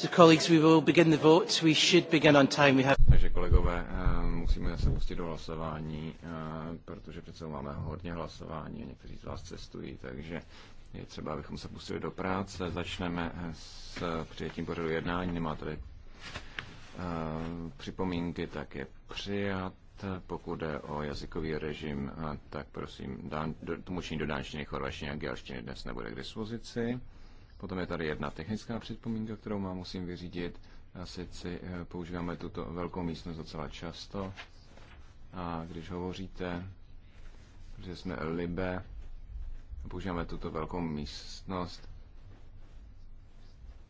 Takže kolegové, eh, musíme se pustit do hlasování, eh, protože přece máme hodně hlasování a někteří z vás cestují, takže je třeba, abychom se pustili do práce. Začneme eh, s přijetím pořadu jednání. Nemá tady připomínky, tak je přijat. Pokud jde o jazykový režim, tak prosím, tlumočení do dánštiny, chorvačtiny a gelštiny dnes nebude k dispozici. Potom je tady jedna technická připomínka, kterou mám, musím vyřídit. A sice eh, používáme tuto velkou místnost docela často. A když hovoříte, že jsme libe, používáme tuto velkou místnost,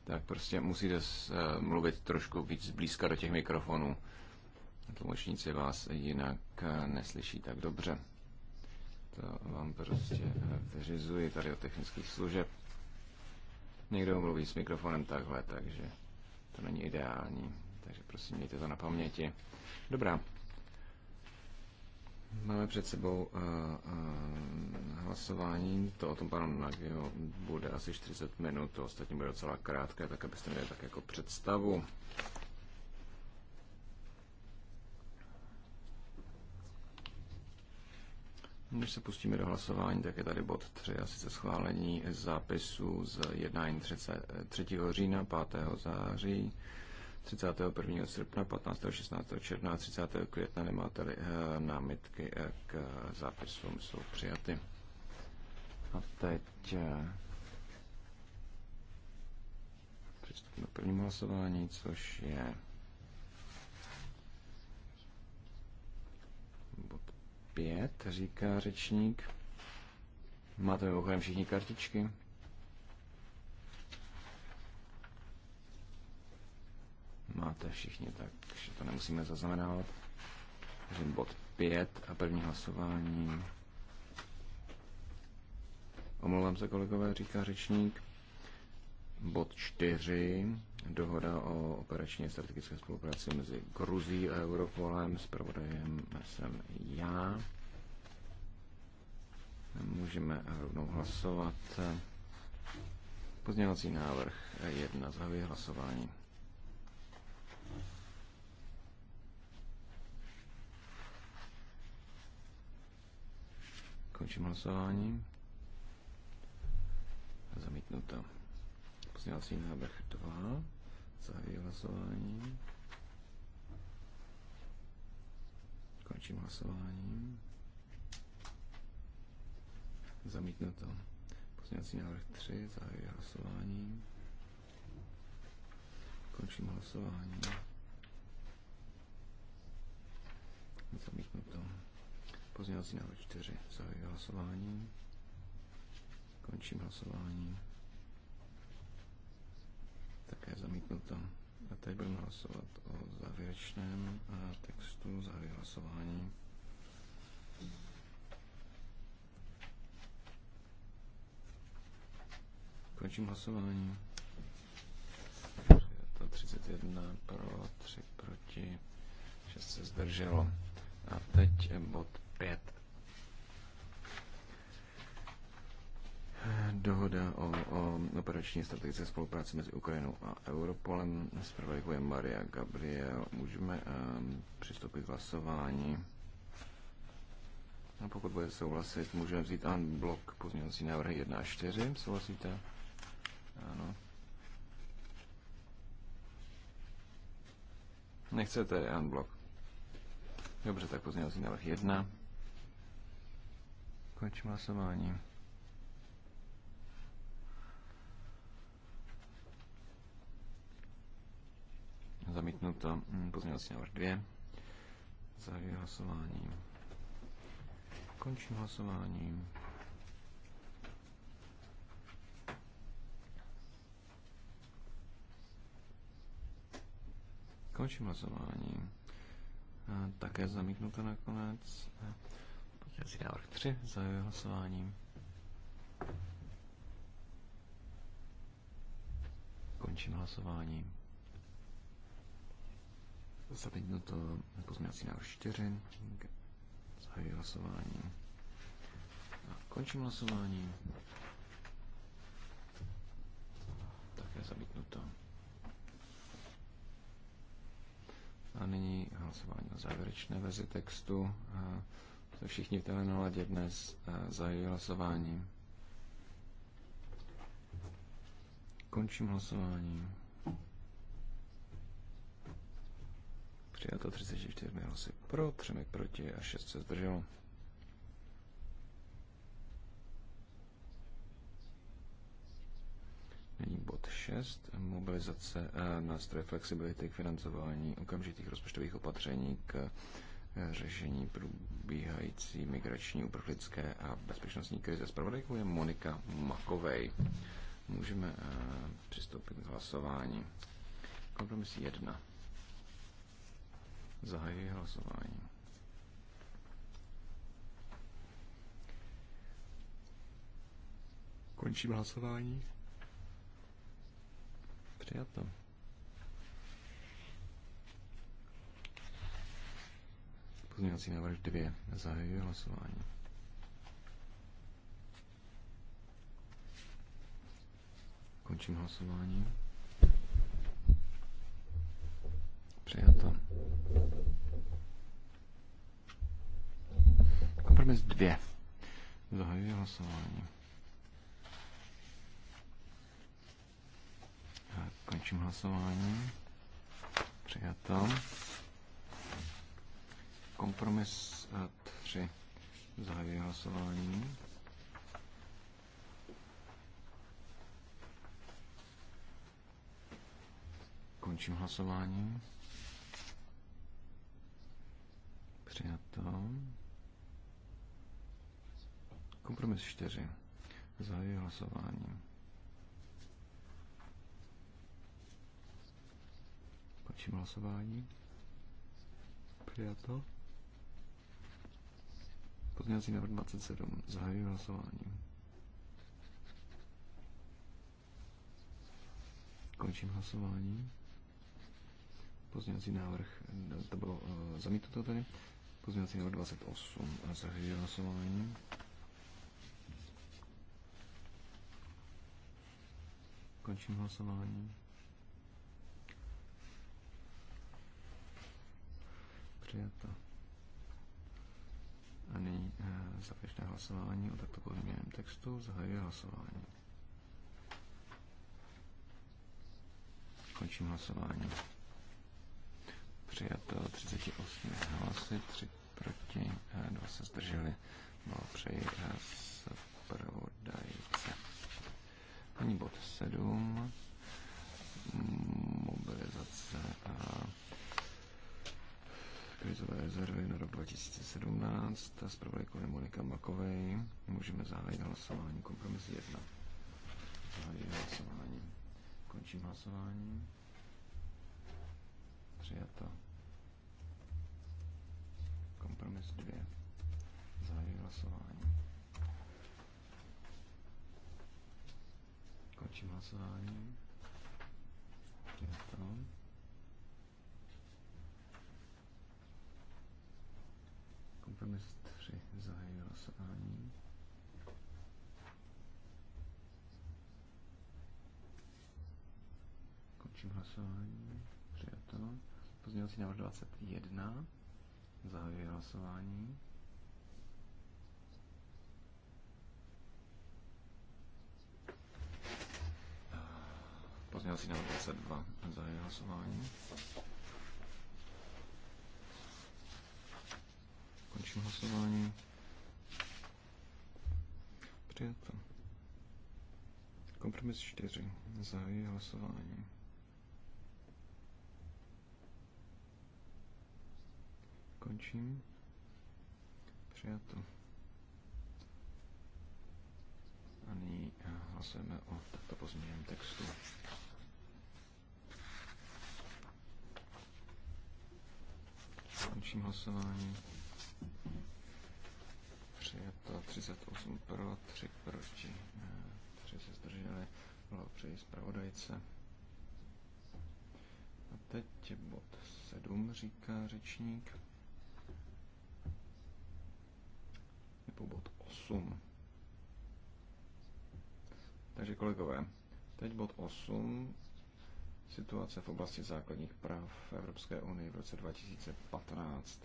tak prostě musíte eh, mluvit trošku víc blízka do těch mikrofonů. Tlumočníci vás jinak eh, neslyší tak dobře. To vám prostě vyřizuji tady o technických služeb. Někdo mluví s mikrofonem takhle, takže to není ideální. Takže prosím, mějte to na paměti. Dobrá. Máme před sebou uh, uh, hlasování. To o tom panu Nagyho bude asi 40 minut. To ostatní bude docela krátké, tak abyste měli tak jako představu. Když se pustíme do hlasování, tak je tady bod 3 a sice schválení zápisu z jednání 3. října, 5. září, 31. srpna, 15. 16. června a 30. května. Nemáte-li eh, námitky eh, k zápisům, jsou přijaty. A teď eh, přistoupíme k prvnímu hlasování, což je 5, říká řečník. Máte mimochodem všichni kartičky? Máte všichni, takže to nemusíme zaznamenávat. Takže bod 5 a první hlasování. Omlouvám se, kolegové, říká řečník. Bod 4 dohoda o operační a strategické spolupráci mezi Gruzí a Europolem. Spravodajem jsem já. Můžeme rovnou hlasovat. Pozměňovací návrh jedna za vyhlasování. Končím hlasování. Zamítnuto. Pozměňovací návrh 2. Zahajuji hlasování. Končím hlasování. Zamítnuto. Pozměňovací návrh 3. Zahajuji hlasování. Končím hlasování. Zamítnuto. Pozměňovací návrh 4. Zahajuji hlasování. Končím hlasování také zamítnuto. A teď budeme hlasovat o závěrečném eh, textu, závěr hlasování. Končím hlasování. To 31 pro, 3 proti, 6 se zdrželo. A teď eh, bod 5. Dohoda o, o operační strategické spolupráci mezi Ukrajinou a Europolem. Zpravodajkuje Maria Gabriel. Můžeme um, přistoupit k hlasování. A pokud bude souhlasit, můžeme vzít an blok pozměňovací návrhy 1 a 4. Souhlasíte? Ano. Nechcete an blok. Dobře, tak pozměňovací návrh 1. Končím hlasování. Zamítnuto mm, pozměňovací návrh 2. Zahajuji hlasování. Končím hlasování. Končím hlasování. A Také zamítnuto nakonec. Pozměňovací návrh 3. Zahajuji hlasování. Končím hlasování zamítnuto pozměňovací návrh 4. Zahajuji hlasování. A končím hlasování. Také to. A nyní hlasování o závěrečné verzi textu. A to všichni v téhle náladě dnes zahajuji hlasování. Končím hlasování. 34 hlasy pro, 3 proti a 6 se zdrželo. Nyní bod 6. Mobilizace eh, nástroje flexibility k financování okamžitých rozpočtových opatření k eh, řešení probíhající migrační, uprchlické a bezpečnostní krize. Zpravodajkou je Monika Makovej. Můžeme eh, přistoupit k hlasování. Kompromis 1. Zahajuji hlasování. Končím hlasování. Přijato. Pozměňovací návrh 2. Zahajuji hlasování. Končím hlasování. Přijato. Kompromis 2. Eh, Zahajuji hlasování. Končím hlasování. Přijato. Kompromis 3. Zahajuji hlasování. Končím hlasování. Přijato. Kompromis 4. Zahajuji hlasování. Končím hlasování. Přijato. Pozměňovací návrh 27. Zahajuji hlasování. Končím hlasování. Pozměňovací návrh, to bylo eh, zamítnuto tady pozměnací návrh 28. a Zahajuji hlasování. Končím hlasování. Přijata. A nyní e, závěrečné hlasování o takto pozměněném textu. Zahajuji hlasování. Končím hlasování přijato 38 hlasy, 3 proti, 2 eh, se zdrželi. z eh, zpravodajce. Nyní bod 7. Mobilizace a krizové rezervy na rok 2017. Zpravodajkou je Monika Makovej. Můžeme zahájit hlasování. Kompromis 1. Zahájit hlasování. Končím hlasování. Přijato. Kompromis 2. Zahajuji hlasování. Končím hlasování. Je to. Kompromis 3. Zahajuji hlasování. Končím hlasování. Přijato. Pozměňovací návrh 21. Zahajuji hlasování. Pozměňovací návrh 22. Zahajuji hlasování. Končím hlasování. Přijato. Kompromis 4. Zahajuji hlasování. končím. Přijato. A nyní eh, hlasujeme o takto pozměněném textu. Končím hlasování. Přijato 38 pro, 3 proti, 3 eh, se zdrželi. Blahopřeji zpravodajce. A teď bod 7, říká řečník. nebo bod 8. Takže kolegové, teď bod 8. Situace v oblasti základních práv v Evropské unii v roce 2015.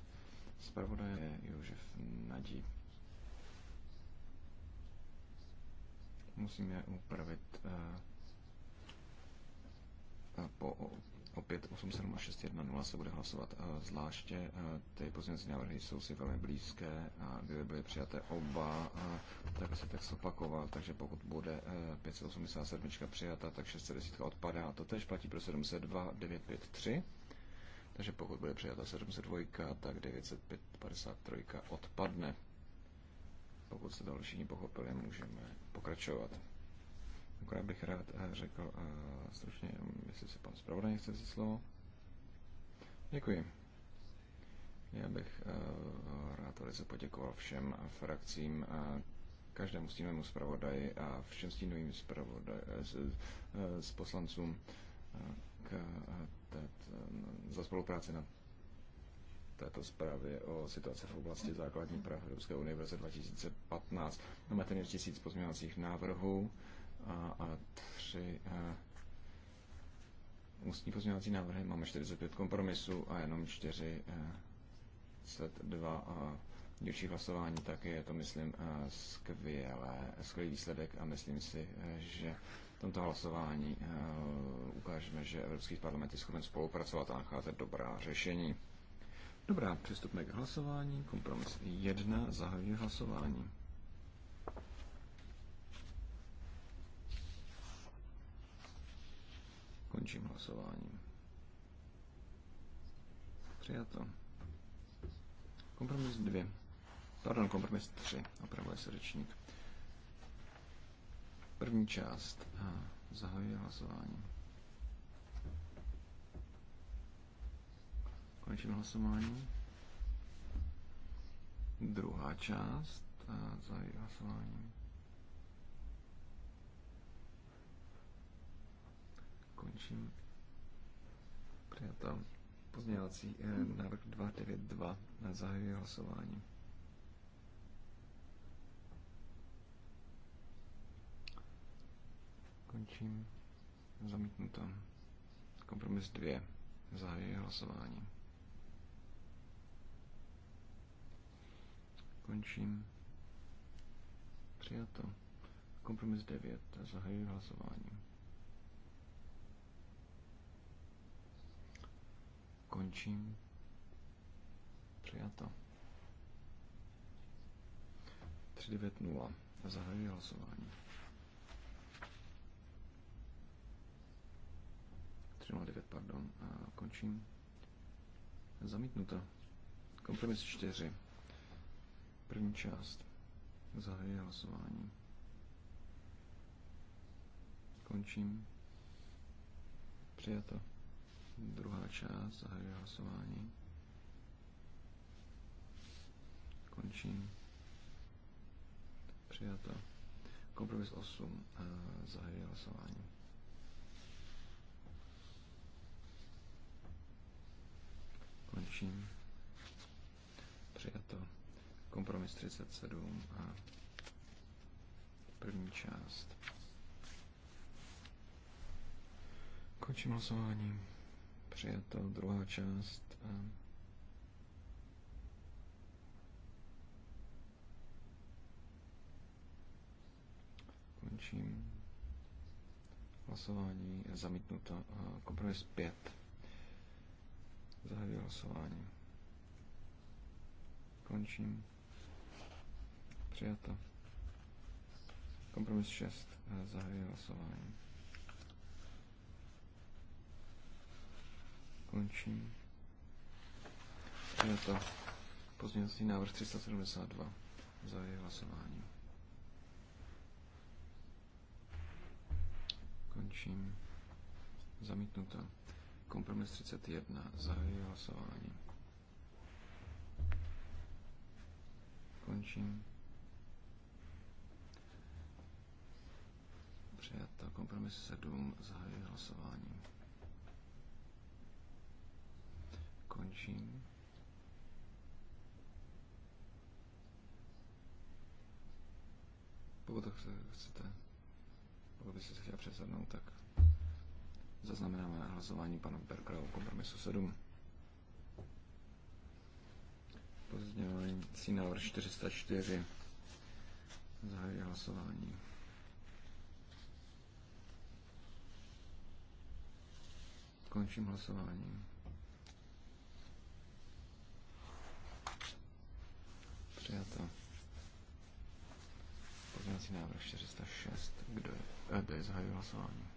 Zpravodaj je Jožef Nadí. Musíme upravit uh, po opět 8.7 se bude hlasovat eh, zvláště. Eh, ty pozměnce návrhy jsou si velmi blízké a kdyby byly přijaté oba, eh, tak se text opakoval, takže pokud bude 587 přijata, tak 610 odpadá. A to tež platí pro 702, 953. Takže pokud bude přijata 702, tak 953 odpadne. Pokud se to další pochopili, můžeme pokračovat. Akorát bych rád eh, řekl eh, stručně, jestli se pan zpravodaj chce vzít slovo. Děkuji. Já bych eh, rád velice poděkoval všem frakcím, a každému stínovému zpravodaji a všem stínovým zpravodaj, s, s poslancům k, tét, za spolupráci na této zprávě o situaci v oblasti základní práv Evropské unie v roce 2015. Máme téměř tisíc pozměňovacích návrhů a, a tři a ústní pozměňovací návrhy. Máme 45 kompromisů a jenom 4 a dílčí hlasování, tak je to, myslím, skvělé, skvělý výsledek a myslím si, e, že v tomto hlasování e, ukážeme, že Evropský parlament je schopen spolupracovat a nacházet dobrá řešení. Dobrá, přistupme k hlasování. Kompromis 1. Zahajuji hlasování. Končím hlasování. Přijato. Kompromis 2. Pardon, kompromis 3. Opravuje se řečník. První část. Zahajuje hlasování. Končím hlasování. Druhá část. Zahajuje hlasování. končím. Přijata. Pozměňovací eh, návrh 292 na zahajuje hlasování. Končím. Zamítnuto. Kompromis 2. Zahajuje hlasování. Končím. Přijato. Kompromis 9. Zahajuji hlasování. Končím. Přijato. 390. Zahajuji hlasování. 309, pardon. A končím. Zamítnuto. Kompromis 4. První část. Zahajuji hlasování. Končím. Přijato. Druhá část, zahajuji hlasování. Končím. Přijato. Kompromis 8, eh, zahajuji hlasování. Končím. Přijato. Kompromis 37 a eh, první část. Končím hlasování přijato, druhá část. Eh, končím hlasování, je zamítnuto, eh, kompromis 5. Zahajuji hlasování. Končím. Přijato. Kompromis 6. Eh, zahajuji hlasování. končím. Je to pozměnostní návrh 372 za její hlasování. Končím. Zamítnuto. Kompromis 31 za její hlasování. Končím. Přijato. Kompromis 7 zahajuje hlasování. končím. Pokud to chcete, pokud byste se chtěli přesadnout, tak zaznamenáme hlasování pana Bergera o kompromisu 7. Pozdělající návrh 404. Zahajuji hlasování. Končím hlasování. Přijato. Pozměňovací návrh 406. Kdo je? Eh, kdo je zahajuje hlasování?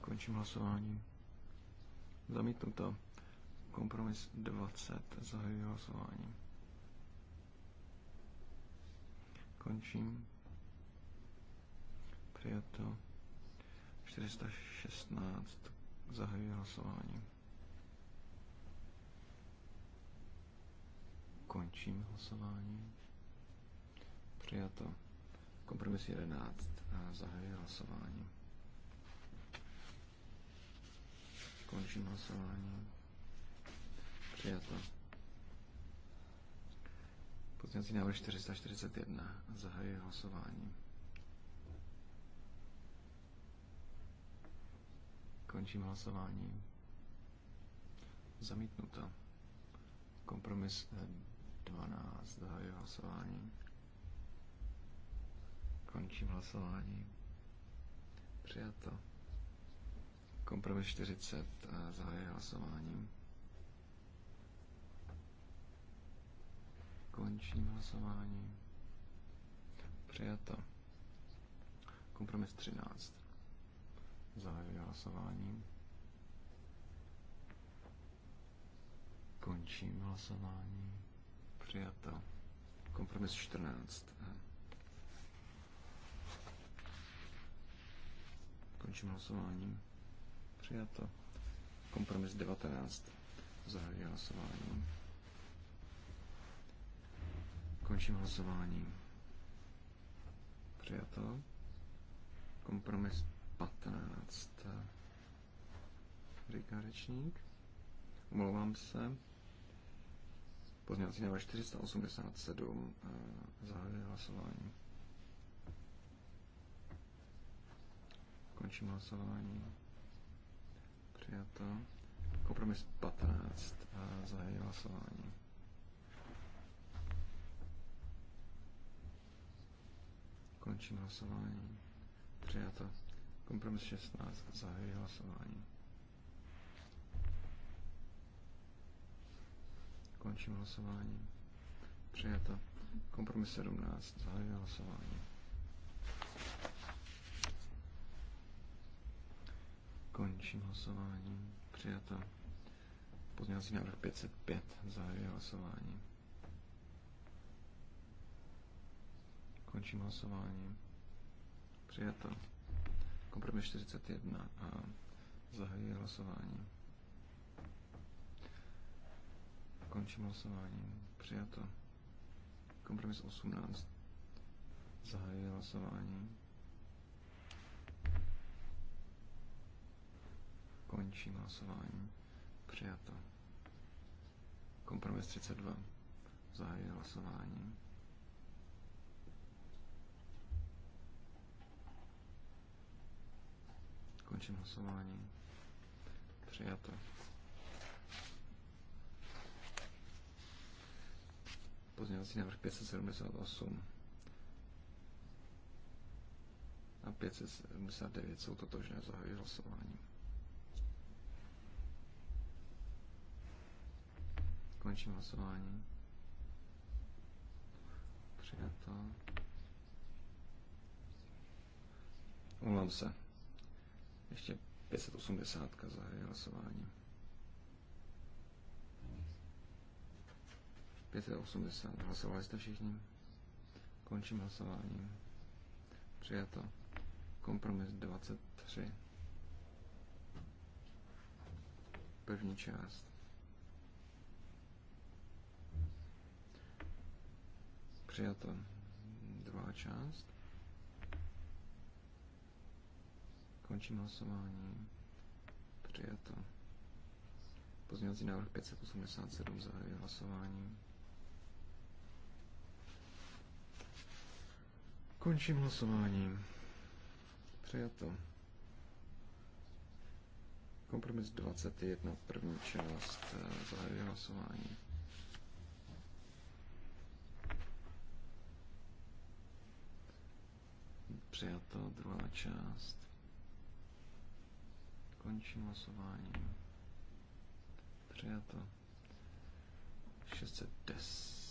Končím hlasování. Zamítnuto. Kompromis 20. Zahajuji hlasování. Končím. Přijato. 416. Zahajuji hlasování. Končím hlasování. Přijato. Kompromis 11. Zahajuji hlasování. Končím hlasování. Přijato. Pozměňovací návrh 441. Zahajuji hlasování. Končím hlasování. Zamítnuto. Kompromis eh, 12. Zahajuji hlasování. Končím hlasování. Přijato. Kompromis 40. Eh, zahajuji hlasování. Končím hlasování. Přijato. Kompromis 13. Zahajuji hlasování. Končím hlasování přijato. Kompromis 14. Končím hlasováním. Přijato. Kompromis 19. Zahajuji hlasování. Končím hlasování. Přijato. Kompromis 15. Říká řečník. Omlouvám se. Pozměňovací návrh 487. Eh, zahajuji hlasování. Končím hlasování. Přijato. Kompromis 15. Eh, zahajuji hlasování. Končím hlasování. Přijato. Kompromis 16. Zahajuji hlasování. Končím hlasování. Přijato. Kompromis 17. Zahajuji hlasování. Končím hlasování. Přijato. Pozměňovací návrh 505. Zahajuji hlasování. Končím hlasování. Přijato. Kompromis 41 a zahajuji hlasování. Končím hlasování. Přijato. Kompromis 18. Zahajuji hlasování. Končím hlasování. Přijato. Kompromis 32. Zahajuji hlasování. Končím hlasování. Přijato. Pozměňovací návrh 578 a 579 jsou totožné, zahajuji hlasování. Končím hlasování. Přijato. Omlouvám se. Ještě 580 zahajuji hlasování. 580. Hlasovali jste všichni? Končím hlasování. Přijato. Kompromis 23. První část. Přijato. Druhá část. Končím hlasování. Přijato. Pozměňovací návrh 587 zahajuje hlasování. Končím hlasování. Přijato. Kompromis 21, první část, eh, zahajuji hlasování. Přijato, druhá část. Končím hlasování. Přijato. 610.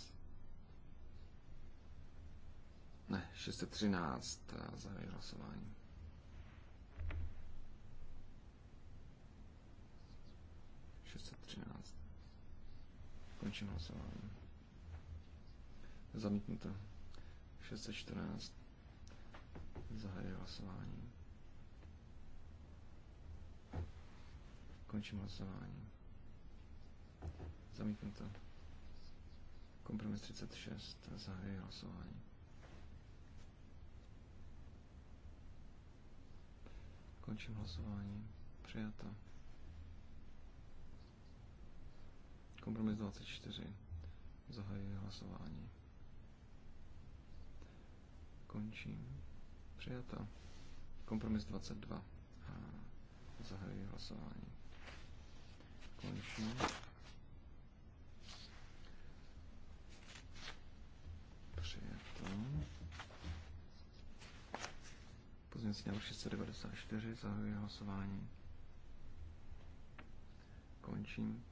Ne, 613. Eh, Zahajuji hlasování. Končím hlasování. Zamítnuto. 614. Zahajuji hlasování. Končím hlasování. Zamítnuto. Kompromis 36. Zahajuji hlasování. Končím hlasování. Přijato. Kompromis 24. Zahajuji hlasování. Končím. Přijato. Kompromis 22. Zahajuji hlasování. Končím. Pozměňovací 694, zahajuji hlasování. Končím.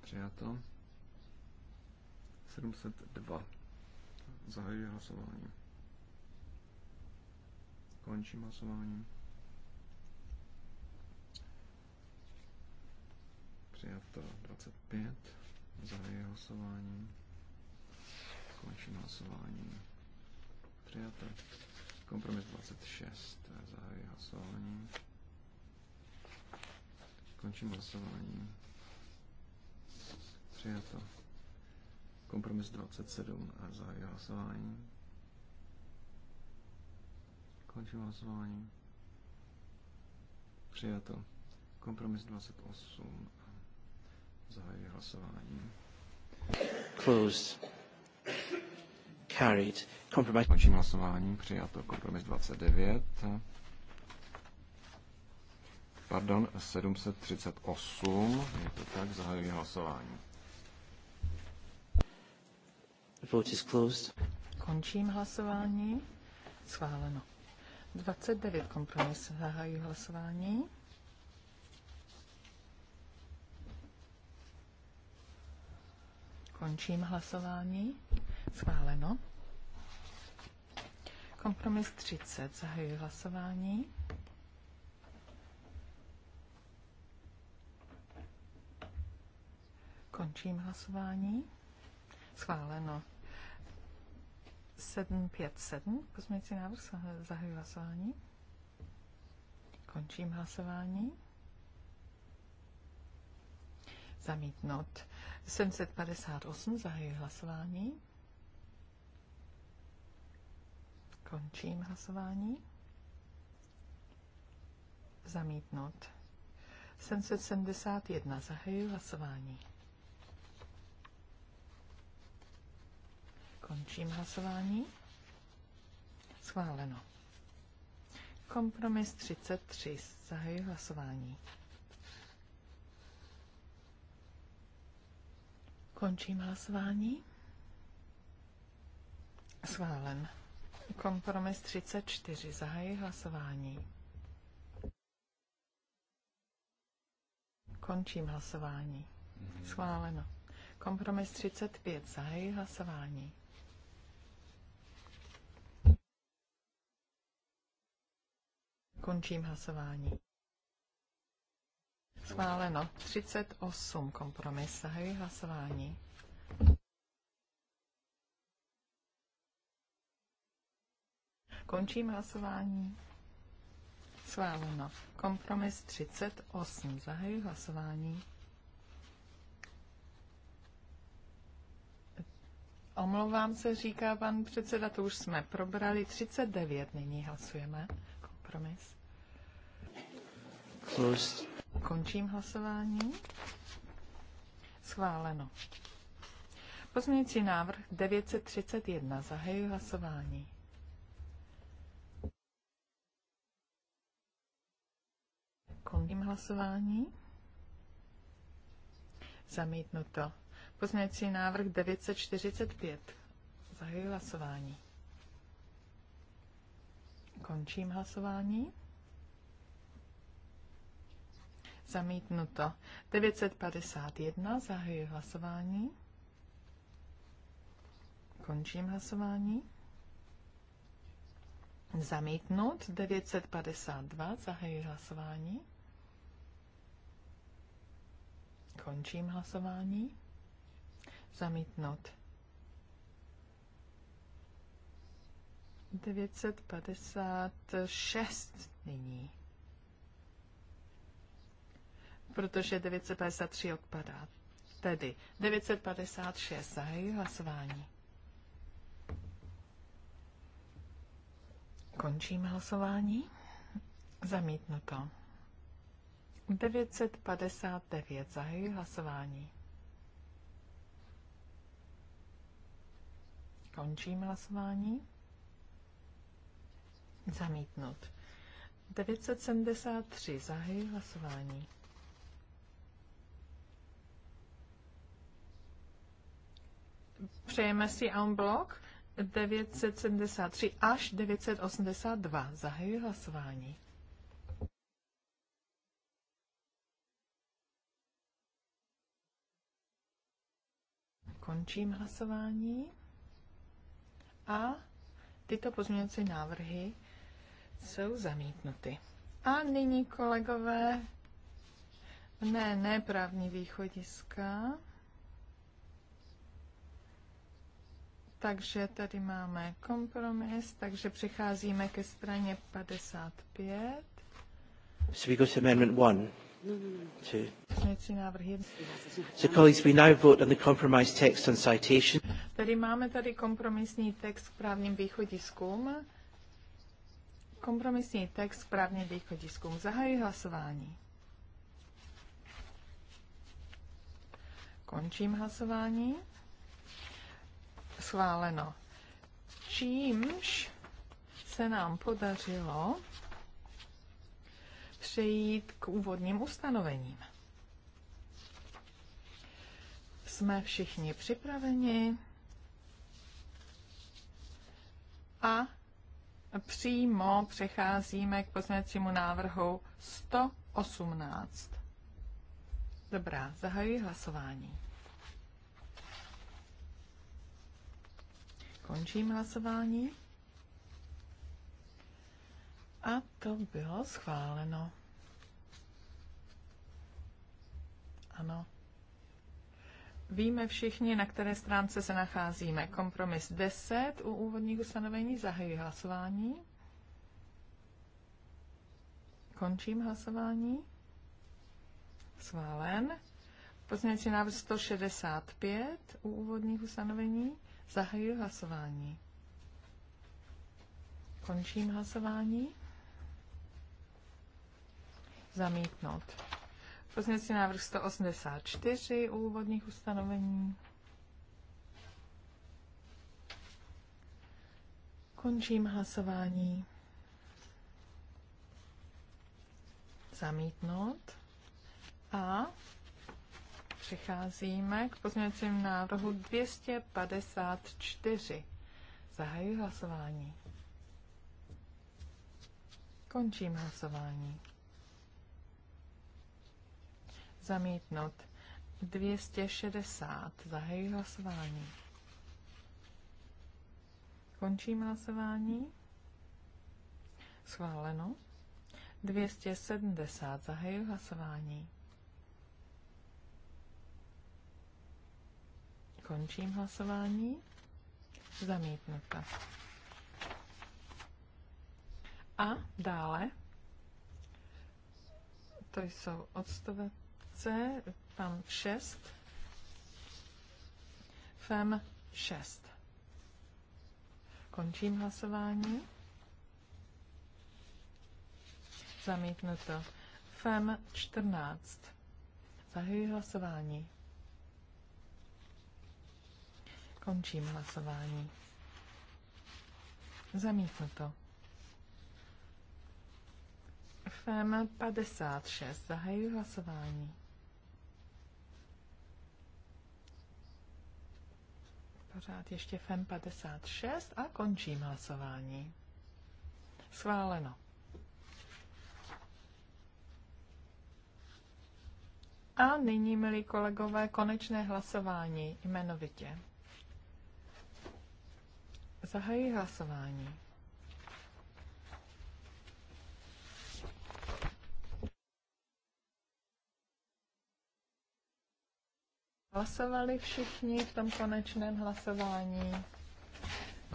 Přijato. 702. Zahajuji hlasování. Končím hlasování. Přijato 25. Zahajuji hlasování. Končím hlasování. Přijaté. Kompromis 26. Zahajuji hlasování. Končím hlasování. Přijato. Kompromis 27 a zahajuji hlasování. Končím hlasování. Přijato. Kompromis 28 zahajuji hlasování. Closed. Carried. Compromise. Končím hlasování. Přijato kompromis 29. Pardon, 738. Je to tak, zahajuji hlasování. The vote is closed. Končím hlasování. Schváleno. 29 kompromis. Zahajuji hlasování. Končím hlasování. Schváleno. Kompromis 30. Zahajuji hlasování. Končím hlasování. Schváleno. 757. Pozměňující návrh. Zahajuji hlasování. Končím hlasování. Zamítnout. 758 zahajuji hlasování. Končím hlasování. Zamítnout. 771 zahajuji hlasování. Končím hlasování. Schváleno. Kompromis 33. Zahajuji hlasování. Končím hlasování. Schválen. Kompromis 34. Zahají hlasování. Končím hlasování. Schváleno. Kompromis 35. Zahají hlasování. Končím hlasování. Schváleno. 38 kompromis. Zahajuji hlasování. Končím hlasování. Schváleno. Kompromis 38. Zahajuji hlasování. Omlouvám se, říká pan předseda, to už jsme probrali. 39 nyní hlasujeme. Kompromis. Close. Končím hlasování. Schváleno. Pozměňující návrh 931. Zahajuji hlasování. Končím hlasování. Zamítnuto. Pozměňující návrh 945. Zahajuji hlasování. Končím hlasování. Zamítnuto. 951. Zahajuji hlasování. Končím hlasování. Zamítnut. 952. Zahajuji hlasování. Končím hlasování. Zamítnut. 956 nyní protože 953 odpadá. Tedy 956 zahají hlasování. Končím hlasování. Zamítnuto. 959 zahají hlasování. Končím hlasování. Zamítnut. 973 zahají hlasování. Přejeme si en blok 973 až 982. Zahajuji hlasování. Končím hlasování. A tyto pozměňovací návrhy jsou zamítnuty. A nyní, kolegové, ne, ne právní východiska. Takže tady máme kompromis, takže přicházíme ke straně 55. So we go to Amendment 1. Two. So colleagues, we now vote on the compromise text on citation. Tady máme tady kompromisní text k právním východiskům. Kompromisní text k právním východiskům. Zahajuji hlasování. Končím hlasování schváleno. Čímž se nám podařilo přejít k úvodním ustanovením. Jsme všichni připraveni a přímo přecházíme k poznacímu návrhu 118. Dobrá, zahajuji hlasování. Končím hlasování. A to bylo schváleno. Ano. Víme všichni, na které stránce se nacházíme. Kompromis 10 u úvodních ustanovení zahajuji hlasování. Končím hlasování. Schválen. Pozměňující návrh 165 u úvodních ustanovení. Zahajuji hlasování. Končím hlasování. Zamítnout. Pozměňovací návrh 184 u úvodních ustanovení. Končím hlasování. Zamítnout. A Přicházíme k pozměňovacím návrhu 254. Zahajuji hlasování. Končím hlasování. Zamítnout. 260. Zahajuji hlasování. Končím hlasování. Schváleno. 270. Zahajuji hlasování. Končím hlasování. Zamítnuta. A dále. To jsou odstavce, tam 6. FEM 6. Končím hlasování. Zamítnuto. FEM 14. Zahajuji hlasování. Končím hlasování. Zamítnuto. FM 56. Zahajuji hlasování. Pořád ještě FM 56 a končím hlasování. Schváleno. A nyní, milí kolegové, konečné hlasování jmenovitě. Zahají hlasování. Hlasovali všichni v tom konečném hlasování.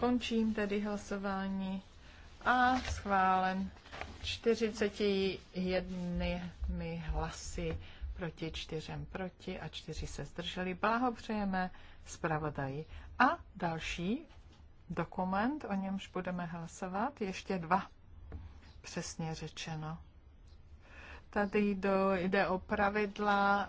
Končím tedy hlasování a schválen 41 hlasy proti čtyřem proti a čtyři se zdrželi. Blahopřejeme zpravodaji. A další dokument, o němž budeme hlasovat, ještě dva, přesně řečeno. Tady do jde o pravidla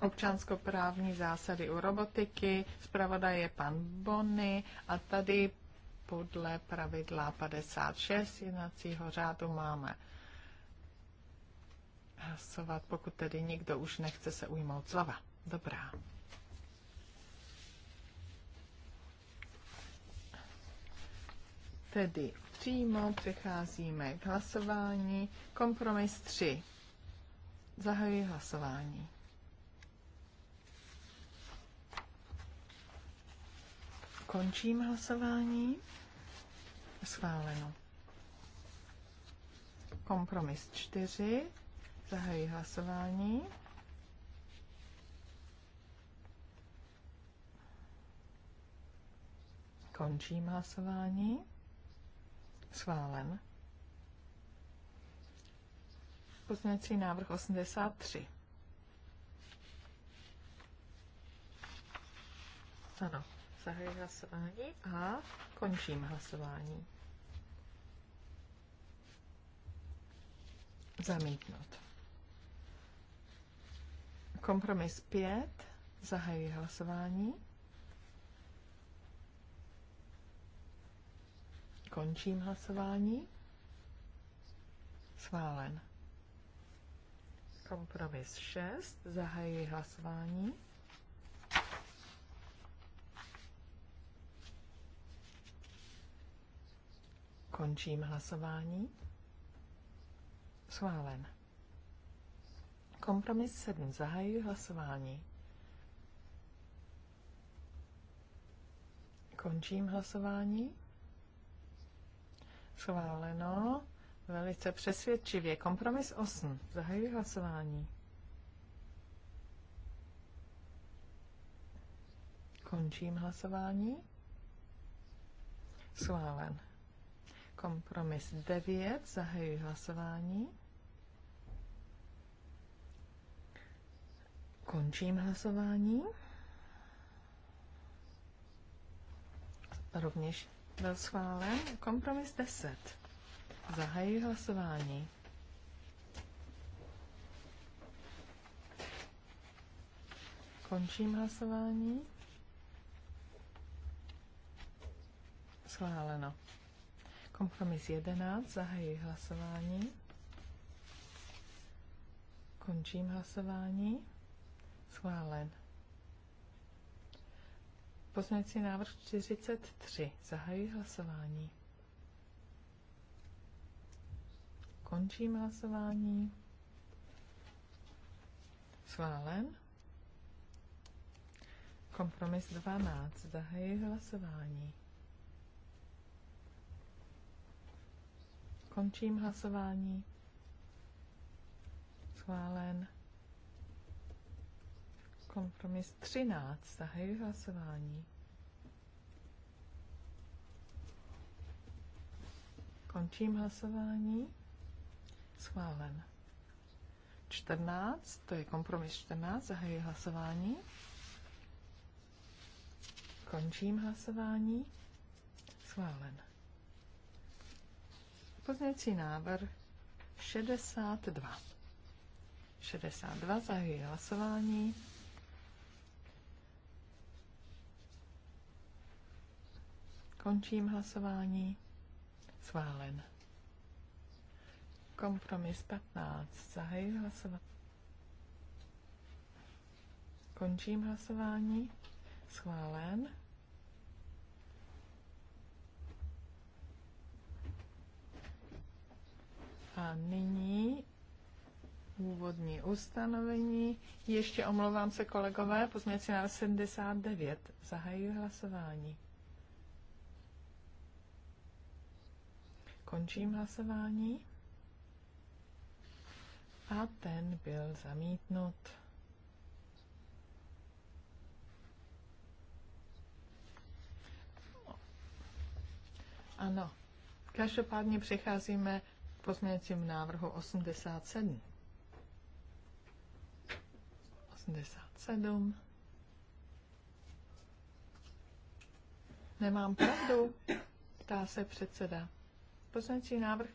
občanskoprávní zásady u robotiky, zpravodaj je pan Bony a tady podle pravidla 56 jednacího řádu máme hlasovat, pokud tedy nikdo už nechce se ujmout slova. Dobrá. tedy přímo přecházíme k hlasování. Kompromis 3. Zahajuji hlasování. Končím hlasování. Schváleno. Kompromis 4. Zahajuji hlasování. Končím hlasování. Schválen. Pozměňovací návrh 83. Ano, zahajuji hlasování a končím hlasování. Zamítnout. Kompromis 5. Zahajuji hlasování. Končím hlasování. Schválen. Kompromis 6. Zahajuji hlasování. Končím hlasování. Schválen. Kompromis 7. Zahajuji hlasování. Končím hlasování. Schváleno. Velice přesvědčivě. Kompromis 8. Zahajuji hlasování. Končím hlasování. Schválen. Kompromis 9. Zahajuji hlasování. Končím hlasování. Rovněž byl schválen kompromis 10. Zahajuji hlasování. Končím hlasování. Schváleno. Kompromis 11. Zahajuji hlasování. Končím hlasování. Schválen. Poznací návrh 43. Zahajuji hlasování. Končím hlasování. Schválen. Kompromis 12. Zahajuji hlasování. Končím hlasování. Schválen. Kompromis 13. Zahajuji hlasování. Končím hlasování. Schválen. 14, to je kompromis 14, zahajuji hlasování. Končím hlasování. Schválen. Pozměňující návrh 62. 62, zahajuji hlasování. Končím hlasování. Schválen. Kompromis 15. Zahajuji hlasovat. Končím hlasování. Schválen. A nyní úvodní ustanovení. Ještě omlouvám se kolegové, pozměňovací na 79. Zahajuji hlasování. Končím hlasování. A ten byl zamítnut. Ano. Každopádně přecházíme k pozměňovacímu návrhu 87. 87. Nemám pravdu, ptá se předseda. Poznací návrh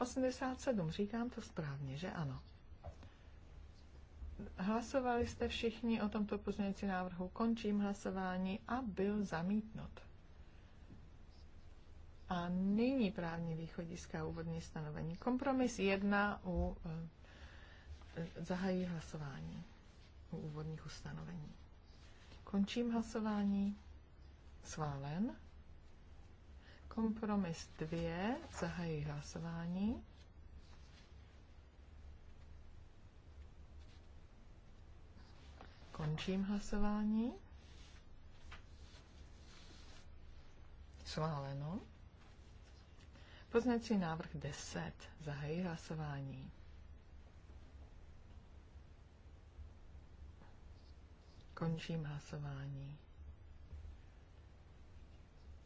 87, říkám to správně, že ano. Hlasovali jste všichni o tomto pozměňující návrhu, končím hlasování a byl zamítnut. A nyní právní východiska úvodní stanovení. Kompromis 1 u e, zahají hlasování u úvodních ustanovení. Končím hlasování. Schválen. Kompromis 2. Zahajuji hlasování. Končím hlasování. Sváleno. Poznací návrh 10. Zahají hlasování. Končím hlasování.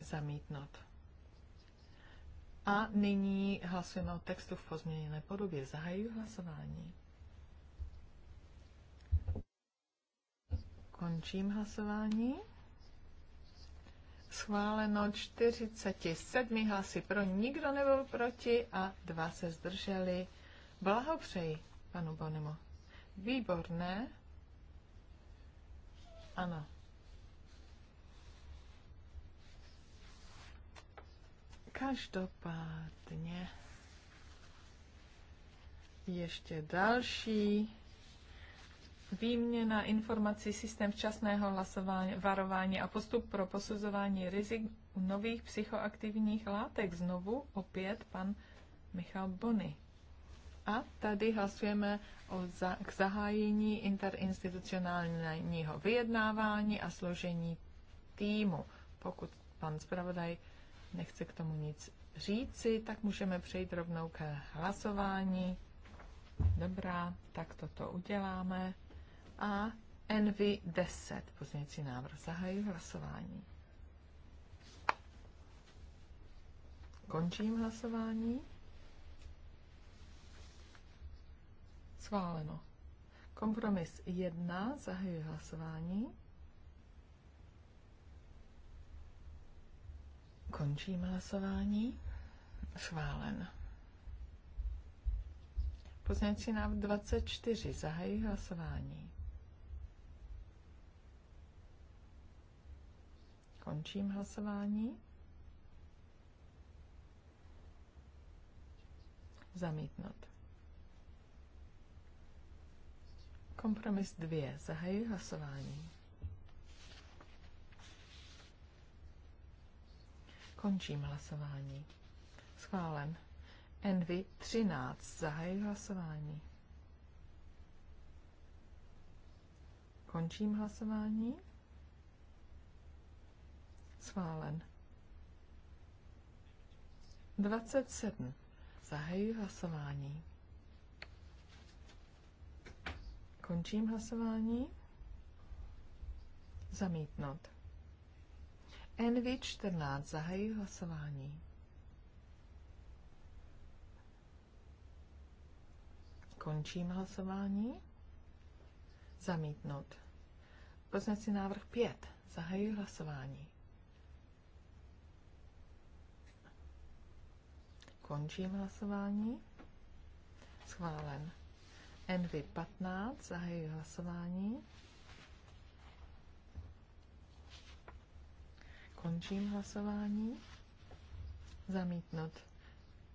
Zamítnout. A nyní hlasujeme o textu v pozměněné podobě. Zahajuji hlasování. Končím hlasování. Schváleno 47 hlasy pro, nikdo nebyl proti a dva se zdrželi. Blahopřeji panu Bonimo. Výborné. Ano. Každopádně ještě další výměna informací, systém včasného hlasování, varování a postup pro posuzování rizik nových psychoaktivních látek. Znovu opět pan Michal Bony. A tady hlasujeme o za, k zahájení interinstitucionálního vyjednávání a složení týmu. Pokud pan zpravodaj nechce k tomu nic říci, tak můžeme přejít rovnou k hlasování. Dobrá, tak toto uděláme. A NV10, pozměnící návrh, zahají hlasování. Končím hlasování. Schváleno. Kompromis 1, zahajuji hlasování. Končím hlasování. Schválen. Pozměňovací návrh 24. Zahají hlasování. Končím hlasování. Zamítnout. Kompromis 2. Zahají hlasování. Končím hlasování. Schválen. Envy 13. Zahajuji hlasování. Končím hlasování. Schválen. 27. Zahajuji hlasování. Končím hlasování. Zamítnout. NV14. zahají hlasování. Končím hlasování. Zamítnout. Poznací návrh 5. Zahají hlasování. Končím hlasování. Schválen. NV15. zahají hlasování. Končím hlasování. Zamítnout.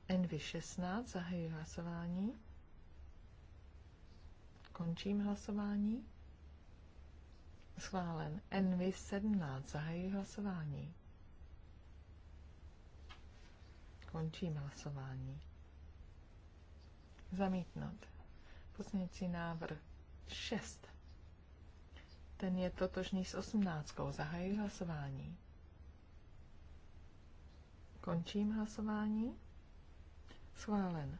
NV16. Zahajuji hlasování. Končím hlasování. Schválen. NV17. Zahajuji hlasování. Končím hlasování. Zamítnout. Pozměňující návrh 6. Ten je totožný s 18. Zahajuji hlasování. Končím hlasování. Schválen.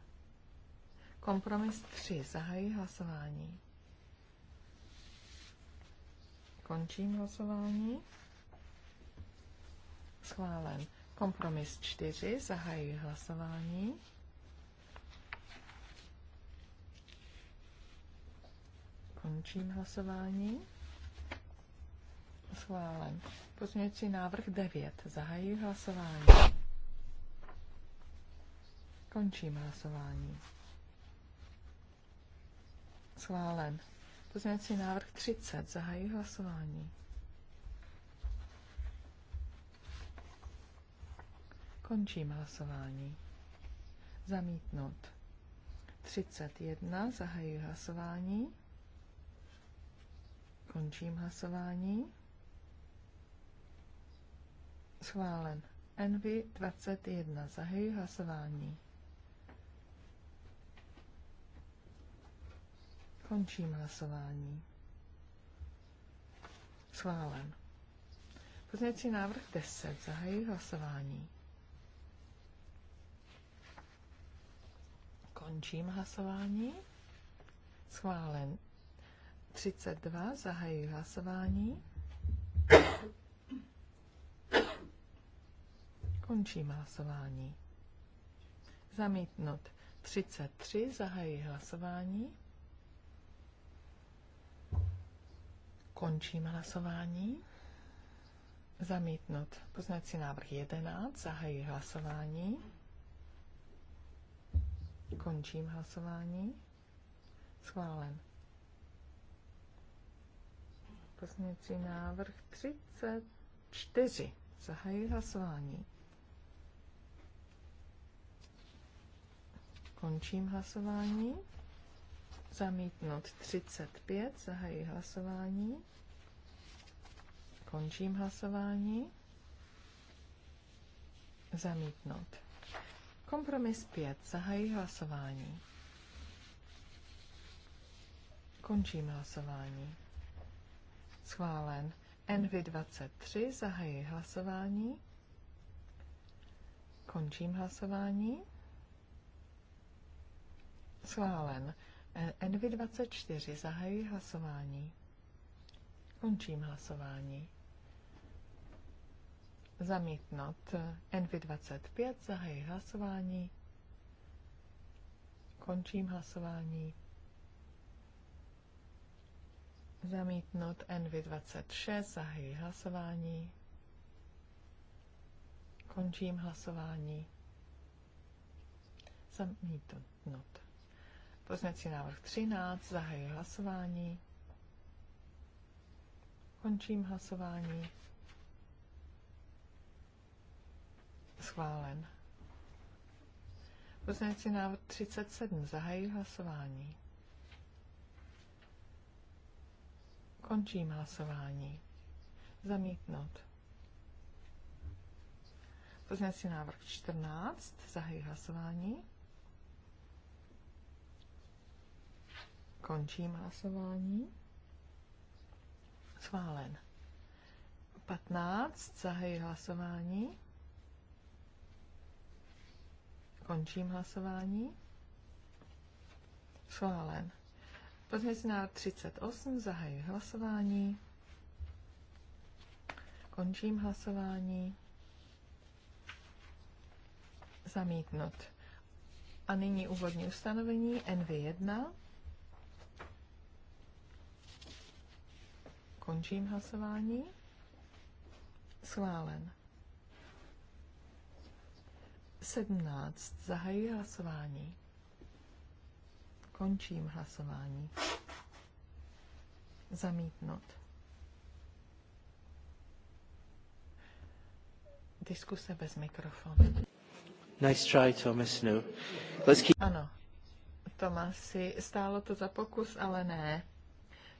Kompromis 3. Zahají hlasování. Končím hlasování. Schválen. Kompromis 4. Zahají hlasování. Končím hlasování. Schválen. Pozměňující návrh 9. Zahají hlasování. Končím hlasování. Schválen. Pozměňovací návrh 30. Zahají hlasování. Končím hlasování. Zamítnut. 31. Zahají hlasování. Končím hlasování. Schválen. NV 21. Zahají hlasování. Končím hlasování. Schválen. Pozměňovací návrh 10. Zahajuji hlasování. Končím hlasování. Schválen. 32. Zahajuji hlasování. Končím hlasování. Zamítnut. 33. Zahajuji hlasování. Končím hlasování. Zamítnut. Poznací návrh 11. Zahají hlasování. Končím hlasování. Schválen. Poznací návrh 34. Zahají hlasování. Končím hlasování. Zamítnut 35. zahají hlasování. Končím hlasování. Zamítnout. Kompromis 5. Zahají hlasování. Končím hlasování. Schválen. NV23. Zahají hlasování. Končím hlasování. Schválen. NV24 zahajuji hlasování. Končím hlasování. Zamítnout. NV25 zahajuji hlasování. Končím hlasování. Zamítnout NV26 zahajuji hlasování. Končím hlasování. Zamítnout. Poznací návrh 13, zahajuji hlasování. Končím hlasování. Schválen. Poznací návrh 37, zahajuji hlasování. Končím hlasování. Zamítnout. Poznací návrh 14, zahajuji hlasování. Končím hlasování. Schválen. 15. Zahají hlasování. Končím hlasování. Schválen. Pozměňovací na 38. Zahají hlasování. Končím hlasování. Zamítnut. A nyní úvodní ustanovení NV1. Končím hlasování. Schválen. 17. Zahají hlasování. Končím hlasování. Zamítnut. Diskuse bez mikrofonu. Nice try, Thomas. No. Let's keep... Ano. Tomasi, stálo to za pokus, ale ne.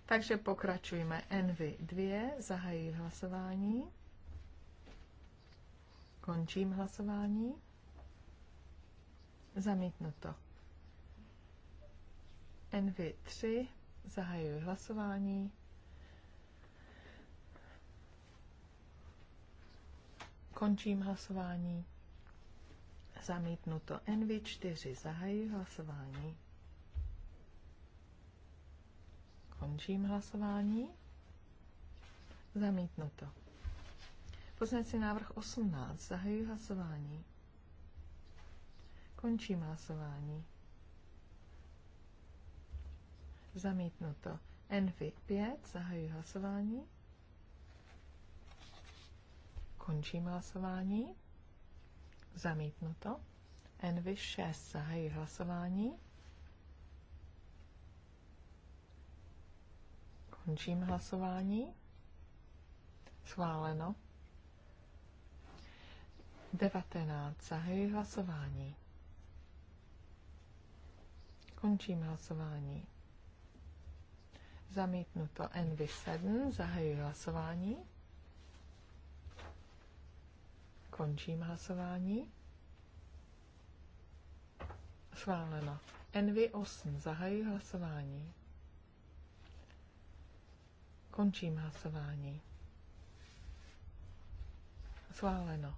Takže pokračujeme. Envy 2, zahají hlasování. Končím hlasování. Zamítnuto. Envy 3, zahajuji hlasování. Končím hlasování. Zamítnuto. Envy 4, zahajuji hlasování. Končím hlasování. Zamítnuto. Poznací návrh 18. Zahajuji hlasování. Končím hlasování. Zamítnuto. Envy 5. Zahajuji hlasování. Končím hlasování. Zamítnuto. Envy 6. Zahajuji hlasování. Končím hlasování. Schváleno. 19. Zahajuji hlasování. Končím hlasování. Zamítnuto NV7. Zahajuji hlasování. Končím hlasování. Schváleno. NV8. Zahajuji hlasování. Končím hlasování. Schváleno.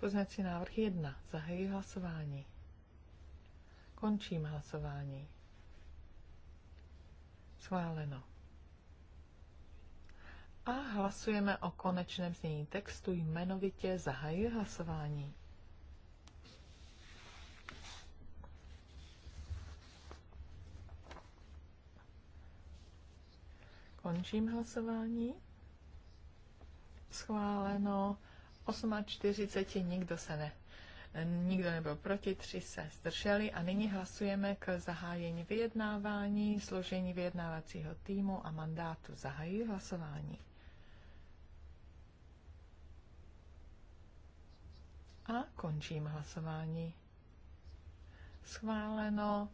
Poznací návrh 1. Zahajuji hlasování. Končím hlasování. Schváleno. A hlasujeme o konečném znění textu jmenovitě zahajuji hlasování. Končím hlasování. Schváleno 48, nikdo se ne. Nikdo nebyl proti, tři se zdrželi a nyní hlasujeme k zahájení vyjednávání, složení vyjednávacího týmu a mandátu. Zahajuji hlasování. A končím hlasování. Schváleno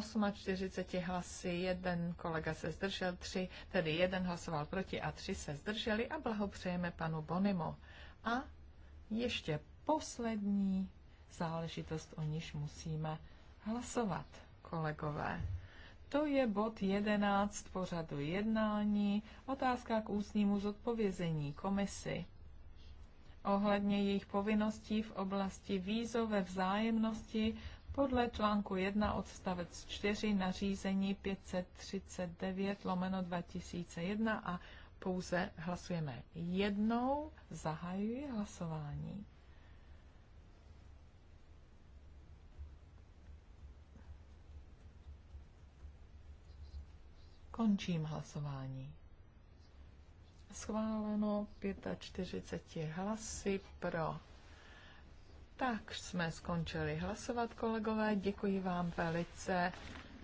48 hlasy, jeden kolega se zdržel, tři, tedy jeden hlasoval proti a tři se zdrželi a blahopřejeme panu Bonimu. A ještě poslední záležitost, o níž musíme hlasovat, kolegové. To je bod 11 pořadu jednání, otázka k ústnímu zodpovězení komisy ohledně jejich povinností v oblasti vízové vzájemnosti podle článku 1 odstavec 4 nařízení 539 lomeno 2001 a pouze hlasujeme jednou, zahajuji hlasování. Končím hlasování. Schváleno 45 hlasy pro tak jsme skončili hlasovat, kolegové. Děkuji vám velice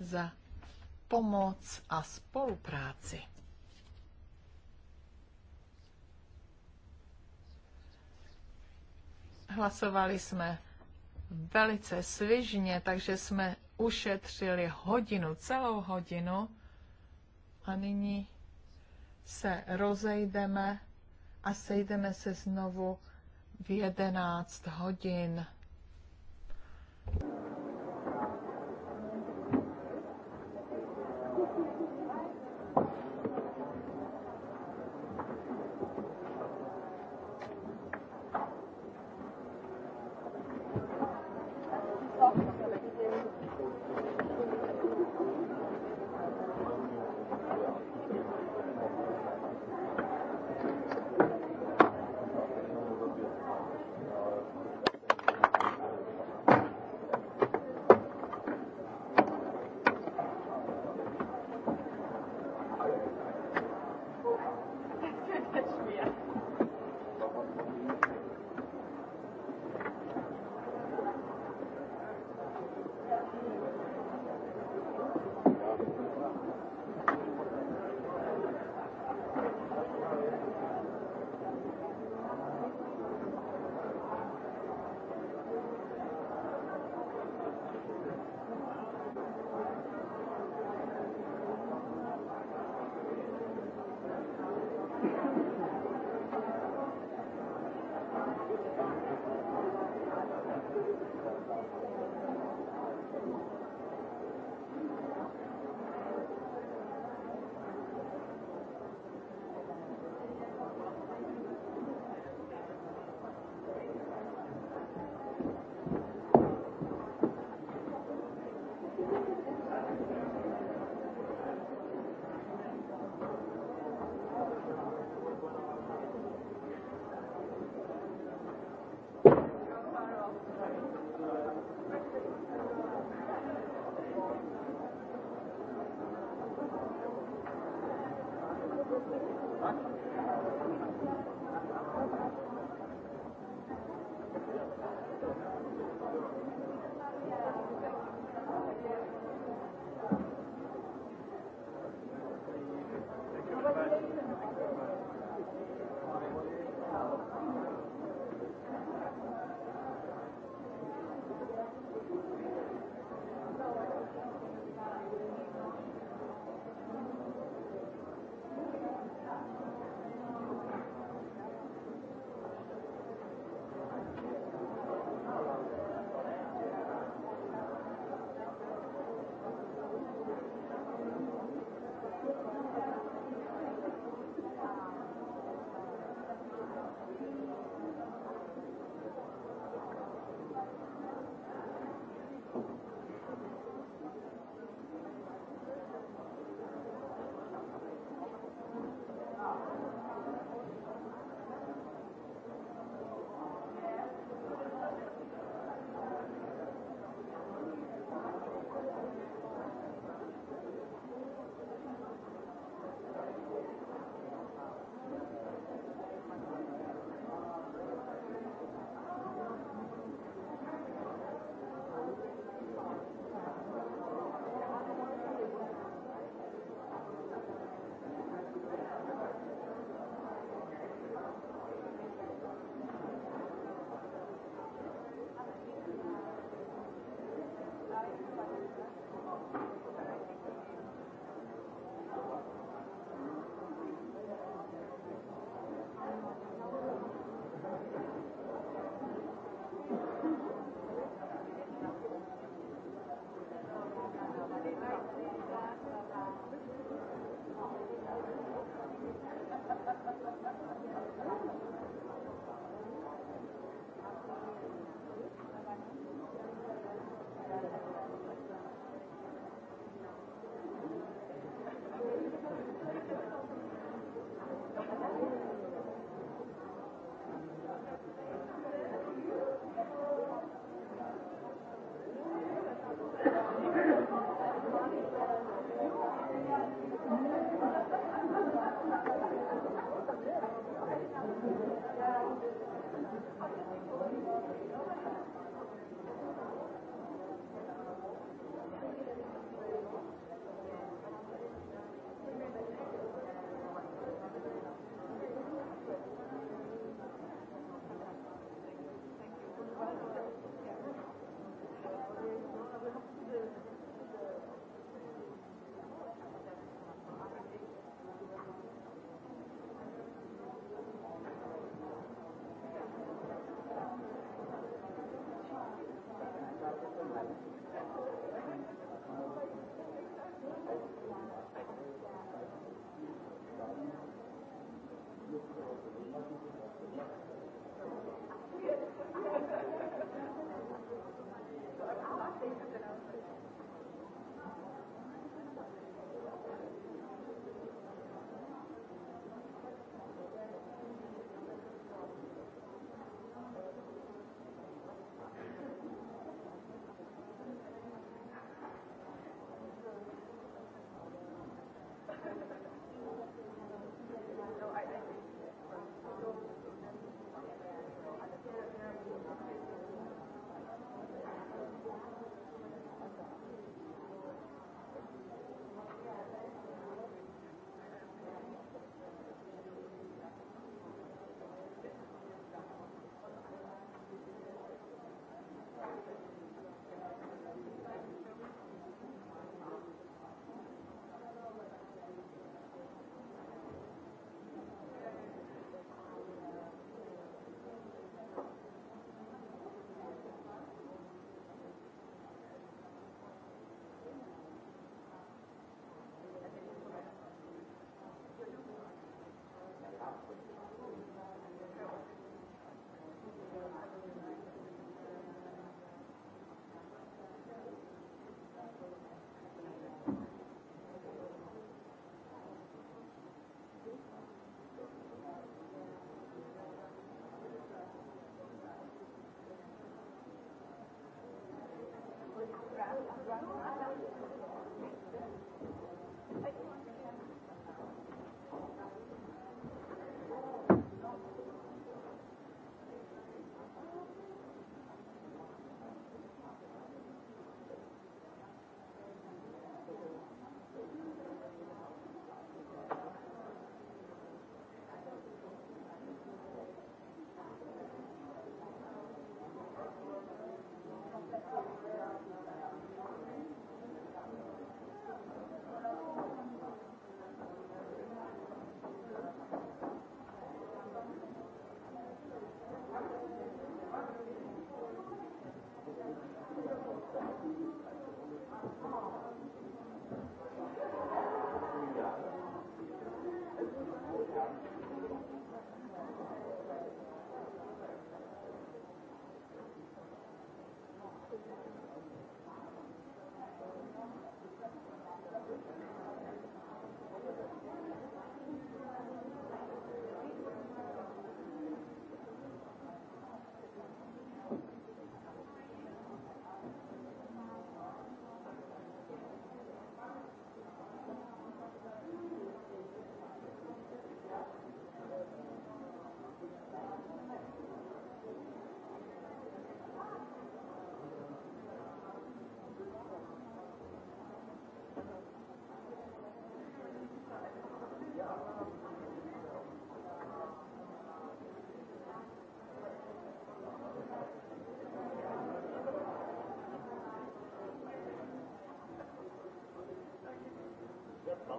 za pomoc a spolupráci. Hlasovali jsme velice svižně, takže jsme ušetřili hodinu, celou hodinu. A nyní se rozejdeme a sejdeme se znovu v 11 hodin.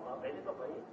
الله بيني وبينك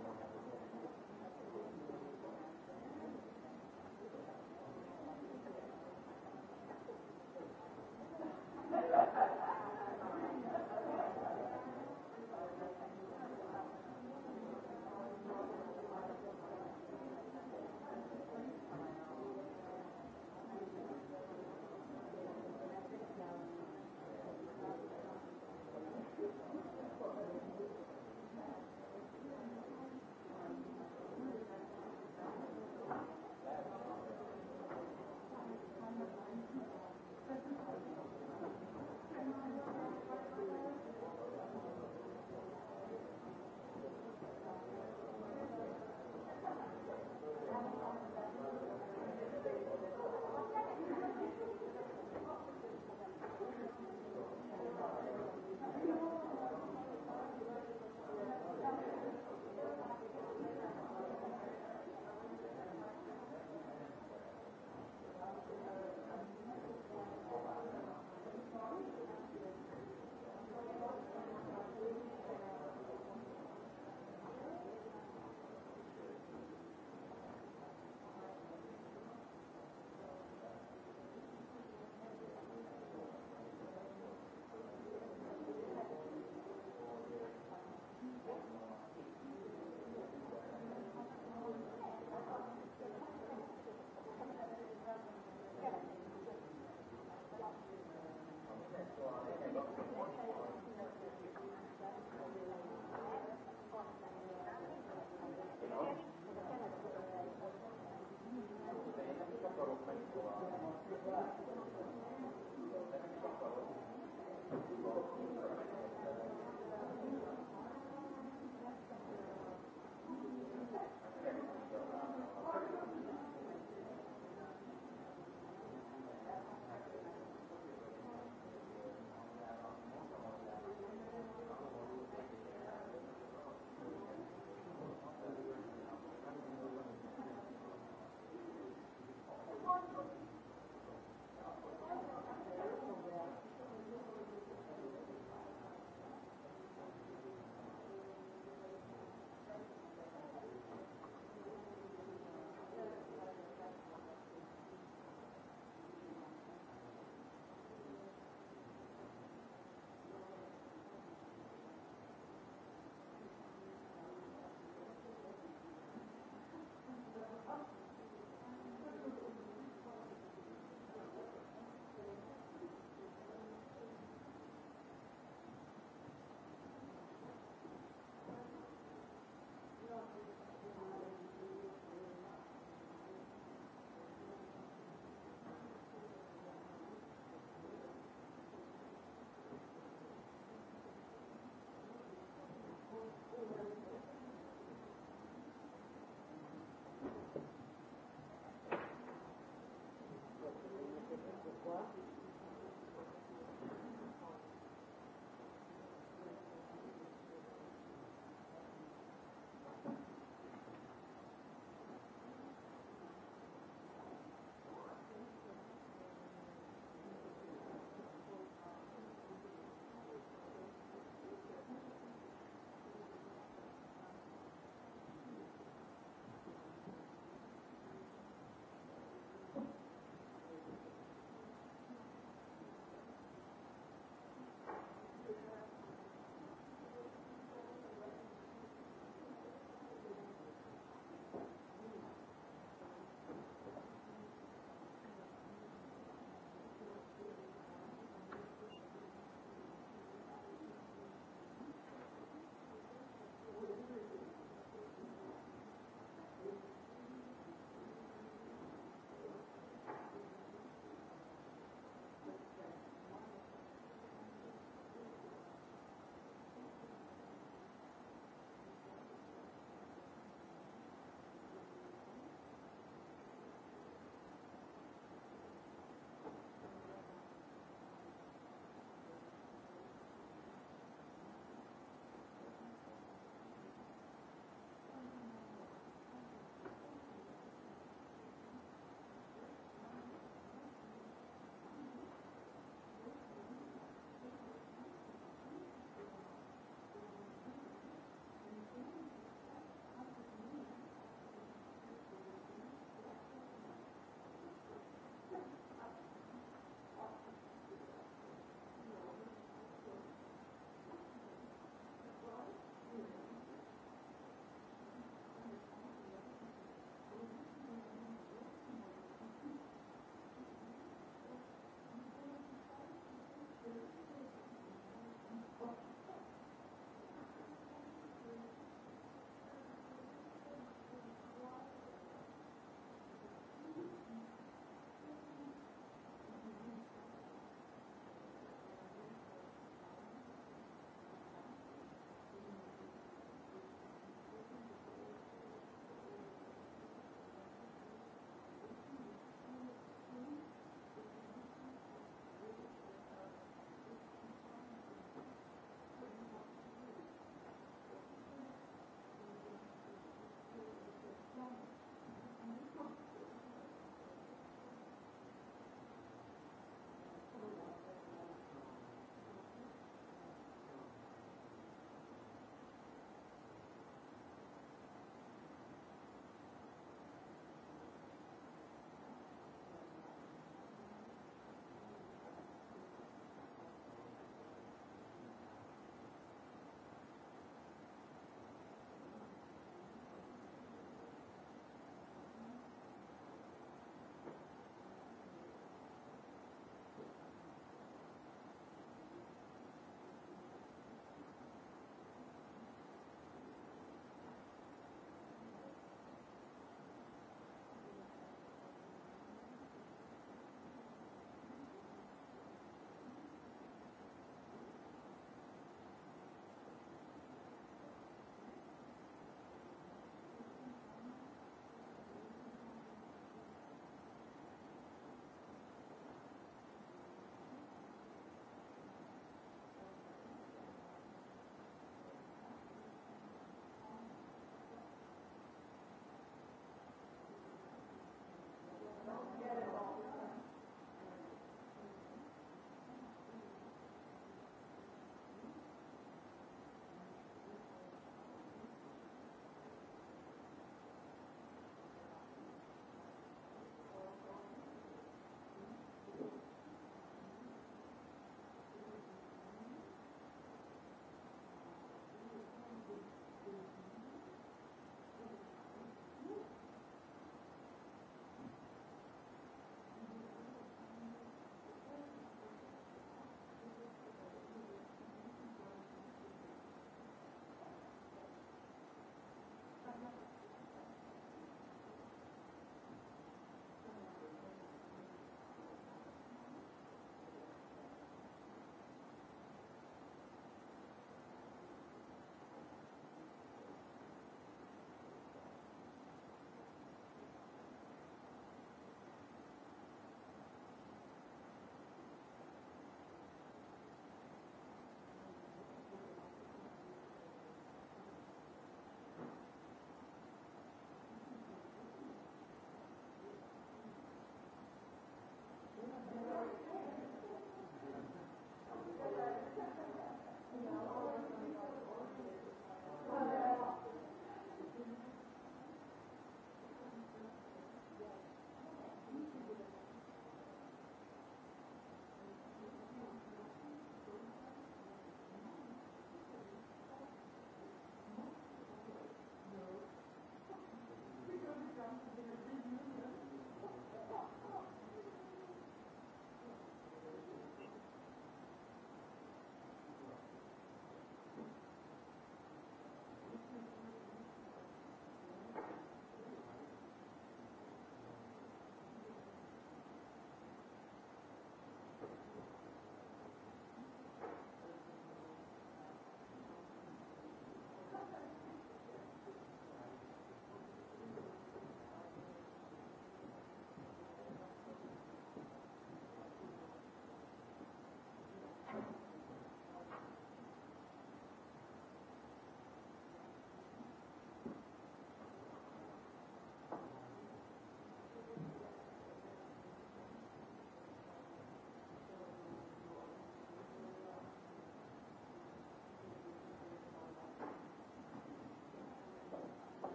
Thank you.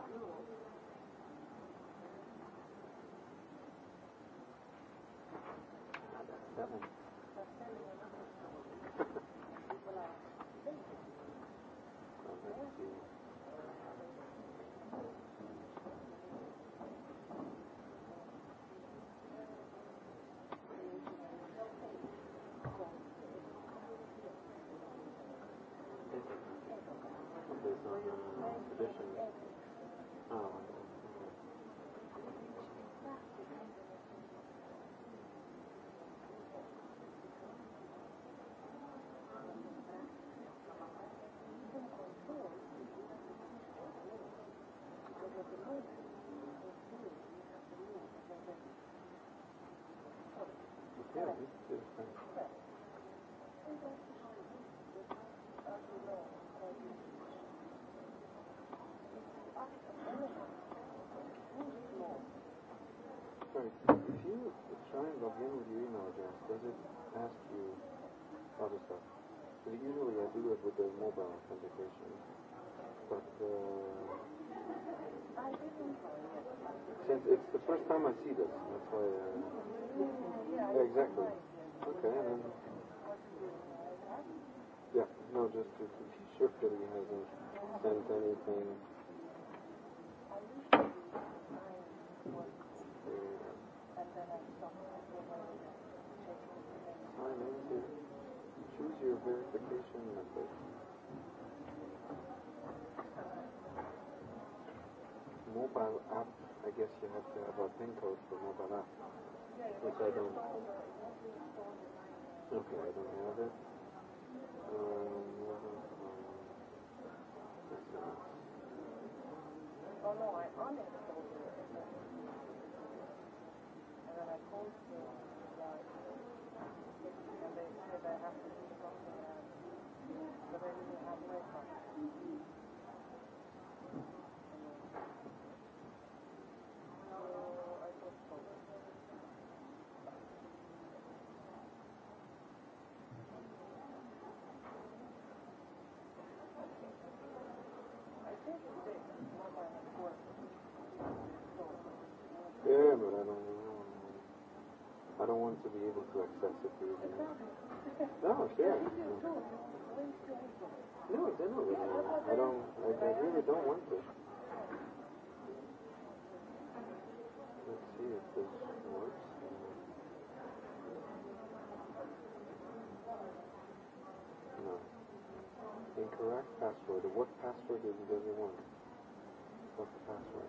Tata. Thank you. อ่า didn't log in with your email no, address, does it ask you other stuff? Because usually I do it with the mobile authentication. But uh, since it's the first time I see this, that's why. Uh, yeah, exactly. Okay, then. Yeah, no, just to, to sure that he hasn't sent anything. Time into choose your verification number. Mobile app, I guess you have to have a PIN code for mobile app, which I don't. Okay, I don't have it. Um, that's not. Oh no, I'm on it. I called No, yeah. No, I don't no, I don't. I, I really don't want to. Let's see if this works. No. Incorrect password. What password does it really want? What's the password?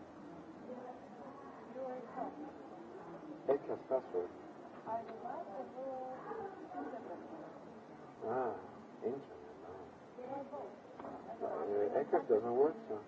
Edcast password. I love the Ah, internet. No. Your record doesn't work, so.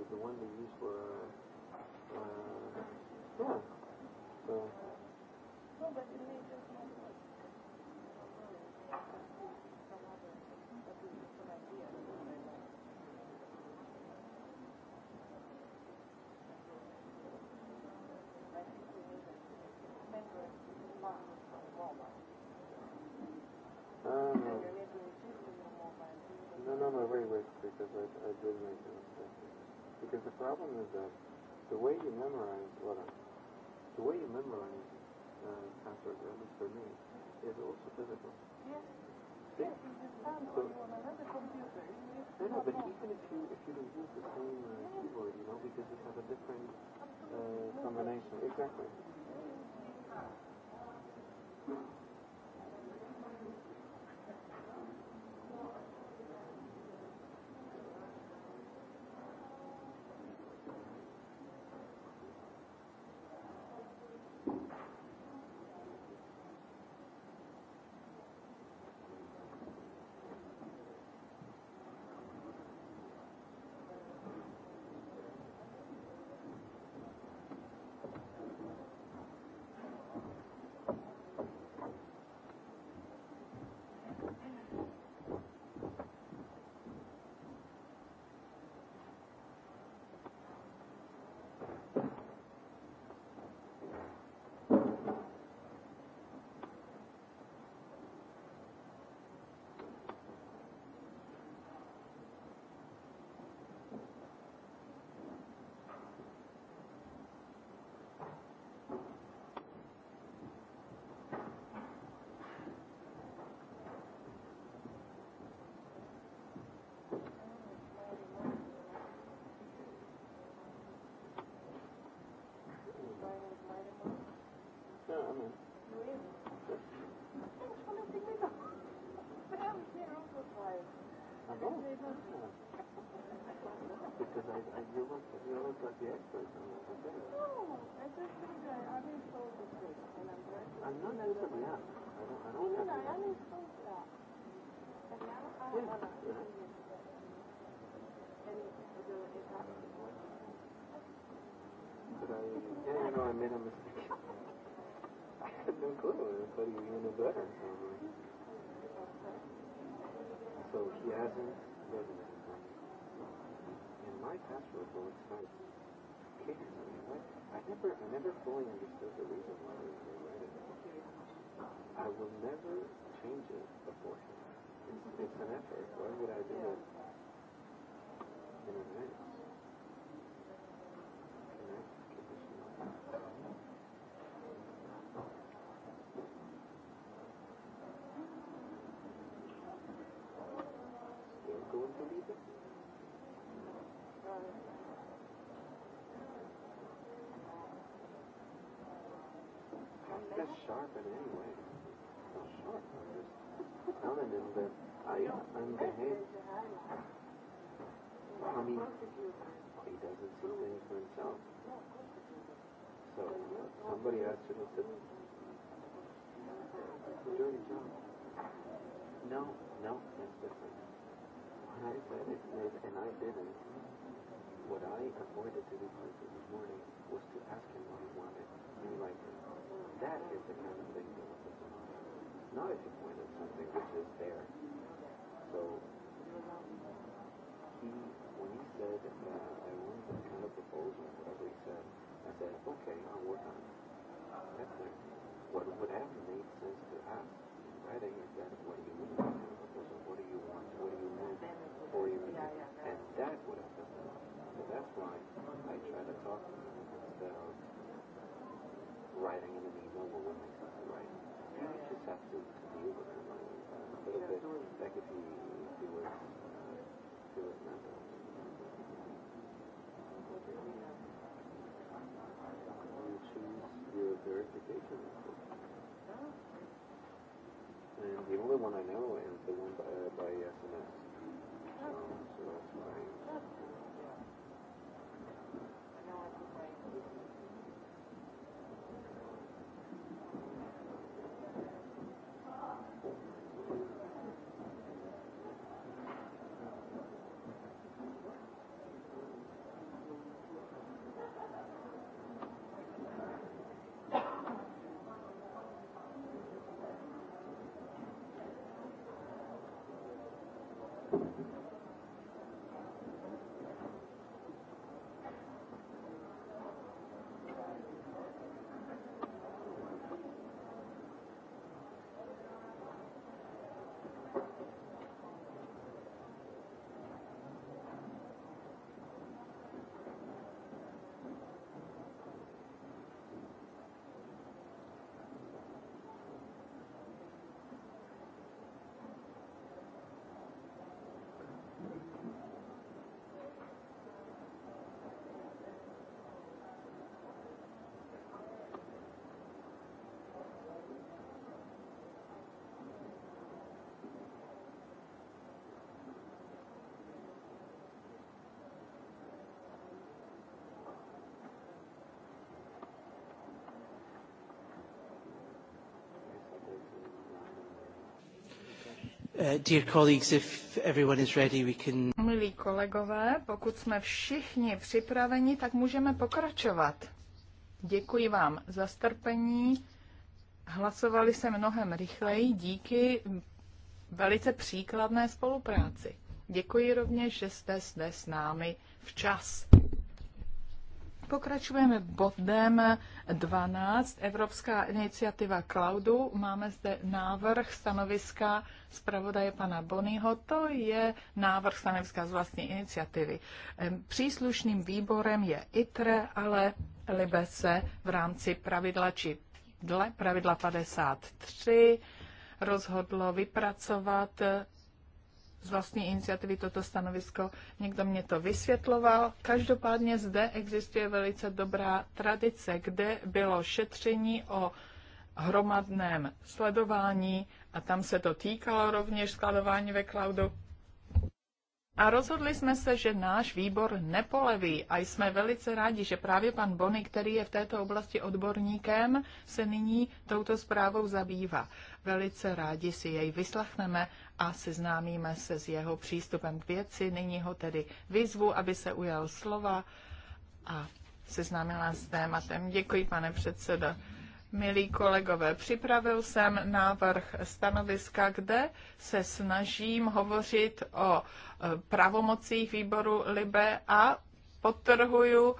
is the one they use for, uh, uh, yeah. So. No, but it may just the way you memorize, I, the way you memorize uh, passwords, at least for me, is also physical. Yes. See? so, computer. No, but even if you if you don't use the same uh, keyboard, you know, because you have a different uh, combination. Exactly. know. Because I, I you look, you look like the expert on this. No, I just think I uninstalled the thing, and I'm glad. I'm not necessarily up. I don't, I don't. No, no, I uninstalled that. And now I yeah. wanna. Yeah. And the, it happened. But I, yeah, you know, I made a mistake. I had no clue. I thought you knew better. Probably. So he hasn't lived in my password bullet's not kickers me. What? I never, I never fully understood the reason why they write it. I will never change it before him. It's, it's an effort. Why would I do yeah. it in I avoided doing Blake in the morning was to ask him what he wanted, and he liked it. That is the kind of thing that was Not if you point at something which is there. So he, when he said that uh, I wanted that kind of proposal, whatever he said, I said, okay, I'll work on it. That's it. What would have made sense to ask in writing right by to o'clock. So writing in an email will not make sense writing. You yeah. just have to deal with it. a little bit, like if you, if uh, you were, uh, if you were mental. You choose your verification. Oh, And the only one I know is Uh, dear colleagues, if everyone is ready, we can... Milí kolegové, pokud jsme všichni připraveni, tak můžeme pokračovat. Děkuji vám za strpení. Hlasovali se mnohem rychleji díky velice příkladné spolupráci. Děkuji rovněž, že jste zde s námi včas. Pokračujeme bodem 12, Evropská iniciativa Cloudu. Máme zde návrh stanoviska zpravodaje pana Bonyho. To je návrh stanoviska z vlastní iniciativy. Příslušným výborem je ITRE, ale libe se v rámci pravidla či dle pravidla 53 rozhodlo vypracovat z vlastní iniciativy toto stanovisko. Někdo mě to vysvětloval. Každopádně zde existuje velice dobrá tradice, kde bylo šetření o hromadném sledování a tam se to týkalo rovněž skladování ve cloudu a rozhodli jsme se, že náš výbor nepoleví a jsme velice rádi, že právě pan Bony, který je v této oblasti odborníkem, se nyní touto zprávou zabývá. Velice rádi si jej vyslechneme a seznámíme se s jeho přístupem k věci. Nyní ho tedy vyzvu, aby se ujal slova a seznámila s tématem. Děkuji, pane předsedo. Milí kolegové, připravil jsem návrh stanoviska, kde se snažím hovořit o e, pravomocích výboru Libe a potrhuju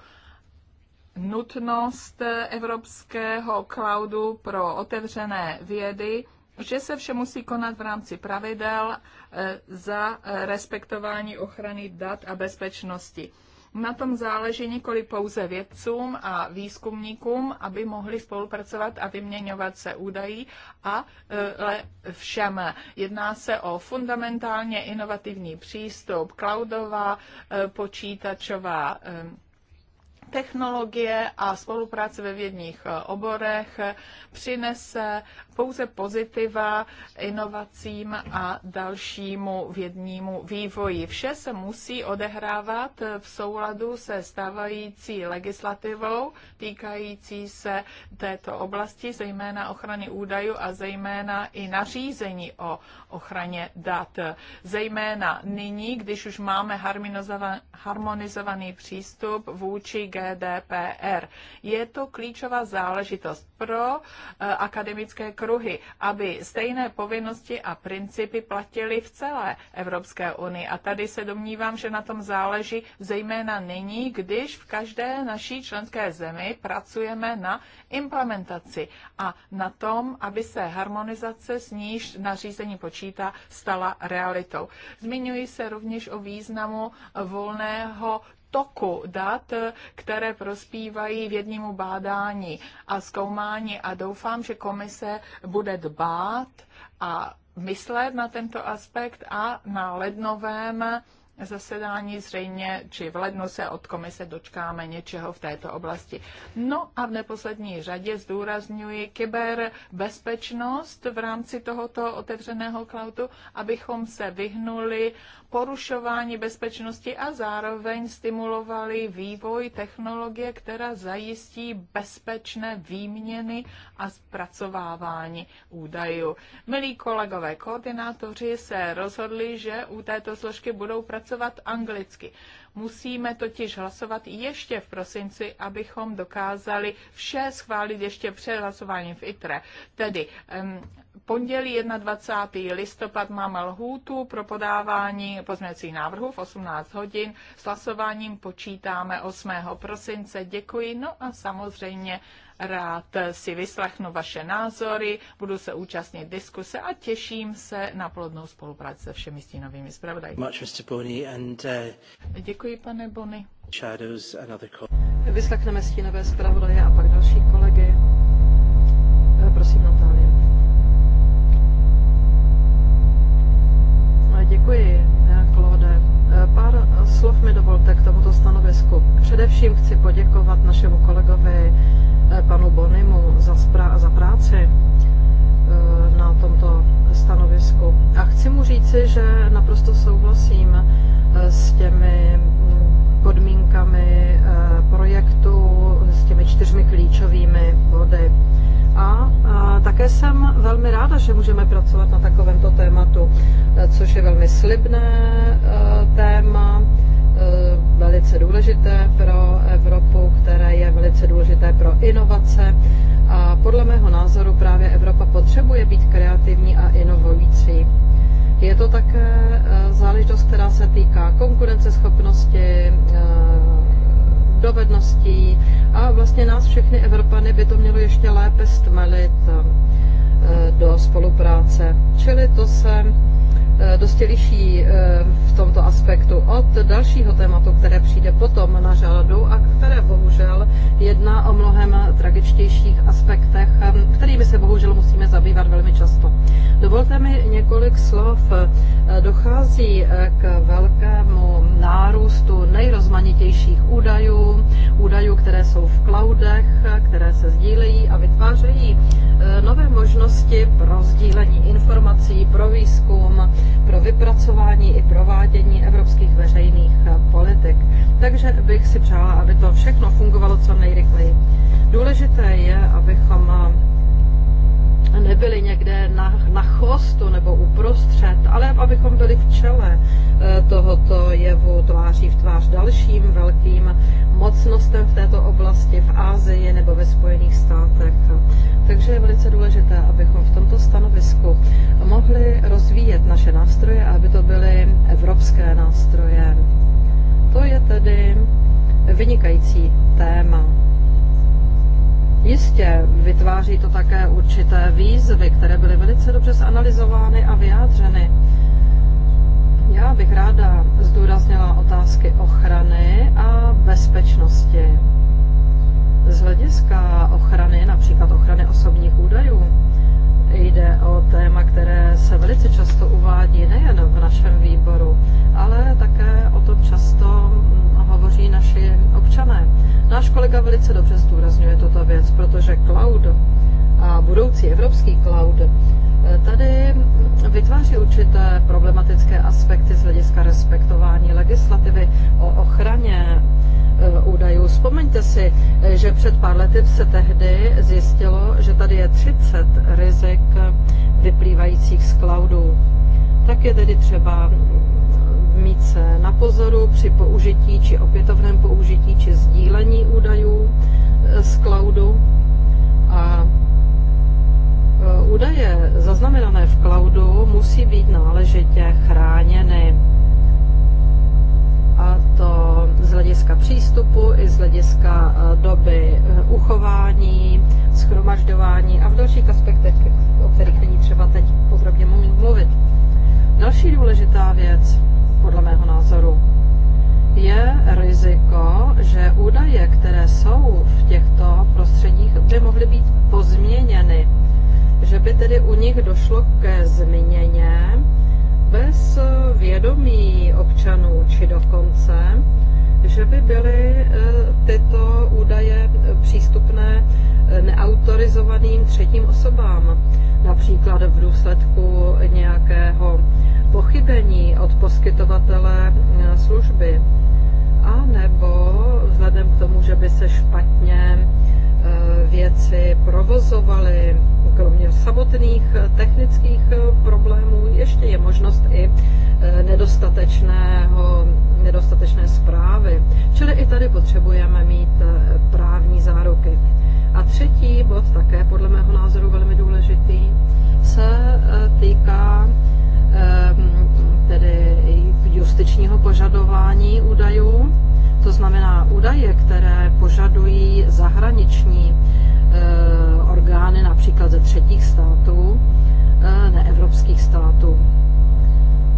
nutnost evropského cloudu pro otevřené vědy, že se vše musí konat v rámci pravidel e, za respektování ochrany dat a bezpečnosti. Na tom záleží nikoli pouze vědcům a výzkumníkům, aby mohli spolupracovat a vyměňovat se údají, ale e, všem. Jedná se o fundamentálně inovativní přístup, cloudová, e, počítačová, e, technologie a spolupráce ve vědních eh, oborech přinese pouze pozitiva inovacím a dalšímu vědnímu vývoji. Vše se musí odehrávat v souladu se stávající legislativou týkající se této oblasti, zejména ochrany údajů a zejména i nařízení o ochraně dat. Zejména nyní, když už máme harmonizovaný přístup vůči GDPR. Je to klíčová záležitost pro eh, akademické kruhy, aby stejné povinnosti a principy platily v celé Evropské unii. A tady se domnívám, že na tom záleží zejména nyní, když v každé naší členské zemi pracujeme na implementaci a na tom, aby se harmonizace, s níž nařízení počítá, stala realitou. Zmiňuji se rovněž o významu volného toku dat, které prospívají vědnímu bádání a zkoumání a doufám, že komise bude dbát a myslet na tento aspekt a na lednovém zasedání zřejmě, či v lednu se od komise dočkáme něčeho v této oblasti. No a v neposlední řadě zdůrazňuji kyberbezpečnost v rámci tohoto otevřeného cloudu, abychom se vyhnuli porušování bezpečnosti a zároveň stimulovali vývoj technologie, která zajistí bezpečné výměny a zpracovávání údajů. Milí kolegové koordinátoři se rozhodli, že u této složky budou pracovat hlasovat anglicky. Musíme totiž hlasovat ještě v prosinci, abychom dokázali vše schválit ještě před hlasováním v ITRE. Tedy um, pondělí 21. listopad máme lhůtu pro podávání pozměňovacích návrhů v 18 hodin. S hlasováním počítáme 8. prosince. Děkuji. No a samozřejmě rád si vyslechnu vaše názory, budu se účastnit diskuse a těším se na plodnou spolupráci se všemi stínovými zpravodaji. Uh, Děkuji, pane Bony. Vyslechneme stínové zpravodaje a pak další kolegy. Eh, prosím, Natálie. slov mi dovolte k tomuto stanovisku. Především chci poděkovat našemu kolegovi eh, panu Bonimu za, za práci eh, na tomto stanovisku. A chci mu říci, že naprosto souhlasím eh, s těmi mm, podmínkami projektu, s těmi čtyřmi klíčovými body. A, a také jsem velmi ráda, že můžeme pracovat na takovémto tématu, což je velmi slibné téma Eh, velice důležité pro Evropu, které je velice důležité pro inovace. A podle mého názoru právě Evropa potřebuje být kreativní a inovující. Je to také eh, záležitost, která se týká konkurenceschopnosti, eh, dovedností a vlastně nás všechny Evropany by to mělo ještě lépe stmelit do spolupráce. Čili to se Eh, dospělejší eh, v tomto aspektu od dalšího tématu, které přijde potom na řadu a které bohužel jedná o mnohem tragičtějších aspektech, eh, kterými se bohužel musíme zabývat velmi často. Dovolte mi několik slov. Dochází k velkému nárůstu nejrozmanitějších údajů, údajů, které jsou v cloudech, které se sdílejí a vytvářejí nové možnosti pro sdílení informací, pro výzkum, pro vypracování i provádění evropských veřejných eh, politik. Takže bych si přála, aby to všechno fungovalo co nejrychleji. Důležité je, abychom eh, nebyli někde na, na chvostu nebo uprostřed, ale abychom byli v čele eh, tohoto jevu tváří v tvář dalším velkým mocnostem v této oblasti, v Ázii nebo ve Spojených státech. Takže je velice důležité, abychom v tomto stanovisku mohli rozvíjet naše nástroje, aby to byly evropské nástroje. To je tedy vynikající téma Jistě vytváří to také určité výzvy, které byly velice dobře zanalizovány a vyjádřeny. Já bych ráda zdůraznila otázky ochrany a bezpečnosti. Z hlediska ochrany, například ochrany osobních údajů, Jde o téma, které se velice často uvádí nejen v našem výboru, ale také o tom často hovoří naši občané. Náš kolega velice dobře zdůrazňuje tuto věc, protože cloud a budoucí evropský cloud eh, tady vytváří určité problematické aspekty z hlediska respektování legislativy o ochraně eh, údajů. Vzpomeňte si, eh, že před pár lety se tehdy zjistilo, že tady je 30 rizik vyplývajících z cloudu. Tak je tedy třeba mít se na pozoru při použití či opětovném použití či sdílení údajů z cloudu a Eh, údaje zaznamenané v cloudu musí být náležitě chráněny. A to z hlediska přístupu i z hlediska eh, doby eh, uchování, schromažďování a v dalších aspektech, o kterých není třeba teď podrobně mluvit. Další důležitá věc, podle mého názoru, je riziko, že údaje, které jsou v těchto prostředích, by mohly být pozměněny že by tedy u nich došlo ke změně bez vědomí občanů, či dokonce, že by byly e, tyto údaje přístupné e, neautorizovaným třetím osobám, například v důsledku nějakého pochybení od poskytovatele e, služby, a nebo vzhledem k tomu, že by se špatně věci provozovaly, kromě samotných eh, technických eh, problémů ještě je možnost i eh, nedostatečného, nedostatečné zprávy. Čili i tady potřebujeme mít právní záruky. A třetí bod, také podle mého názoru velmi důležitý, se týká ehm, tedy justičního požadování údajů. To znamená údaje, které požadují zahraniční orgány například ze třetích států, eh, neevropských států.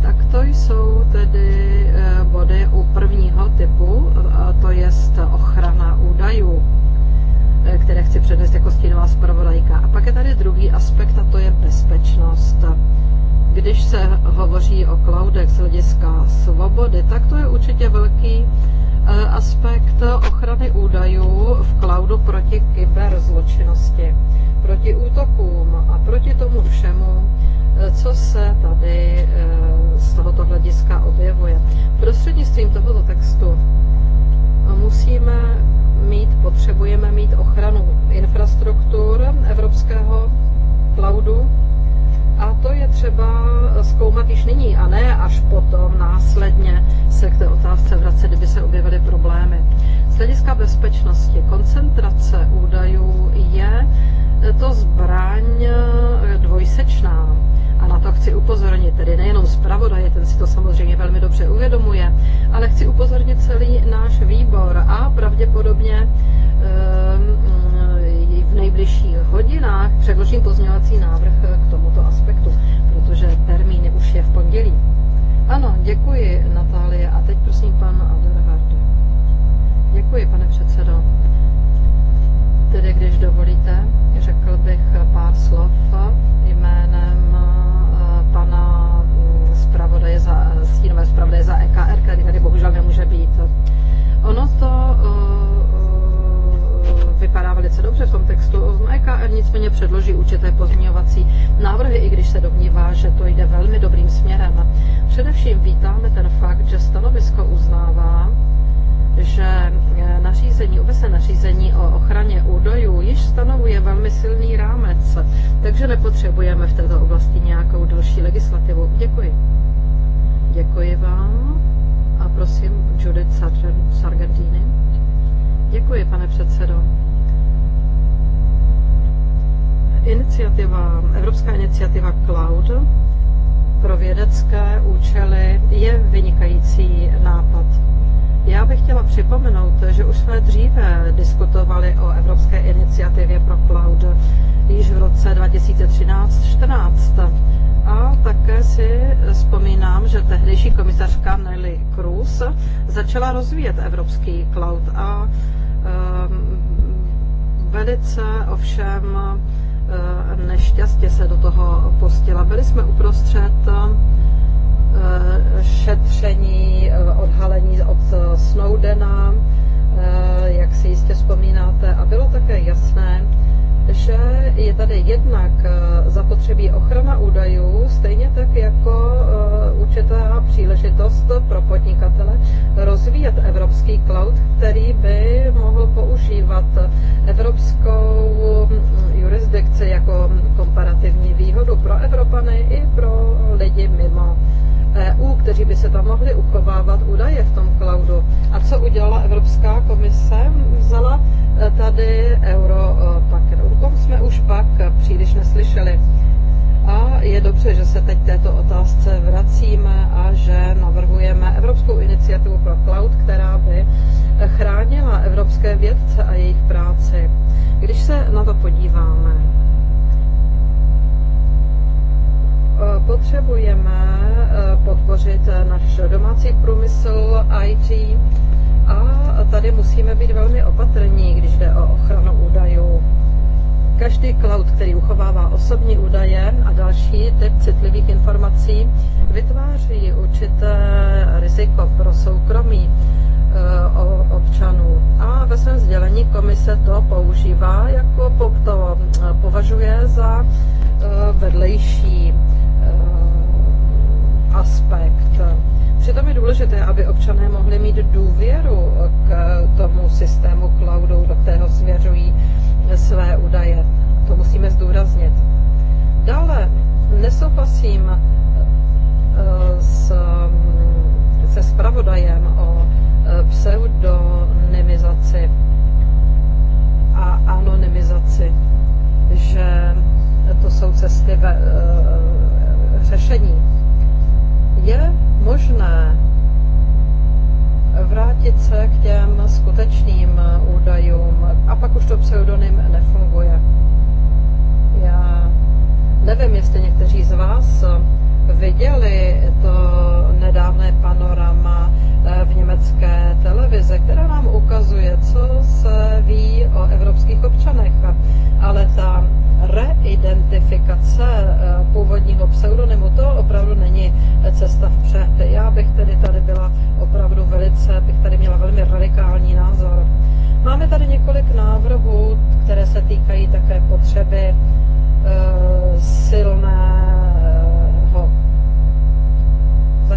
Tak to jsou tedy eh, body u prvního typu, to je ochrana údajů. Eh, které chci přednést jako stínová zpravodajka. A pak je tady druhý aspekt a to je bezpečnost. Když se hovoří o cloudech z hlediska svobody, tak to je určitě velký eh, aspekt ochrany údajů v cloudu proti kyberzločinnosti, proti útokům a proti tomu všemu, eh, co se tady z tohoto hlediska objevuje. Prostřednictvím tohoto textu musíme mít, potřebujeme mít ochranu infrastruktur evropského cloudu a to je třeba zkoumat již nyní a ne až potom následně se k té otázce vracet, kdyby se objevily problémy. Z hlediska bezpečnosti koncentrace údajů je to zbraň dvojsečná to chci upozornit, tedy nejenom zpravodaje, ten si to samozřejmě velmi dobře uvědomuje, ale chci upozornit celý náš výbor a pravděpodobně ehm, v nejbližších hodinách předložím pozměňovací návrh k tomuto aspektu, protože termín už je v pondělí. Ano, děkuji, Natálie. A teď prosím pan Adelhardu. Děkuji, pane předsedo. Tedy, když dovolíte, řekl bych pár slov jménem zpravodaje za, stínové zpravodaje za EKR, který tady bohužel nemůže být. Ono to eh, eh, vypadá velice dobře v tom textu. EKR nicméně předloží určité pozměňovací návrhy, i když se domnívá, že to jde velmi dobrým směrem. Především vítáme ten fakt, že stanovisko uznává, že eh, nařízení, obecné nařízení o ochraně údajů již stanovuje velmi silný rámec, takže nepotřebujeme v této oblasti nějakou další legislativu. Děkuji. Děkuji vám a prosím Judith Sargentini. Děkuji, pane předsedo. Iniciativa, Evropská iniciativa Cloud pro vědecké účely je vynikající nápad já bych chtěla připomenout, že už jsme dříve diskutovali o Evropské iniciativě pro cloud již v roce 2013-14. A také si vzpomínám, že tehdejší komisařka Nelly Cruz začala rozvíjet evropský cloud a um, velice ovšem ehm, nešťastně se do toho pustila. Byli jsme uprostřed Eh, šetření, eh, odhalení od eh, Snowdena, jak si jistě vzpomínáte. A bylo také jasné, že je tady jednak zapotřebí ochrana údajů, stejně tak jako určitá příležitost pro podnikatele rozvíjet evropský cloud, který by mohl používat evropskou hm, jurisdikci jako komparativní výhodu pro Evropany i pro lidi mimo EU, kteří by se tam mohli uchovávat údaje v tom cloudu. A co udělala Evropská komise? Vzala e, tady euro e, pak. O tom jsme už pak e, příliš neslyšeli. A je dobře, že se teď této otázce vracíme a že navrhujeme Evropskou iniciativu pro cloud, která by chránila evropské vědce a jejich práci. Když se na to podíváme, Eh, potřebujeme eh, podpořit eh, náš domácí průmysl, IT a tady musíme být velmi opatrní, když jde o ochranu údajů. Každý cloud, který uchovává osobní údaje a další typ citlivých informací, vytváří určité riziko pro soukromí občanů. A ve svém sdělení komise to používá, jako to považuje za vedlejší Eh, aspekt. Přitom je důležité, aby občané mohli mít důvěru k tomu systému cloudu, do kterého svěřují své údaje. To musíme zdůraznit. Dále nesouhlasím eh, s, se spravodajem o eh, pseudonymizaci a anonymizaci, že to jsou cesty ve, řešení. Je možné vrátit se k těm skutečným údajům a pak už to pseudonym nefunguje. Já nevím, jestli někteří z vás viděli to nedávné panorama eh, v německé televize, která nám ukazuje, co se ví o evropských občanech. Ale ta reidentifikace eh, původního pseudonymu, to opravdu není cesta vpřed. Já bych tedy tady byla opravdu velice, bych tady měla velmi radikální názor. Máme tady několik návrhů, které se týkají také potřeby eh, silné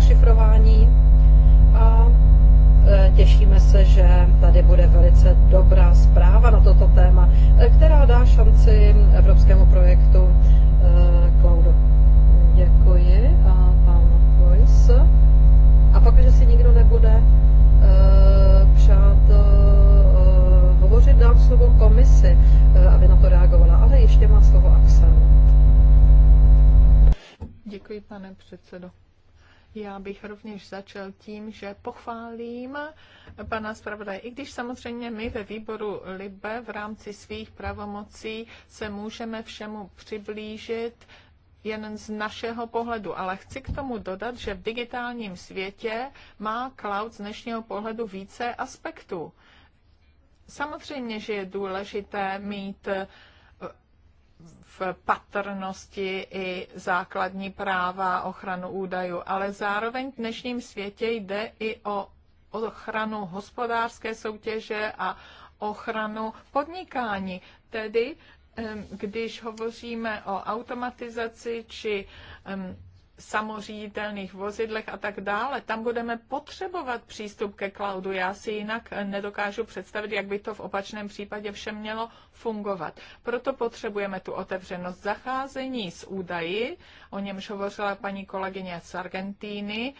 šifrování a e, těšíme se, že tady bude velice dobrá zpráva na toto téma, e, která dá šanci evropskému projektu e, Cloudu. Děkuji a pan Voice. A pak, že si nikdo nebude přát hovořit, dám slovo komisi, aby na to reagovala, ale ještě má slovo Axel. Děkuji, pane předsedo. Já bych rovněž začal tím, že pochválím pana zpravodaje. I když samozřejmě my ve výboru LIBE v rámci svých pravomocí se můžeme všemu přiblížit, jen z našeho pohledu, ale chci k tomu dodat, že v digitálním světě má cloud z dnešního pohledu více aspektů. Samozřejmě, že je důležité mít uh, v patrnosti i základní práva, ochranu údajů, ale zároveň v dnešním světě jde i o ochranu hospodářské soutěže a ochranu podnikání. Tedy, když hovoříme o automatizaci či samořídelných vozidlech a tak dále, tam budeme potřebovat přístup ke cloudu. Já si jinak nedokážu představit, jak by to v opačném případě vše mělo fungovat. Proto potřebujeme tu otevřenost zacházení s údaji, o němž hovořila paní kolegyně z Argentíny.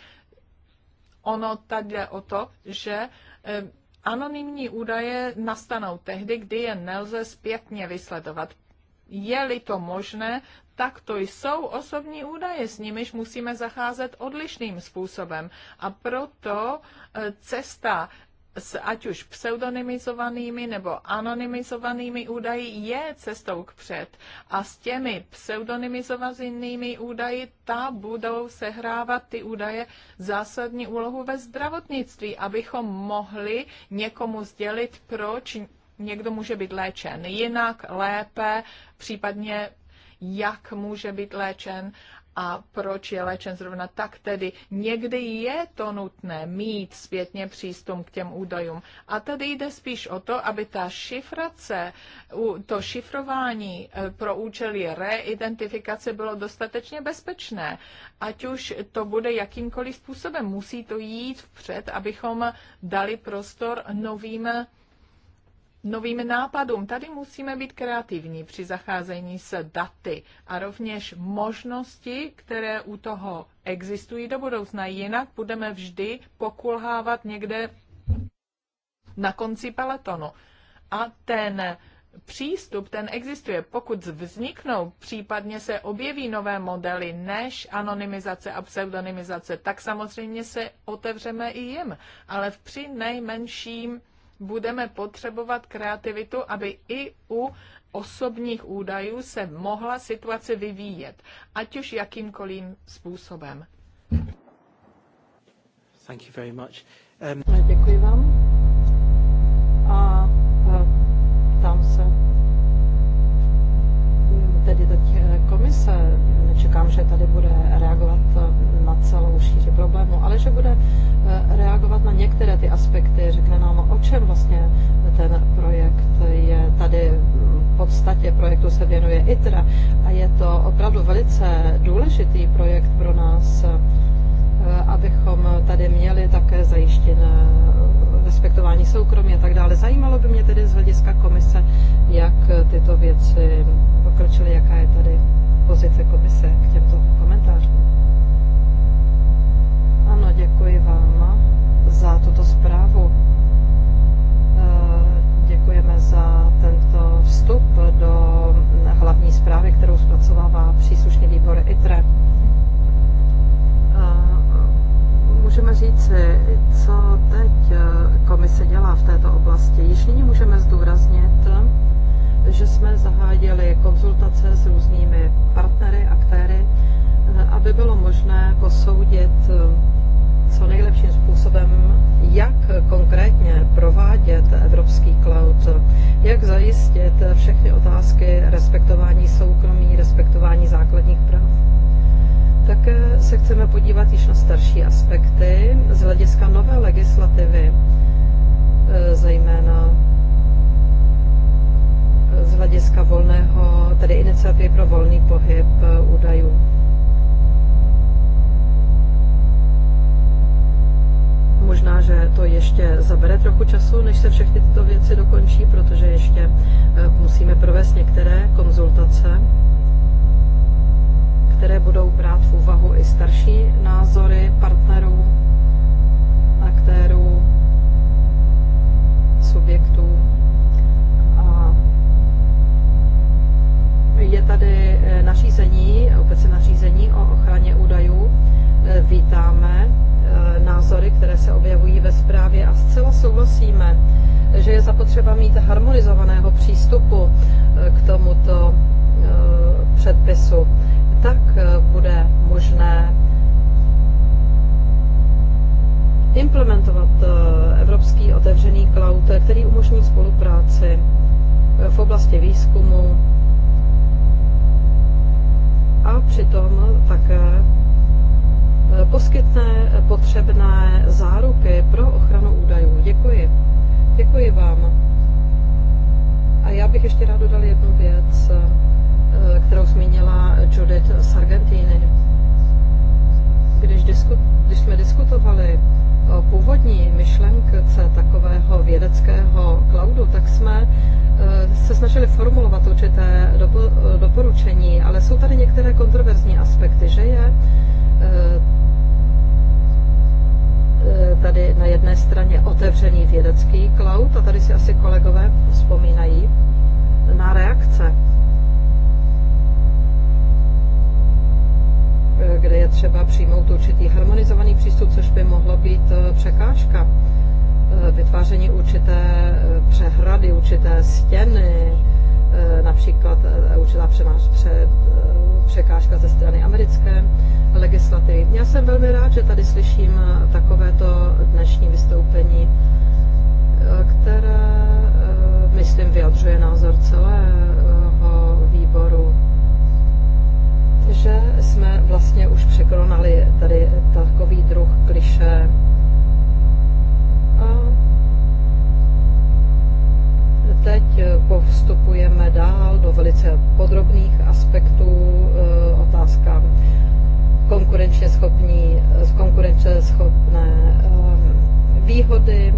Ono tady jde o to, že eh, anonymní údaje nastanou tehdy, kdy je nelze zpětně vysledovat. Je-li to možné, tak to jsou osobní údaje, s nimiž musíme zacházet odlišným způsobem. A proto e, cesta s ať už pseudonymizovanými nebo anonymizovanými údaji je cestou k před. A s těmi pseudonymizovanými údaji ta budou sehrávat ty údaje zásadní úlohu ve zdravotnictví, abychom mohli někomu sdělit, proč někdo může být léčen jinak, lépe, případně jak může být léčen a proč je léčen zrovna tak. Tedy někdy je to nutné mít zpětně přístup k těm údajům. A tady jde spíš o to, aby ta šifrace, to šifrování e, pro účely reidentifikace bylo dostatečně bezpečné. Ať už to bude jakýmkoliv způsobem, musí to jít vpřed, abychom dali prostor novým novým nápadům. Tady musíme být kreativní při zacházení s daty a rovněž možnosti, které u toho existují do budoucna. Jinak budeme vždy pokulhávat někde na konci peletonu. A ten přístup, ten existuje. Pokud vzniknou, případně se objeví nové modely než anonymizace a pseudonymizace, tak samozřejmě se otevřeme i jim. Ale v při nejmenším budeme potřebovat kreativitu, aby i u osobních údajů se mohla situace vyvíjet, ať už jakýmkoliv způsobem. Thank you very much. Um... Děkuji vám. A e, ptám se tedy teď e, komise neříkám, že tady bude reagovat eh, na celou šíři problému, ale že bude eh, reagovat na některé ty aspekty, řekne nám, o čem vlastně ten projekt je tady v podstatě projektu se věnuje ITRA a je to opravdu velice důležitý projekt pro nás, eh, abychom tady měli také zajištěné respektování soukromí a tak dále. Zajímalo by mě tedy z hlediska komise, jak tyto věci pokročily, jaká je tady pozice komise k těmto komentářům. Ano, děkuji vám za tuto zprávu. Eh, děkujeme za tento vstup do hlavní zprávy, kterou zpracovává příslušný výbor ITRE. Eh, můžeme říci, co teď eh, komise dělá v této oblasti. Již nyní můžeme zdůraznit, že jsme zahájili konzultace s různými partnery, aktéry, eh, aby bylo možné posoudit eh, co nejlepším způsobem, jak konkrétně provádět evropský cloud, jak zajistit všechny otázky respektování soukromí, respektování základních práv. Také se chceme podívat již na starší aspekty z hlediska nové legislativy, eh, zejména z hlediska volného, tedy iniciativy pro volný pohyb eh, údajů. Možná, že to ještě zabere trochu času, než se všechny tyto věci dokončí, protože ještě eh, musíme provést některé konzultace, které budou brát v úvahu i starší názory partnerů, aktérů, subjektů Je tady eh, nařízení, obecně nařízení o ochraně údajů. Eh, vítáme eh, názory, které se objevují ve zprávě a zcela souhlasíme, že je zapotřeba mít harmonizovaného přístupu k tomuto předpisu. Tak bude možné implementovat evropský otevřený cloud, který umožní spolupráci v oblasti výzkumu, a přitom také eh, poskytne eh, potřebné záruky pro ochranu údajů. Děkuji. Děkuji vám. A já bych ještě rád dodal jednu věc, eh, kterou zmínila Judith z Když, disku, když jsme diskutovali původní myšlenkce takového vědeckého cloudu, tak jsme eh, se snažili formulovat určité doporučení, ale jsou tady některé kontroverzní aspekty, že je eh, eh, tady na jedné straně otevřený vědecký cloud, a tady si asi kolegové vzpomínají na reakce Eh, kde je třeba přijmout určitý harmonizovaný přístup, což by mohlo být eh, překážka eh, vytváření určité přehrady, určité stěny, například určitá před, překážka ze strany americké legislativy. Já jsem velmi rád, že tady slyším takovéto dnešní vystoupení, které, myslím, vyjadřuje názor celé že jsme vlastně už překonali tady takový druh kliše a teď postupujeme dál do velice podrobných aspektů eh, otázka konkurenčně schopní, konkurenčně schopné eh, výhody.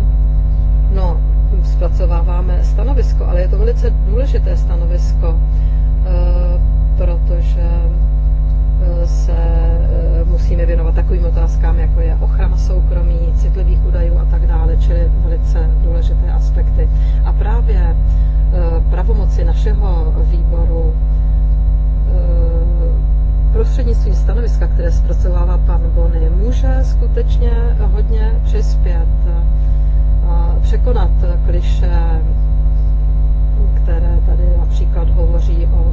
No, zpracováváme stanovisko, ale je to velice důležité stanovisko eh, protože eh, se eh, musíme věnovat takovým otázkám, jako je ochrana soukromí, citlivých údajů a tak dále, čili velice důležité aspekty. A právě eh, pravomoci našeho výboru prostřednictvím stanoviska, které zpracovává pan Bony, může skutečně hodně přispět překonat kliše, které tady například hovoří o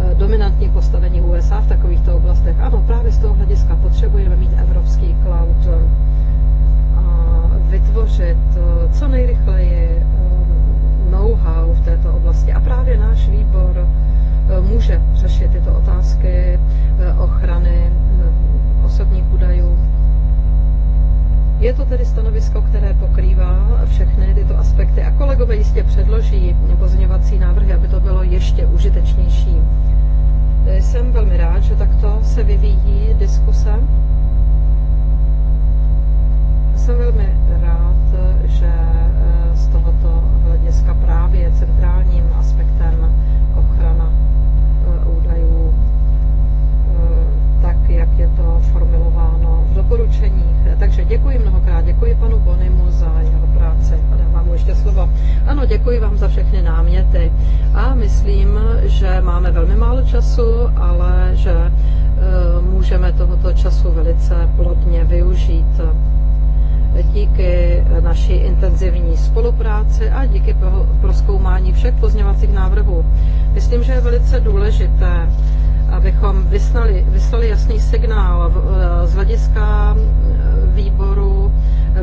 Eh, dominantní postavení USA v takovýchto oblastech. Ano, právě z toho hlediska potřebujeme mít evropský cloud eh, a vytvořit eh, co nejrychleji know-how v této oblasti. A právě náš výbor může řešit tyto otázky ochrany osobních údajů je to tedy stanovisko, které pokrývá všechny tyto aspekty a kolegové jistě předloží pozměňovací návrhy, aby to bylo ještě užitečnější. Jsem velmi rád, že takto se vyvíjí diskuse. Jsem velmi rád, že eh, z tohoto hlediska právě centrálním aspektem ochrana eh, údajů, eh, tak jak je to formulováno, doporučení. Takže děkuji mnohokrát, děkuji panu Bonimu za jeho práci a dávám mu ještě slovo. Ano, děkuji vám za všechny náměty a myslím, že máme velmi málo času, ale že eh, můžeme tohoto času velice plodně využít díky eh, naší intenzivní spolupráci a díky proskoumání všech pozněvacích návrhů. Myslím, že je velice důležité, abychom vyslali, vyslali jasný signál eh, z hlediska eh, výboru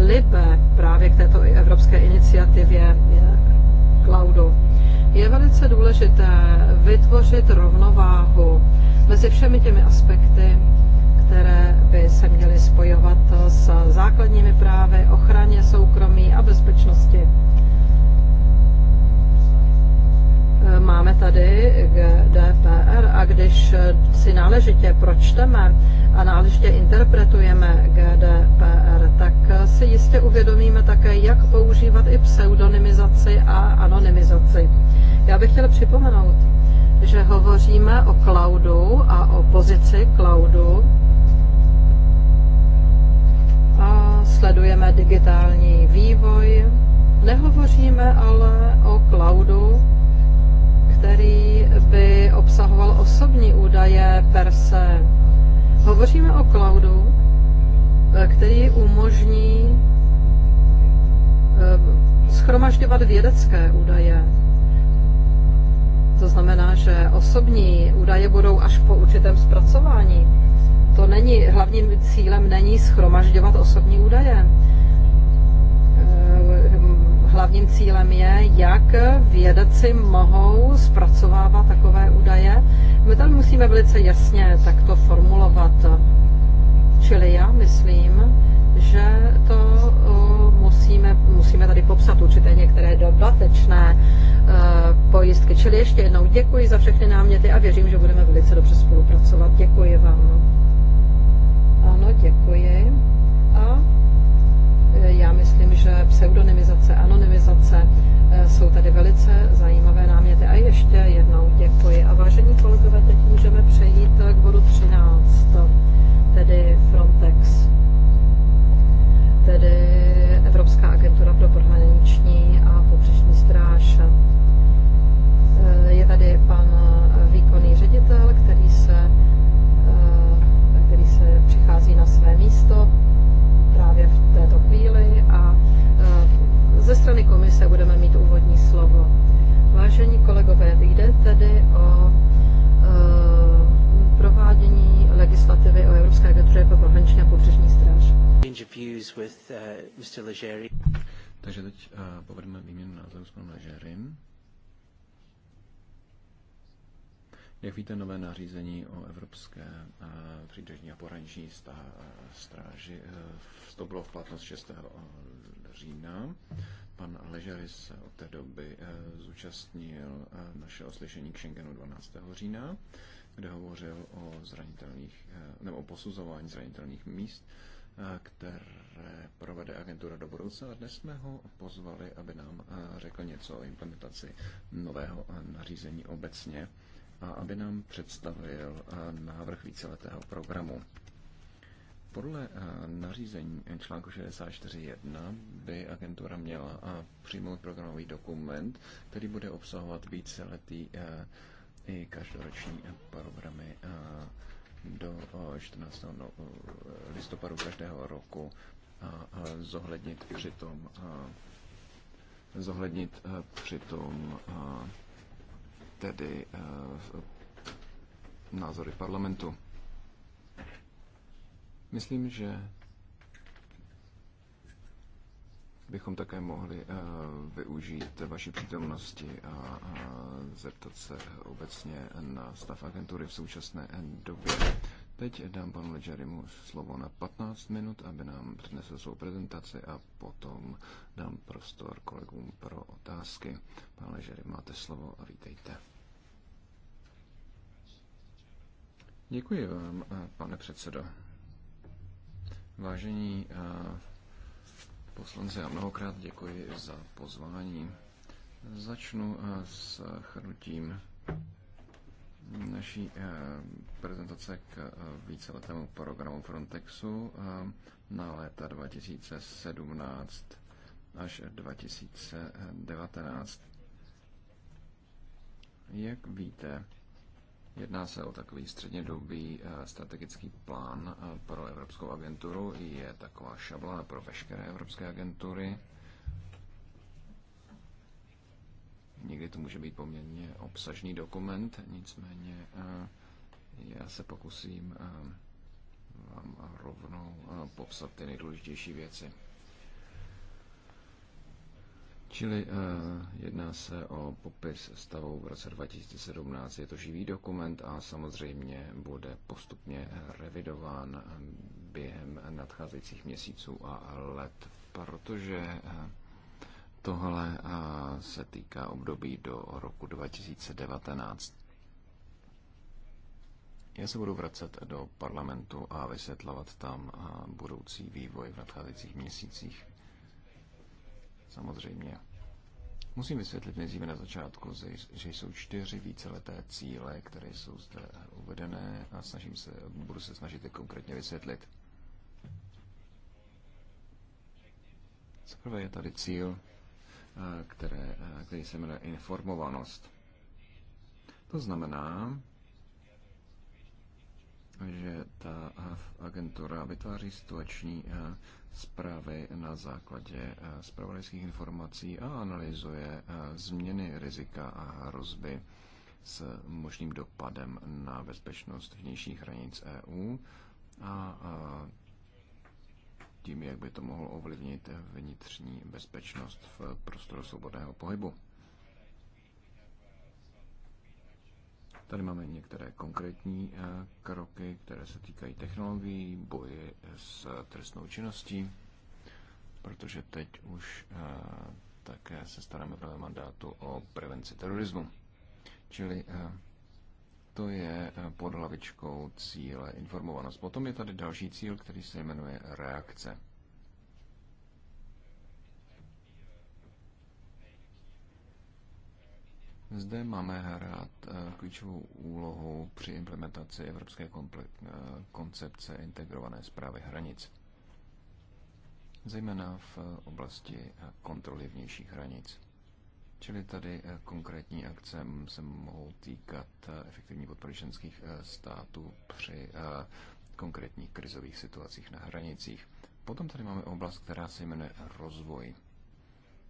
LIBE právě k této evropské iniciativě cloudu. Je velice důležité vytvořit rovnováhu mezi všemi těmi aspekty, které by se měly spojovat eh, s základními právy, ochraně soukromí a bezpečnosti. Eh, máme tady GDPR a když eh, si náležitě pročteme a náležitě interpretujeme GDPR, tak si jistě uvědomíme také, jak používat i pseudonymizaci a anonymizaci. Já bych chtěla připomenout, že hovoříme o cloudu a o pozici cloudu sledujeme digitální vývoj, nehovoříme ale o cloudu, který by obsahoval osobní údaje per se. Hovoříme o cloudu, eh, který umožní eh, schromažďovat vědecké údaje. To znamená, že osobní údaje budou až po určitém zpracování to není, hlavním cílem není schromažďovat osobní údaje. Eh, hlavním cílem je, jak vědeci mohou zpracovávat takové údaje. My tam musíme velice jasně takto formulovat. Čili já myslím, že to eh, musíme, musíme tady popsat určité některé dodatečné eh, pojistky. Čili ještě jednou děkuji za všechny náměty a věřím, že budeme velice dobře spolupracovat. Děkuji vám. Ano, děkuji. A e, já myslím, že pseudonymizace, anonymizace e, jsou tady velice zajímavé náměty. A ještě jednou děkuji. A vážení kolegové, teď můžeme přejít k bodu 13, tedy Frontex, tedy Evropská agentura pro pohraniční a pobřežní stráž. E, je tady pan výkonný ředitel, který se na své místo právě v této chvíli a e, ze strany komise budeme mít úvodní slovo. Vážení kolegové, jde tedy o e, provádění legislativy o Evropské agentuře pro pohraniční a pobřežní stráž. Uh, Takže teď e, povedeme výměnu názoru s panem Ležerim. Jak víte, nové nařízení o Evropské eh, příbřežní a pohraniční stráži vstoupilo eh, v platnost 6. října. Pan Ležery se od té doby eh, zúčastnil našeho slyšení k Schengenu 12. října, kde hovořil o, zranitelných, nebo o posuzování zranitelných míst které provede agentura do budoucna. A dnes jsme ho pozvali, aby nám řekl něco o implementaci nového nařízení obecně a aby nám představil eh, návrh víceletého programu. Podle eh, nařízení článku 64.1 by agentura měla eh, přijmout programový dokument, který bude obsahovat víceletý i každoroční programy do 14. No, listopadu každého roku a zohlednit přitom zohlednit přitom tedy eh, názory parlamentu. Myslím, že bychom také mohli eh, využít vaší přítomnosti a zeptat se obecně na stav agentury v současné době. Teď dám panu Ledžerimu slovo na 15 minut, aby nám přinesl svou prezentaci a potom dám prostor kolegům pro otázky. Pane Ležery, máte slovo a vítejte. Děkuji vám, eh, pane předsedo. Vážení eh, poslanci, já mnohokrát děkuji za pozvání. Začnu eh, s chrnutím naší eh, prezentace k eh, víceletému programu Frontexu eh, na léta 2017 až 2019. Jak víte, jedná se o takový střednědobý strategický plán pro Evropskou agenturu. Je taková šablona pro veškeré evropské agentury Někdy to může být poměrně obsažný dokument, nicméně eh, já se pokusím eh, vám rovnou eh, popsat ty nejdůležitější věci. Čili jedná se o popis stavu v roce 2017. Je to živý dokument a samozřejmě bude postupně revidován během nadcházejících měsíců a let, protože Tohle se týká období do roku 2019. Já se budu vracet do parlamentu a vysvětlovat tam budoucí vývoj v nadcházejících měsících. Samozřejmě. Musím vysvětlit nejdříve na začátku, že jsou čtyři víceleté cíle, které jsou zde uvedené a snažím se, budu se snažit je konkrétně vysvětlit. Za prvé je tady cíl Eh, které, eh, který se jmenuje informovanost. To znamená, že ta eh, agentura vytváří situační zprávy na základě zpravodajských informací a analyzuje změny rizika a hrozby s možným dopadem na bezpečnost vnějších hranic EU a tím, jak by to mohlo ovlivnit vnitřní bezpečnost v prostoru svobodného pohybu. Tady máme některé konkrétní eh, kroky, které se týkají technologií, boje s trestnou činností, protože teď už eh, také se staráme podle mandátu o prevenci terorismu. Čili eh, to je eh, pod hlavičkou cíle informovanost. Potom je tady další cíl, který se jmenuje reakce. Zde máme hrát eh, klíčovou úlohu při implementaci Evropské eh, koncepce integrované zprávy hranic, zejména v oblasti kontroly vnějších hranic. Čili tady eh, konkrétní akce se mohou týkat eh, efektivní podpory členských eh, států při konkrétních krizových situacích na hranicích. Potom tady máme oblast, která se jmenuje rozvoj.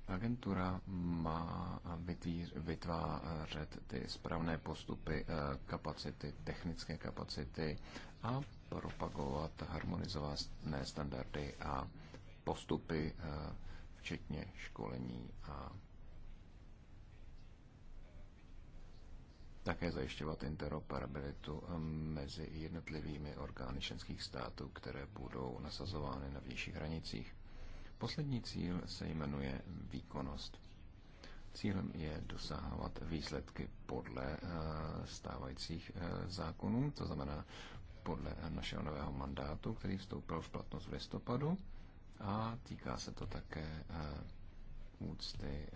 Agentura má vytvářet ty správné postupy, kapacity, technické kapacity a propagovat harmonizované standardy a postupy, včetně školení a také zajišťovat interoperabilitu eh, mezi jednotlivými orgány členských států, které budou nasazovány na vnějších hranicích. Poslední cíl se jmenuje výkonnost. Cílem je dosahovat výsledky podle eh, stávajících eh, zákonů, to znamená podle našeho nového mandátu, který vstoupil v platnost v listopadu a týká se to také úcty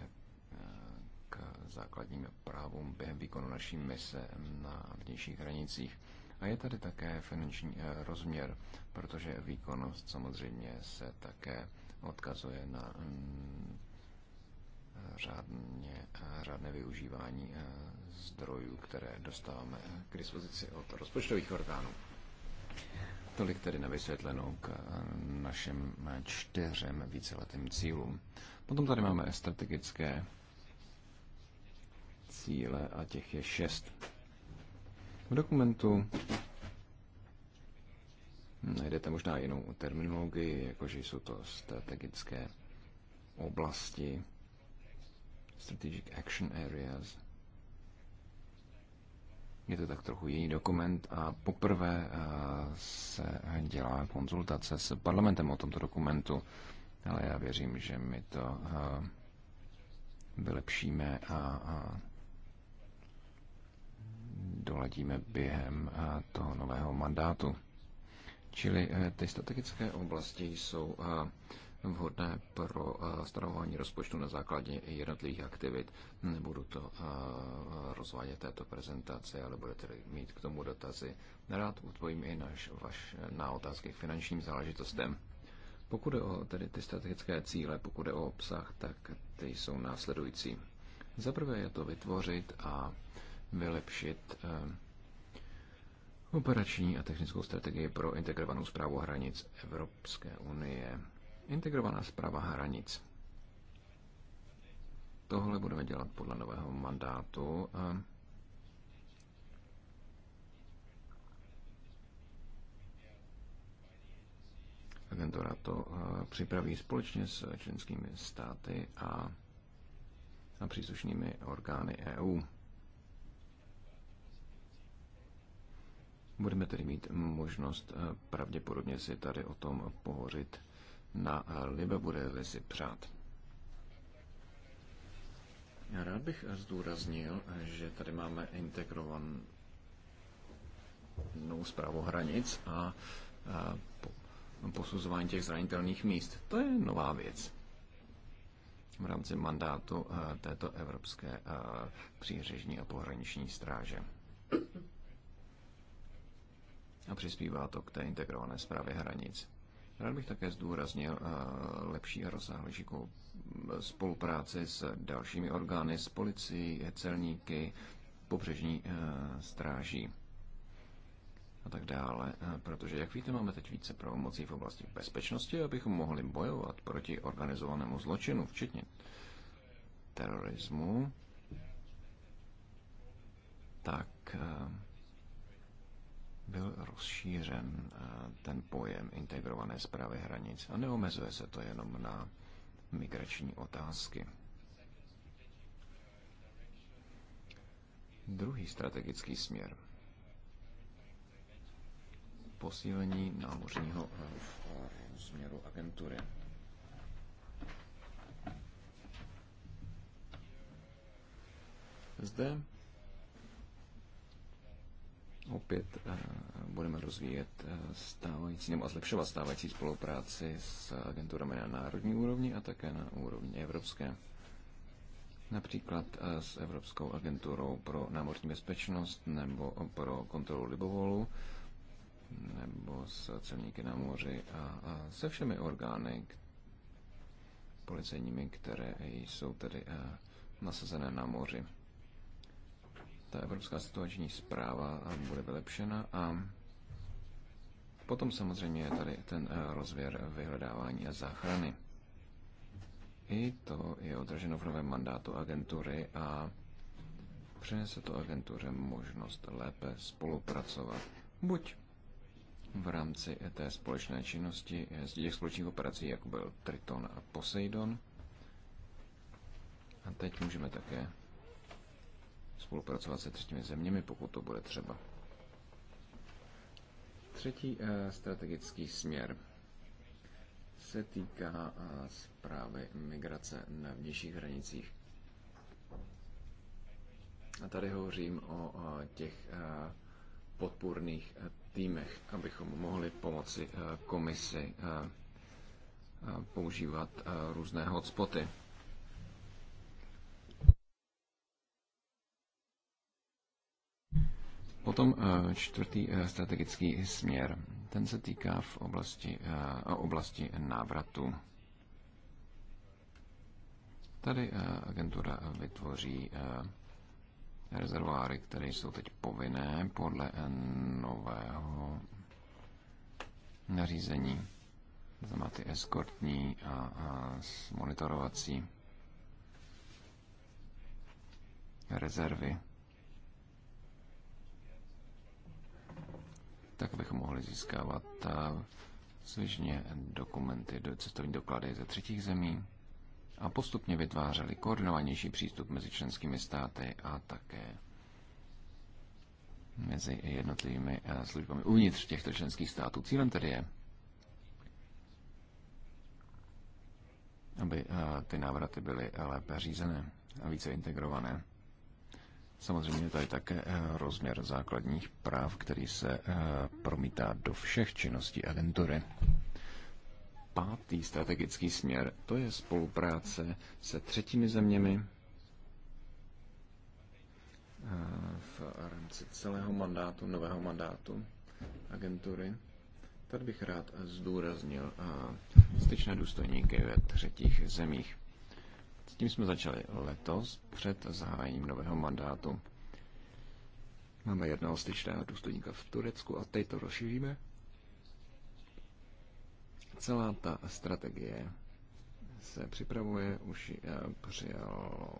k základním právům během výkonu naší mise na vnějších hranicích. A je tady také finanční eh, rozměr, protože výkonnost samozřejmě se také odkazuje na mm, řádně, eh, řádné využívání eh, zdrojů, které dostáváme k dispozici od rozpočtových orgánů. Tolik tedy na vysvětlenou k našim čtyřem víceletým cílům. Potom tady máme strategické cíle a těch je šest. V dokumentu najdete možná jinou terminologii, jakože jsou to strategické oblasti, strategic action areas. Je to tak trochu jiný dokument a poprvé eh, se dělá konzultace s parlamentem o tomto dokumentu, ale já věřím, že my to eh, vylepšíme a, a doladíme během eh, toho nového mandátu. Čili eh, ty strategické oblasti jsou eh, vhodné pro stanovování rozpočtu na základě jednotlivých aktivit. Nebudu to rozvádět této prezentaci, ale budete mít k tomu dotazy. Rád odpovím i naš, vaš, na otázky k finančním záležitostem. Pokud je o tedy ty strategické cíle, pokud je o obsah, tak ty jsou následující. Za prvé je to vytvořit a vylepšit eh, operační a technickou strategii pro integrovanou zprávu hranic Evropské unie. Integrovaná zpráva hranic. Tohle budeme dělat podle nového mandátu. Eh, agentura to eh, připraví společně s členskými státy a, a příslušnými orgány EU. Budeme tedy mít možnost eh, pravděpodobně si tady o tom pohořit na eh, Libe, bude-li si přát. Rád bych eh, zdůraznil, že tady máme integrovanou zprávu hranic a posuzování těch zranitelných míst. To je nová věc v rámci mandátu této Evropské přířežní a pohraniční stráže a přispívá to k té integrované zprávě hranic. Rád bych také zdůraznil eh, lepší a rozsáhlejší spolupráci s dalšími orgány, s policií, celníky, pobřežní eh, stráží a tak dále, eh, protože, jak víte, máme teď více pravomocí v oblasti bezpečnosti, abychom mohli bojovat proti organizovanému zločinu, včetně terorismu, tak byl rozšířen eh, ten pojem integrované zprávy hranic a neomezuje se to jenom na migrační otázky. Druhý strategický směr. Posílení námořního eh, směru agentury. Zde opět eh, budeme rozvíjet eh, stávající nebo zlepšovat stávající spolupráci s agenturami na národní úrovni a také na úrovni evropské. Například eh, s Evropskou agenturou pro námořní bezpečnost nebo pro kontrolu libovolu nebo s celníky na moři a se všemi orgány policejními, které jsou tedy nasazené na moři ta evropská situační zpráva eh, bude vylepšena a potom samozřejmě je tady ten eh, rozvěr vyhledávání a záchrany. I to je odraženo v novém mandátu agentury a přinese to agentuře možnost lépe spolupracovat. Buď v rámci eh, té společné činnosti z těch společných operací, jako byl Triton a Poseidon. A teď můžeme také spolupracovat se třetími zeměmi, pokud to bude třeba. Třetí eh, strategický směr se týká eh, zprávy migrace na vnějších hranicích. A tady hovořím o eh, těch podpůrných týmech, abychom mohli pomoci komisi používat různé hotspoty. Potom eh, čtvrtý eh, strategický směr. Ten se týká v oblasti, eh, oblasti návratu. Tady agentura vytvoří rezervoáry, které jsou teď povinné podle nového nařízení. znamená ty eskortní a, a monitorovací rezervy. tak abychom mohli získávat eh, svěžně dokumenty, cestovní doklady ze třetích zemí a postupně vytvářeli koordinovanější přístup mezi členskými státy a také mezi jednotlivými eh, službami uvnitř těchto členských států. Cílem tedy je, aby eh, ty návraty byly lépe řízené a více integrované. Samozřejmě tady také eh, rozměr základních práv, který se eh, promítá do všech činností agentury. Pátý strategický směr, to je spolupráce se třetími zeměmi eh, v rámci celého mandátu, nového mandátu agentury. Tady bych rád zdůraznil styčné důstojníky ve třetích zemích. S tím jsme začali letos před zahájením nového mandátu. Máme jednoho styčného důstojníka v Turecku a teď to rozšíříme. Celá ta strategie se připravuje, už eh, přijalo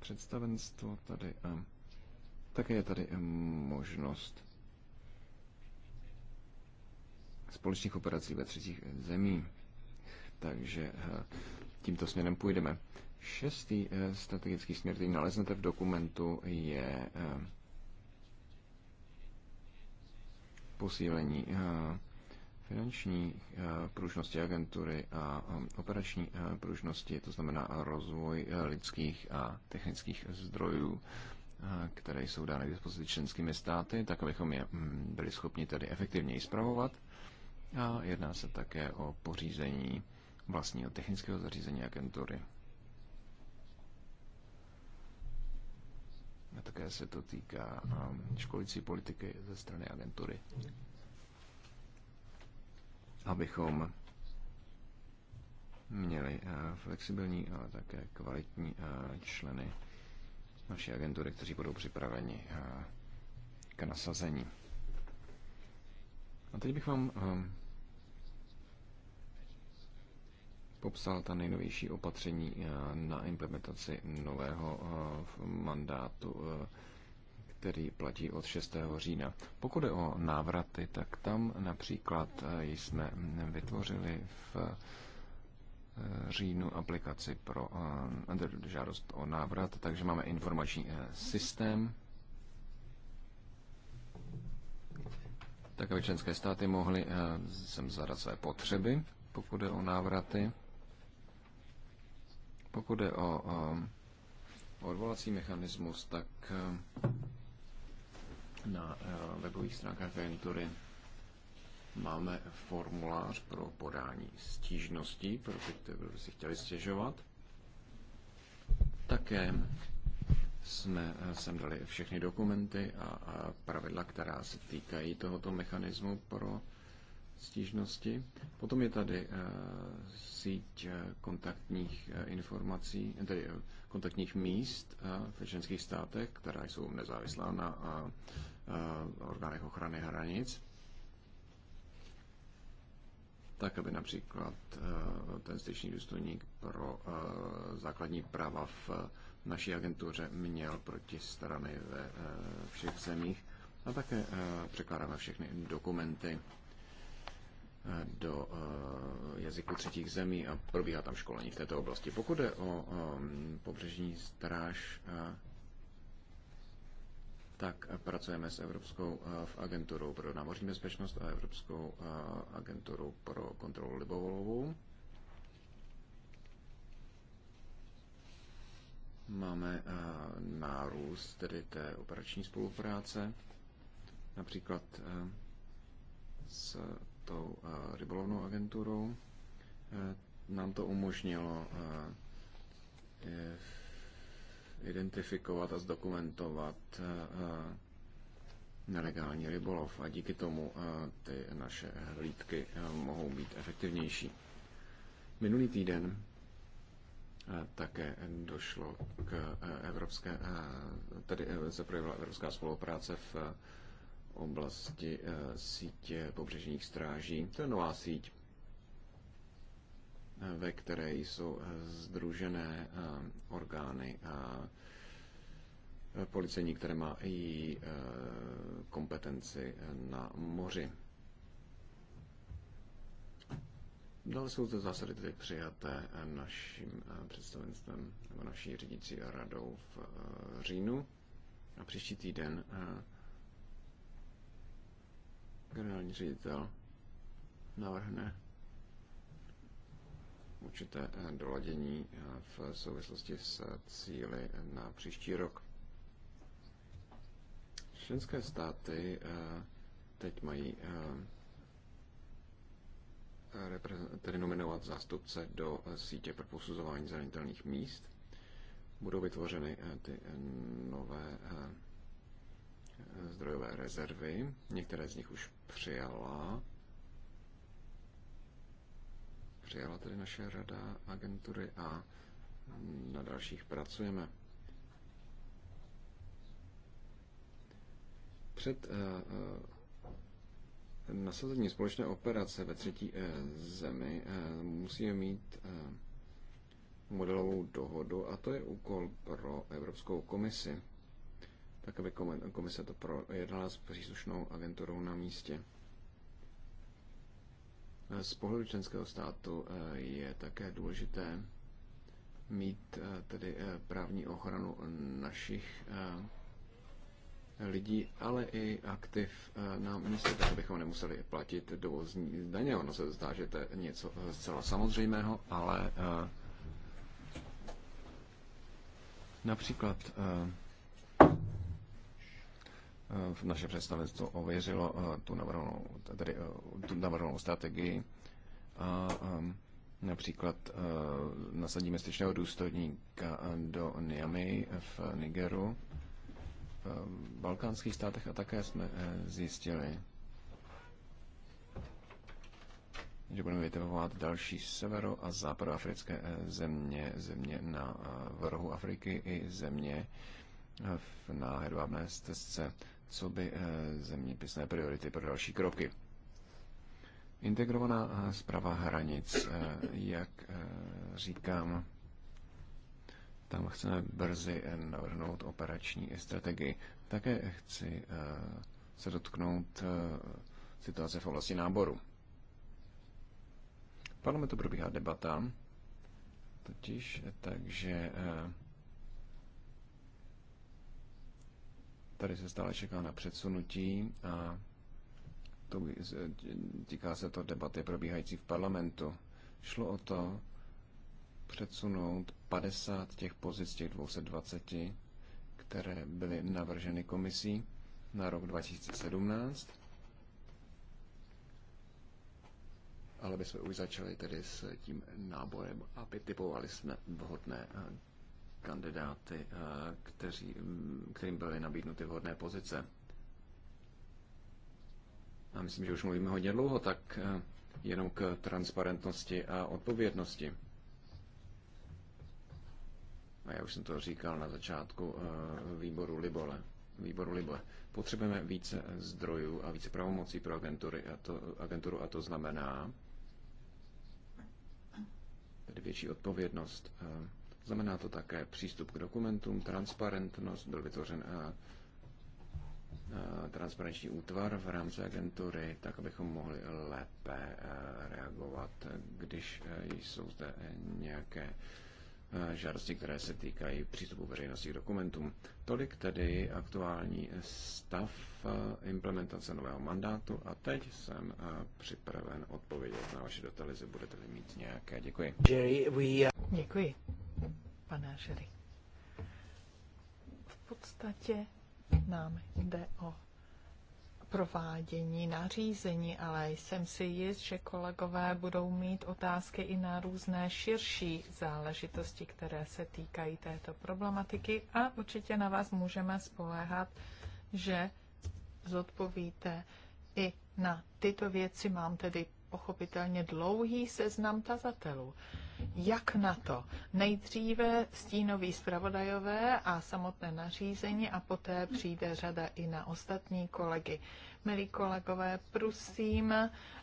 představenstvo tady a také je tady možnost společných operací ve třetích zemích. Takže eh, tímto směrem půjdeme. Šestý eh, strategický směr, který naleznete v dokumentu, je eh, posílení finanční pružnosti agentury a operační pružnosti, to znamená rozvoj lidských a technických zdrojů, které jsou dány k dispozici členskými státy, tak abychom je hm, byli schopni tedy efektivněji zpravovat. A jedná se také o pořízení vlastního technického zařízení agentury. A také se to týká um, školící politiky ze strany agentury. Abychom měli uh, flexibilní, ale také kvalitní uh, členy naší agentury, kteří budou připraveni uh, k nasazení. A teď bych vám um, popsal ta nejnovější opatření eh, na implementaci nového eh, mandátu, eh, který platí od 6. října. Pokud je o návraty, tak tam například jsme vytvořili v říjnu aplikaci pro žádost o návrat, takže máme informační systém, tak aby členské státy mohly sem zadat své potřeby, pokud je o návraty. Pokud je o odvolací mechanismus, tak eh, na eh, webových stránkách agentury máme formulář pro podání stížností pro ty, kteří si chtěli stěžovat. Také jsme eh, sem dali všechny dokumenty a pravidla, která se týkají tohoto mechanismu pro stížnosti. Potom je tady eh, síť eh, kontaktních eh, informací, tedy kontaktních míst v členských státech, která jsou nezávislá na orgánech ochrany hranic. Tak, aby například ten styčný důstojník pro základní práva v naší agentuře měl protistrany ve všech zemích a také překládáme všechny dokumenty do eh, jazyku třetích zemí a probíhá tam školení v této oblasti. Pokud je o eh, pobřežní stráž, eh, tak pracujeme s Evropskou agenturou pro námořní bezpečnost a Evropskou agenturou pro kontrolu libovolovů. Máme nárůst tedy té operační spolupráce, například s tou eh, rybolovnou agenturou. Eh, nám to umožnilo eh, identifikovat a zdokumentovat nelegální rybolov a díky tomu ty naše hlídky mohou být efektivnější. Minulý týden také došlo k evropské, tedy se projevila evropská spolupráce v oblasti eh, sítě pobřežních stráží. To je nová síť, eh, ve které jsou združené eh, orgány policení, které má i kompetenci na moři. Dále jsou to zásady tedy přijaté naším představenstvem nebo naší řídící radou v říjnu. A příští týden generální ředitel navrhne určité eh, doladění eh, v souvislosti s eh, cíly na příští rok. Členské státy teď mají tedy nominovat zástupce do sítě pro posuzování zranitelných míst. Budou vytvořeny ty nové zdrojové rezervy. Některé z nich už přijala. Přijala tedy naše rada agentury a na dalších pracujeme. Před eh, eh, nasazení společné operace ve třetí eh, zemi musíme mít modelovou dohodu a to je úkol pro Evropskou komisi tak aby komise to projednala s příslušnou agenturou na místě. Z pohledu členského státu eh, je také důležité mít eh, tedy eh, právní ochranu našich lidí, ale i aktiv na místě, tak bychom nemuseli platit dovozní daně. Ono se zdá, že to je něco zcela samozřejmého, ale například v eh, naše představenstvo ověřilo eh, tu navrhovanou, tedy, eh, tu navrhovanou strategii a například nasadíme styčného důstojníka do Niamy v Nigeru, v balkánských státech a také jsme zjistili, že budeme vytvovat další severo- a západoafrické země, země na vrhu Afriky i země v, na hedvábné stezce co by eh, zeměpisné priority pro další kroky. Integrovaná zprava eh, hranic, eh, jak říkám, tam chceme brzy navrhnout operační strategii. Také chci se dotknout situace v oblasti náboru. V parlamentu probíhá debata, totiž takže Tady se stále čeká na předsunutí a to, týká se to debaty probíhající v parlamentu. Šlo o to předsunout 50 těch pozic, těch 220, které byly navrženy komisí na rok 2017. Ale bychom už začali tedy s tím náborem a vytipovali jsme vhodné kandidáty, eh, kteří, mm, kterým byly nabídnuty vhodné pozice. A myslím, že už mluvíme hodně dlouho, tak eh, jenom k transparentnosti a odpovědnosti. A já už jsem to říkal na začátku eh, výboru Libole. Výboru Libole. Potřebujeme více zdrojů a více pravomocí pro agentury a to, agenturu a to znamená tedy větší odpovědnost Znamená to také přístup k dokumentům, transparentnost, byl vytvořen eh, eh, transparenční útvar v rámci agentury, tak abychom mohli lépe eh, reagovat, když jsou zde nějaké žádosti, které se týkají přístupu veřejnosti k dokumentům. Tolik tedy aktuální stav implementace nového mandátu a teď jsem připraven odpovědět na vaše dotazy, budete-li mít nějaké. Děkuji. Jerry, we... Uh, Děkuji pane Žery. V podstatě nám jde o provádění nařízení, ale jsem si jist, že kolegové budou mít otázky i na různé širší záležitosti, které se týkají této problematiky a určitě na vás můžeme spoléhat, že zodpovíte i na tyto věci. Mám tedy pochopitelně dlouhý seznam tazatelů. Jak na to? Nejdříve stínoví zpravodajové a samotné nařízení a poté přijde řada i na ostatní kolegy. Milí kolegové, prosím,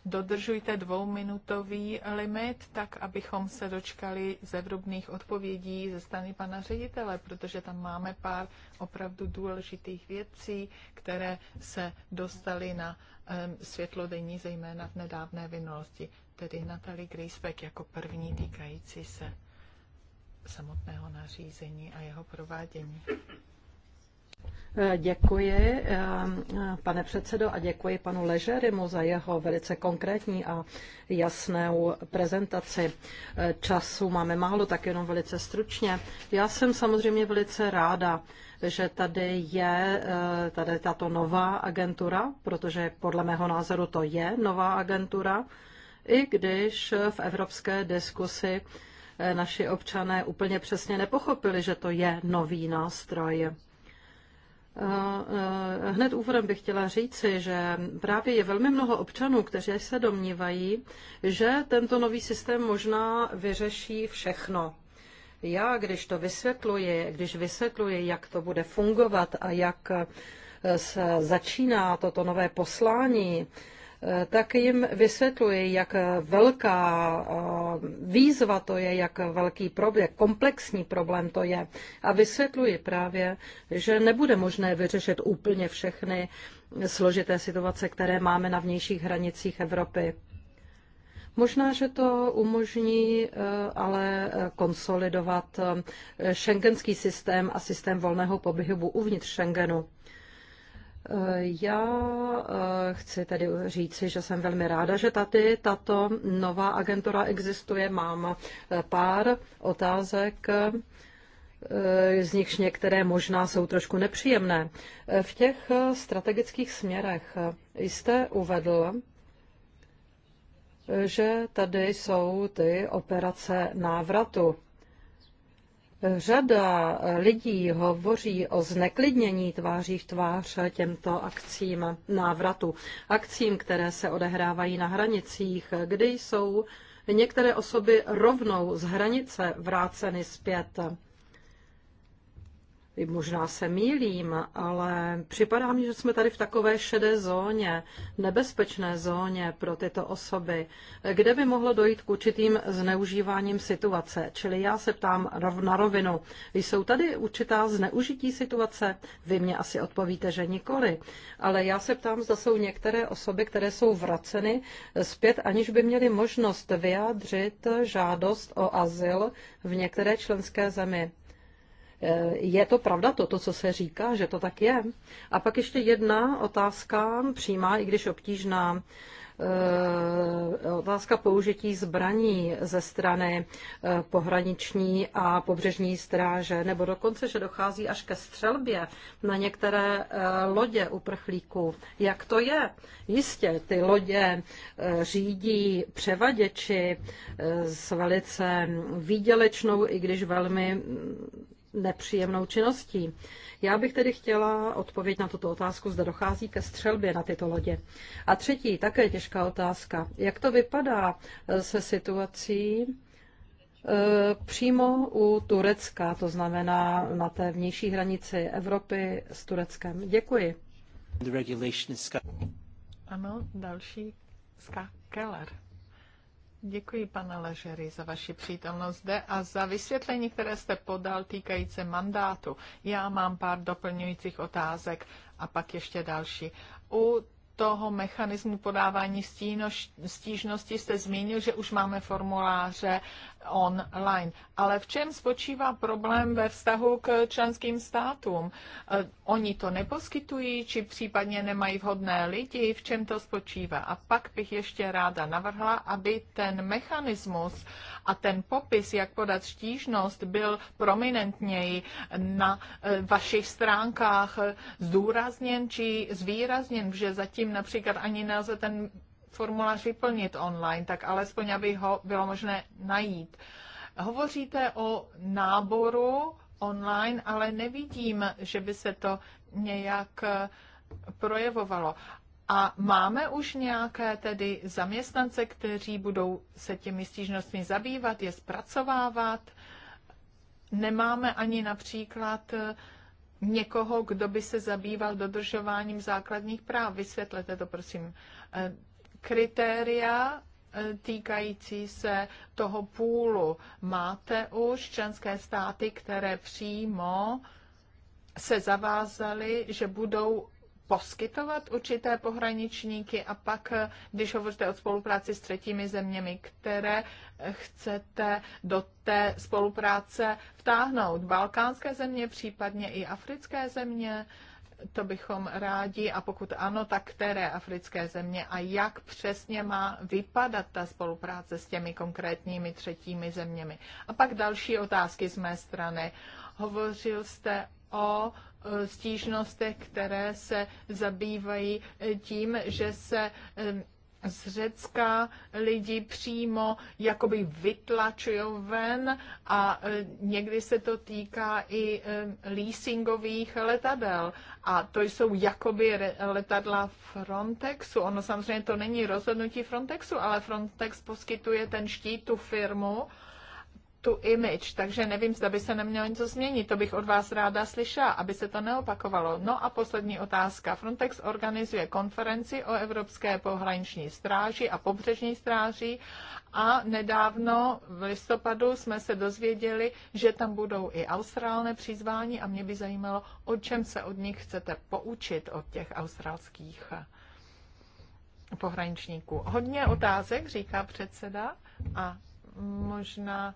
dodržujte dvouminutový limit, tak abychom se dočkali zevrubných odpovědí ze strany pana ředitele, protože tam máme pár opravdu důležitých věcí, které se dostaly na um, světlo denní, zejména v nedávné minulosti tedy Natalie Griesbeck jako první týkající se samotného nařízení a jeho provádění. Eh, děkuji, eh, pane předsedo, a děkuji panu Ležerimu za jeho velice konkrétní a jasnou prezentaci. Eh, času máme málo, tak jenom velice stručně. Já jsem samozřejmě velice ráda, že tady je tady tato nová agentura, protože podle mého názoru to je nová agentura, i když v evropské diskusi eh, naši občané úplně přesně nepochopili, že to je nový nástroj. Eh, eh, hned úvodem bych chtěla říci, že právě je velmi mnoho občanů, kteří se domnívají, že tento nový systém možná vyřeší všechno. Já, když to vysvětluji, když vysvětluji, jak to bude fungovat a jak se začíná toto nové poslání, tak jim vysvětluji, jak velká výzva to je, jak velký problém, komplexní problém to je. A vysvětluji právě, že nebude možné vyřešit úplně všechny složité situace, které máme na vnějších hranicích Evropy. Možná, že to umožní e, ale e, konsolidovat šengenský e, systém a systém volného pobyhu uvnitř Schengenu. Já eh, chci tedy říci, že jsem velmi ráda, že tady tato nová agentura existuje. Mám eh, pár otázek, eh, z nichž některé možná jsou trošku nepříjemné. V těch strategických směrech jste uvedl, že tady jsou ty operace návratu Řada lidí hovoří o zneklidnění tváří v tvář těmto akcím návratu, akcím, které se odehrávají na hranicích, kde jsou některé osoby rovnou z hranice vráceny zpět. Možná se mýlím, ale připadá mi, že jsme tady v takové šedé zóně, nebezpečné zóně pro tyto osoby, kde by mohlo dojít k určitým zneužíváním situace. Čili já se ptám na rovinu, jsou tady určitá zneužití situace? Vy mě asi odpovíte, že nikoli. Ale já se ptám, zda jsou některé osoby, které jsou vraceny zpět, aniž by měly možnost vyjádřit žádost o azyl v některé členské zemi. Eh, je to pravda to, to, co se říká, že to tak je? A pak ještě jedna otázka, přímá, i když obtížná. Eh, otázka použití zbraní ze strany eh, pohraniční a pobřežní stráže, nebo dokonce, že dochází až ke střelbě na některé lodě uprchlíků. Jak to je? Jistě, ty lodě řídí převaděči s velice výdělečnou, i když velmi nepříjemnou činností. Já bych tedy chtěla odpověď na tuto otázku, zda dochází ke střelbě na tyto lodě. A třetí, také těžká otázka. Jak to vypadá se situací e, přímo u Turecka, to znamená na té vnější hranici Evropy s Tureckem? Děkuji. Ano, další Ska Keller. Děkuji, pane Ležery, za vaši přítomnost zde a za vysvětlení, které jste podal týkající mandátu. Já mám pár doplňujících otázek a pak ještě další. U toho mechanismu podávání stížnosti jste zmínil, že už máme formuláře online. Ale v čem spočívá problém ve vztahu k členským státům? Eh, oni to neposkytují, či případně nemají vhodné lidi, v čem to spočívá? A pak bych ještě ráda navrhla, aby ten mechanismus a ten popis, jak podat stížnost, byl prominentněji na eh, vašich stránkách eh, zdůrazněn či zvýrazněn, že zatím například ani nelze ten formulář vyplnit online, tak alespoň, aby ho bylo možné najít. Hovoříte o náboru online, ale nevidím, že by se to nějak eh, projevovalo. A máme už nějaké tedy zaměstnance, kteří budou se těmi stížnostmi zabývat, je zpracovávat. Nemáme ani například eh, někoho, kdo by se zabýval dodržováním základních práv. Vysvětlete to, prosím. Eh, kritéria e, týkající se toho půlu máte už členské státy, které přímo se zavázaly, že budou poskytovat určité pohraničníky a pak, e, když hovoříte o spolupráci s třetími zeměmi, které chcete do té spolupráce vtáhnout? Balkánské země, případně i africké země? To bychom rádi a pokud ano, tak které africké země a jak přesně má vypadat ta spolupráce s těmi konkrétními třetími zeměmi. A pak další otázky z mé strany. Hovořil jste o e, stížnostech, které se zabývají e, tím, že se e, z Řecka lidi přímo jakoby vytlačují ven a e, někdy se to týká i e, leasingových letadel. A to jsou jakoby letadla Frontexu. Ono samozřejmě to není rozhodnutí Frontexu, ale Frontex poskytuje ten štít, tu firmu tu image, takže nevím, zda by se nemělo něco změnit. To bych od vás ráda slyšela, aby se to neopakovalo. No a poslední otázka. Frontex organizuje konferenci o Evropské pohraniční stráži a pobřežní stráži a nedávno v listopadu jsme se dozvěděli, že tam budou i australné přizvání a mě by zajímalo, o čem se od nich chcete poučit, od těch australských pohraničníků. Hodně otázek, říká předseda a možná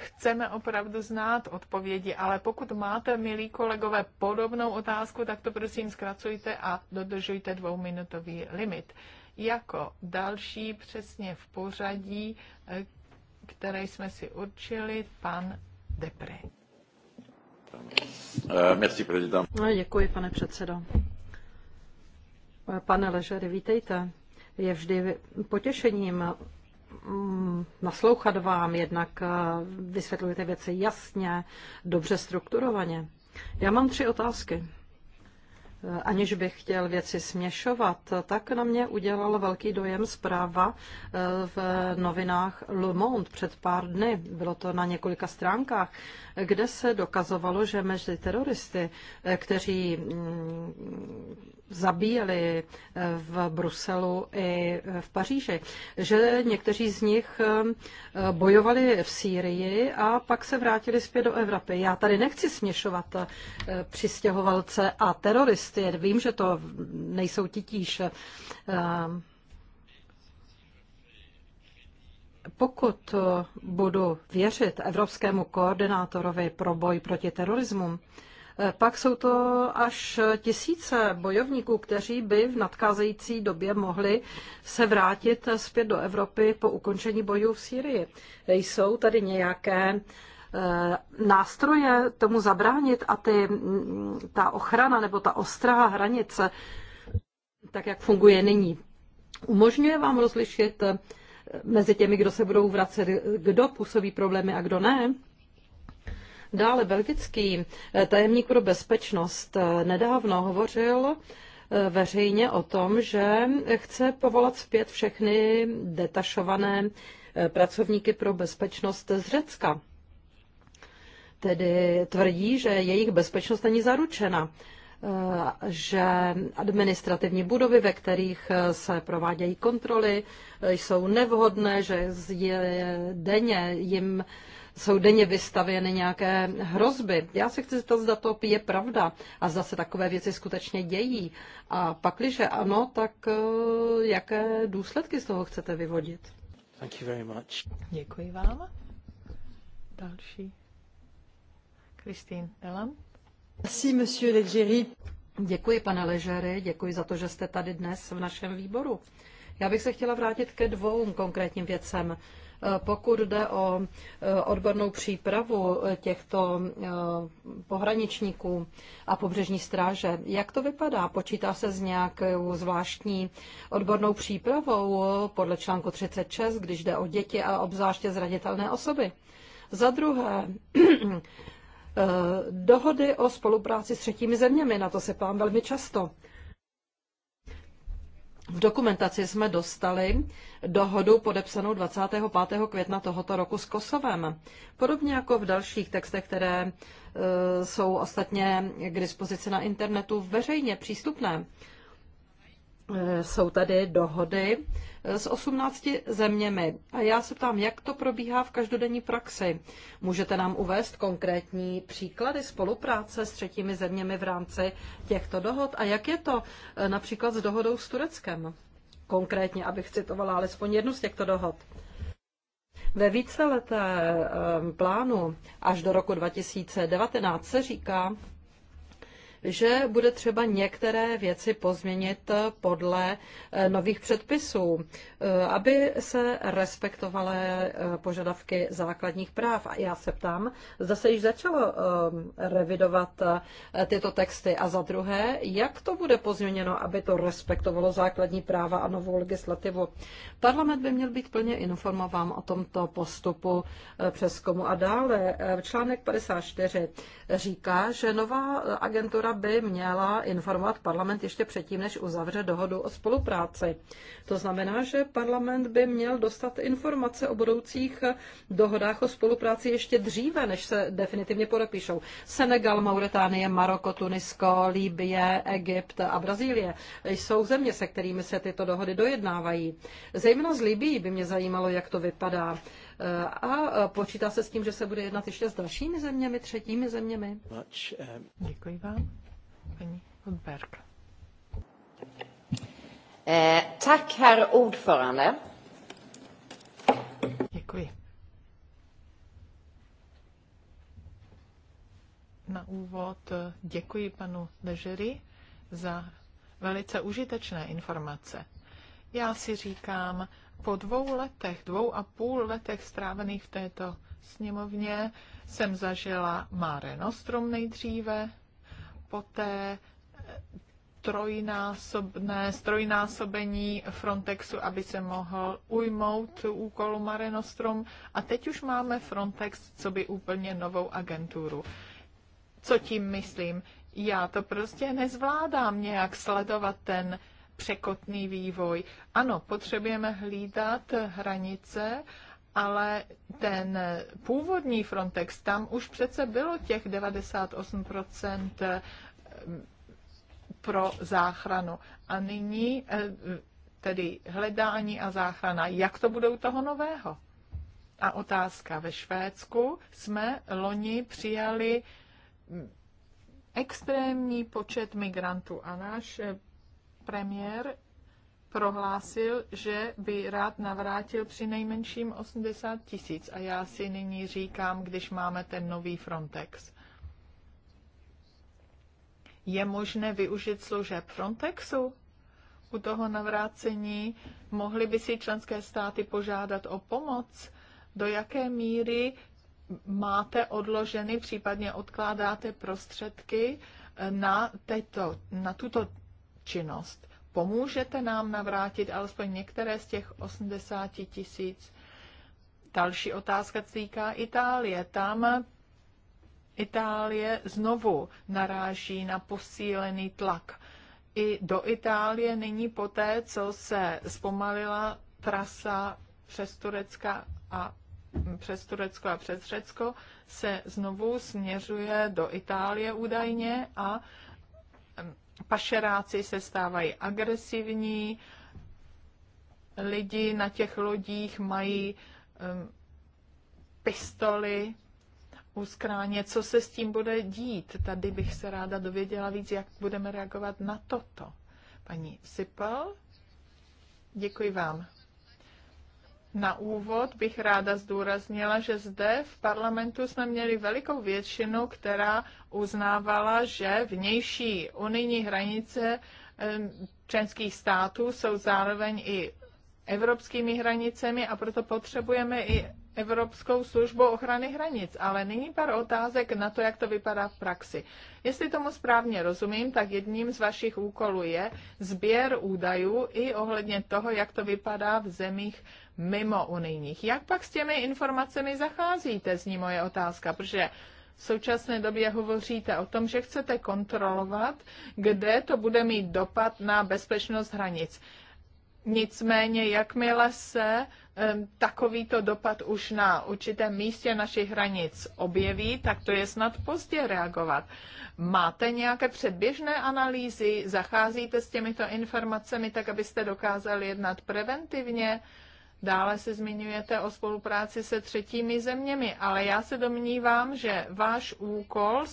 chceme opravdu znát odpovědi, ale pokud máte, milí kolegové, podobnou otázku, tak to prosím zkracujte a dodržujte dvouminutový limit. Jako další přesně v pořadí, eh, které jsme si určili, pan Depre. Eh, no, děkuji, pane předsedo. Pane Ležery, vítejte. Je vždy potěšením Mm, naslouchat vám, jednak eh, vysvětlujete věci jasně, dobře strukturovaně. Já mám tři otázky. Eh, aniž bych chtěl věci směšovat, tak na mě udělal velký dojem zpráva eh, v novinách Le Monde před pár dny. Bylo to na několika stránkách, kde se dokazovalo, že mezi teroristy, kteří mm, zabíjeli eh, v Bruselu i eh, v Paříži, že někteří z nich eh, bojovali v Sýrii a pak se vrátili zpět do Evropy. Já tady nechci směšovat přistěhovalce a teroristy. Vím, že to nejsou titíž. Pokud budu věřit evropskému koordinátorovi pro boj proti terorismu, pak jsou to až tisíce bojovníků, kteří by v nadcházející době mohli se vrátit zpět do Evropy po ukončení bojů v Sýrii. Jsou tady nějaké eh, nástroje tomu zabránit a ty, ta ochrana nebo ta ostrá hranice, tak jak funguje nyní, umožňuje vám rozlišit eh, mezi těmi, kdo se budou vracet, kdo působí problémy a kdo ne? Dále belgický eh, tajemník pro bezpečnost eh, nedávno hovořil eh, veřejně o tom, že chce povolat zpět všechny detašované pracovníky pro bezpečnost z Řecka. Tedy tvrdí, že jejich bezpečnost není zaručena že administrativní budovy, ve kterých se provádějí kontroly, jsou nevhodné, že denně jim jsou denně vystavěny nějaké hrozby. Já se chci zeptat, zda to je pravda a zda se takové věci skutečně dějí. A pakliže ano, tak eh, jaké důsledky z toho chcete vyvodit? Thank you very much. Děkuji vám. Další. Christine Elam. Merci, monsieur Legeri. Děkuji, pane Ležery, děkuji za to, že jste tady dnes v našem výboru. Já bych se chtěla vrátit ke dvou konkrétním věcem. Eh, pokud jde o eh, odbornou přípravu eh, těchto pohraničníků a pobřežní stráže, jak to vypadá? Počítá se s nějakou zvláštní odbornou přípravou podle článku 36, když jde o děti a obzvláště zranitelné osoby? Za druhé, dohody o spolupráci s třetími zeměmi, na to se pám velmi často. V dokumentaci jsme dostali dohodu podepsanou 25. května tohoto roku s Kosovem. Podobně jako v dalších textech, které e, jsou ostatně k dispozici na internetu veřejně přístupné jsou tady dohody eh, s 18 zeměmi. A já se ptám, jak to probíhá v každodenní praxi. Můžete nám uvést konkrétní příklady spolupráce s třetími zeměmi v rámci těchto dohod? A jak je to eh, například s dohodou s Tureckem? Konkrétně, abych citovala alespoň jednu z těchto dohod. Ve víceleté eh, plánu až do roku 2019 se říká, že bude třeba některé věci pozměnit podle eh, nových předpisů, eh, aby se respektovaly eh, požadavky základních práv. A já se ptám, zda se již začalo revidovat tyto texty a za druhé, jak to bude pozměněno, aby to respektovalo základní práva a novou legislativu. Parlament by měl být plně informován o tomto postupu přeskumu. A dále článek 54 říká, že nová agentura by měla informovat parlament ještě předtím, než uzavře dohodu o spolupráci. To znamená, že parlament by měl dostat informace o budoucích dohodách o spolupráci ještě dříve, než se definitivně podepíšou. Senegal, Mauritánie, Maroko, Tunisko, Líbie, Egypt a Brazílie jsou země, se kterými se tyto dohody dojednávají. Zejména z Libii by mě zajímalo, jak to vypadá. A počítá se s tím, že se bude jednat ještě s dalšími zeměmi, třetími zeměmi? Eh, Děkuji vám. Eh, tak, herr ordförande. Děkuji. Na úvod eh, děkuji panu Ležery za velice užitečné informace. Já si říkám, po dvou letech, dvou a půl letech strávených v této sněmovně jsem zažila Mare Nostrum nejdříve, poté eh, trojnásobné, strojnásobení Frontexu, aby se mohl ujmout úkolu Mare Nostrum. A teď už máme Frontex, co by úplně novou agenturu. Co tím myslím? Já to prostě nezvládám nějak sledovat ten překotný vývoj. Ano, potřebujeme hlídat hranice ale ten původní Frontex, tam už přece bylo těch 98% eh, pro záchranu. A nyní eh, tedy hledání a záchrana. Jak to budou toho nového? A otázka. Ve Švédsku jsme loni přijali hm, extrémní počet migrantů a náš eh, premiér prohlásil, že by rád navrátil při nejmenším 80 tisíc. A já si nyní říkám, když máme ten nový Frontex. Je možné využít služeb Frontexu? U toho navrácení mohly by si členské státy požádat o pomoc? Do jaké míry máte odloženy, případně odkládáte prostředky na, této, na tuto činnost? pomůžete nám navrátit alespoň některé z těch 80 tisíc? Další otázka týká Itálie. Tam Itálie znovu naráží na posílený tlak. I do Itálie nyní poté, co se zpomalila trasa přes Turecka a přes Turecko a přes Řecko, se znovu směřuje do Itálie údajně a pašeráci se stávají agresivní, lidi na těch lodích mají um, pistoly, úskráně. Co se s tím bude dít? Tady bych se ráda dověděla víc, jak budeme reagovat na toto. Paní Sipel, děkuji vám. Na úvod bych ráda zdůraznila, že zde v parlamentu jsme měli velikou většinu, která uznávala, že vnější unijní hranice členských států jsou zároveň i evropskými hranicemi a proto potřebujeme i Evropskou službu ochrany hranic. Ale nyní pár otázek na to, jak to vypadá v praxi. Jestli tomu správně rozumím, tak jedním z vašich úkolů je sběr údajů i ohledně toho, jak to vypadá v zemích mimo unijních. Jak pak s těmi informacemi zacházíte, zní moje otázka, protože v současné době hovoříte o tom, že chcete kontrolovat, kde to bude mít dopad na bezpečnost hranic. Nicméně, jakmile se um, takovýto dopad už na určitém místě našich hranic objeví, tak to je snad pozdě reagovat. Máte nějaké předběžné analýzy, zacházíte s těmito informacemi tak, abyste dokázali jednat preventivně? Dále se zmiňujete o spolupráci se třetími zeměmi, ale já se domnívám, že váš úkol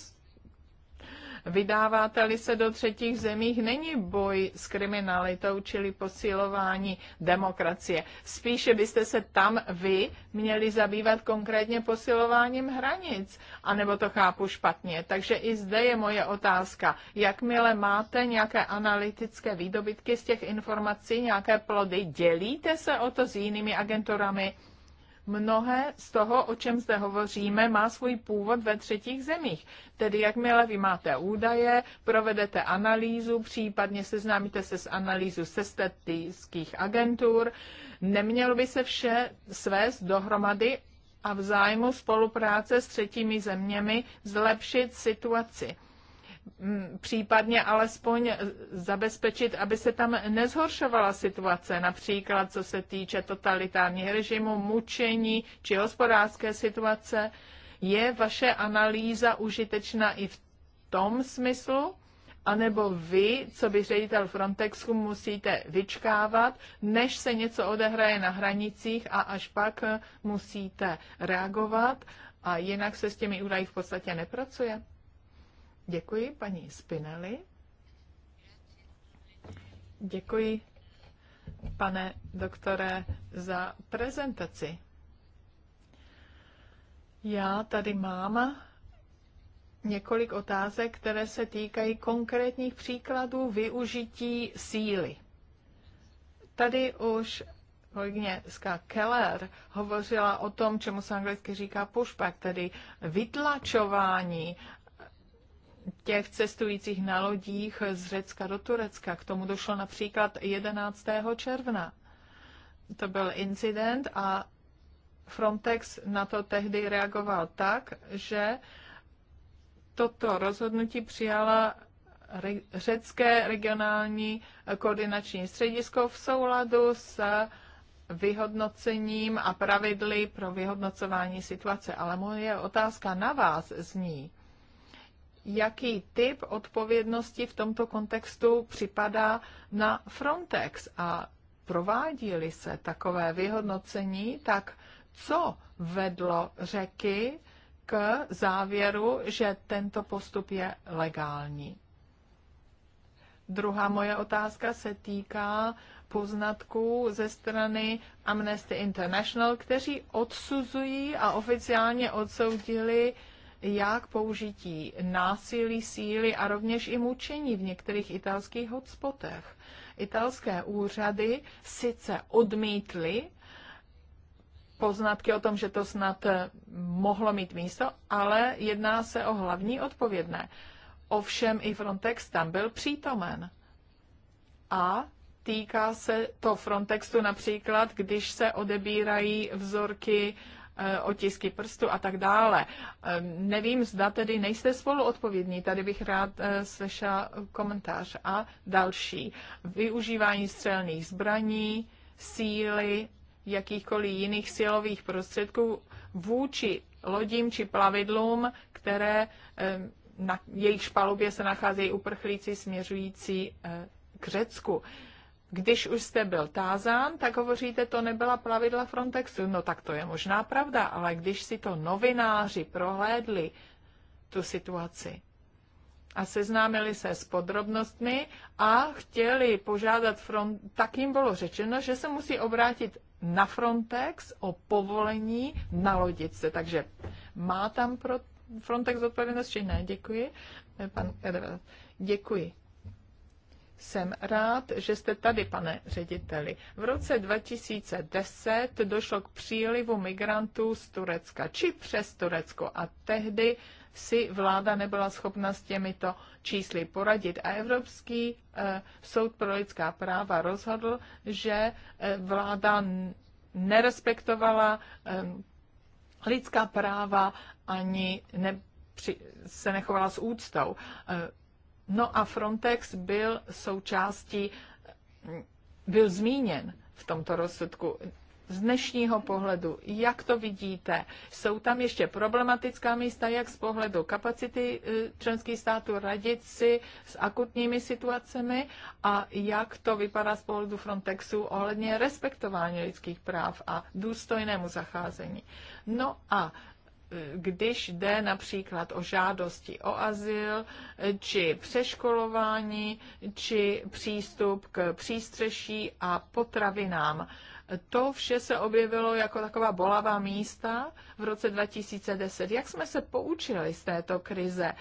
Vydáváte-li se do třetích zemích, není boj s kriminalitou, čili posilování demokracie. Spíše byste se tam vy měli zabývat konkrétně posilováním hranic, anebo to chápu špatně. Takže i zde je moje otázka. Jakmile máte nějaké analytické výdobytky z těch informací, nějaké plody, dělíte se o to s jinými agenturami? Mnohé z toho, o čem zde hovoříme, má svůj původ ve třetích zemích. Tedy jakmile vy máte údaje, provedete analýzu, případně seznámíte se s analýzu sestetických agentur, nemělo by se vše svést dohromady a v zájmu spolupráce s třetími zeměmi zlepšit situaci Mm, případně alespoň zabezpečit, aby se tam nezhoršovala situace, například co se týče totalitárního režimu, mučení či hospodářské situace. Je vaše analýza užitečná i v tom smyslu? anebo vy, co by ředitel Frontexu, musíte vyčkávat, než se něco odehraje na hranicích a až pak musíte reagovat a jinak se s těmi údaji v podstatě nepracuje? Děkuji paní Spinelli. Děkuji, pane doktore, za prezentaci. Já tady mám několik otázek, které se týkají konkrétních příkladů využití síly. Tady už kolegyně Keller hovořila o tom, čemu se anglicky říká pushback, tedy vytlačování těch cestujících na lodích z Řecka do Turecka. K tomu došlo například 11. června. To byl incident a Frontex na to tehdy reagoval tak, že toto rozhodnutí přijala řecké regionální koordinační středisko v souladu s vyhodnocením a pravidly pro vyhodnocování situace. Ale moje otázka na vás zní, jaký typ odpovědnosti v tomto kontextu připadá na Frontex a provádí se takové vyhodnocení, tak co vedlo řeky k závěru, že tento postup je legální. Druhá moje otázka se týká poznatků ze strany Amnesty International, kteří odsuzují a oficiálně odsoudili jak použití násilí, síly a rovněž i mučení v některých italských hotspotech. Italské úřady sice odmítly poznatky o tom, že to snad eh, mohlo mít místo, ale jedná se o hlavní odpovědné. Ovšem i Frontex tam byl přítomen. A týká se to Frontexu například, když se odebírají vzorky Eh, otisky prstu a tak dále. Nevím, zda tedy nejste spolu odpovědní, tady bych rád eh, slyšel komentář a další. Využívání střelných zbraní, síly, jakýchkoliv jiných silových prostředků vůči lodím či plavidlům, které na jejich palubě se nacházejí uprchlíci směřující eh, k Řecku. Když už jste byl tázán, tak hovoříte, to nebyla pravidla Frontexu. No tak to je možná pravda, ale když si to novináři prohlédli, tu situaci, a seznámili se s podrobnostmi a chtěli požádat front, tak jim bylo řečeno, že se musí obrátit na Frontex o povolení na se. Takže má tam pro Frontex odpovědnost či ne? Děkuji. Pan Děkuji. Jsem rád, že jste tady, pane řediteli. V roce 2010 došlo k přílivu migrantů z Turecka či přes Turecko a tehdy si vláda nebyla schopna s těmito čísly poradit. A Evropský e, soud pro lidská práva rozhodl, že e, vláda nerespektovala e, lidská práva ani ne, při, se nechovala s úctou. E, No a Frontex byl součástí, byl zmíněn v tomto rozsudku. Z dnešního pohledu, jak to vidíte, jsou tam ještě problematická místa, jak z pohledu kapacity eh, členských států radit si s akutními situacemi a jak to vypadá z pohledu Frontexu ohledně respektování lidských práv a důstojnému zacházení. No a když jde například o žádosti o azyl, či přeškolování, či přístup k přístřeší a potravinám. To vše se objevilo jako taková bolavá místa v roce 2010. Jak jsme se poučili z této krize?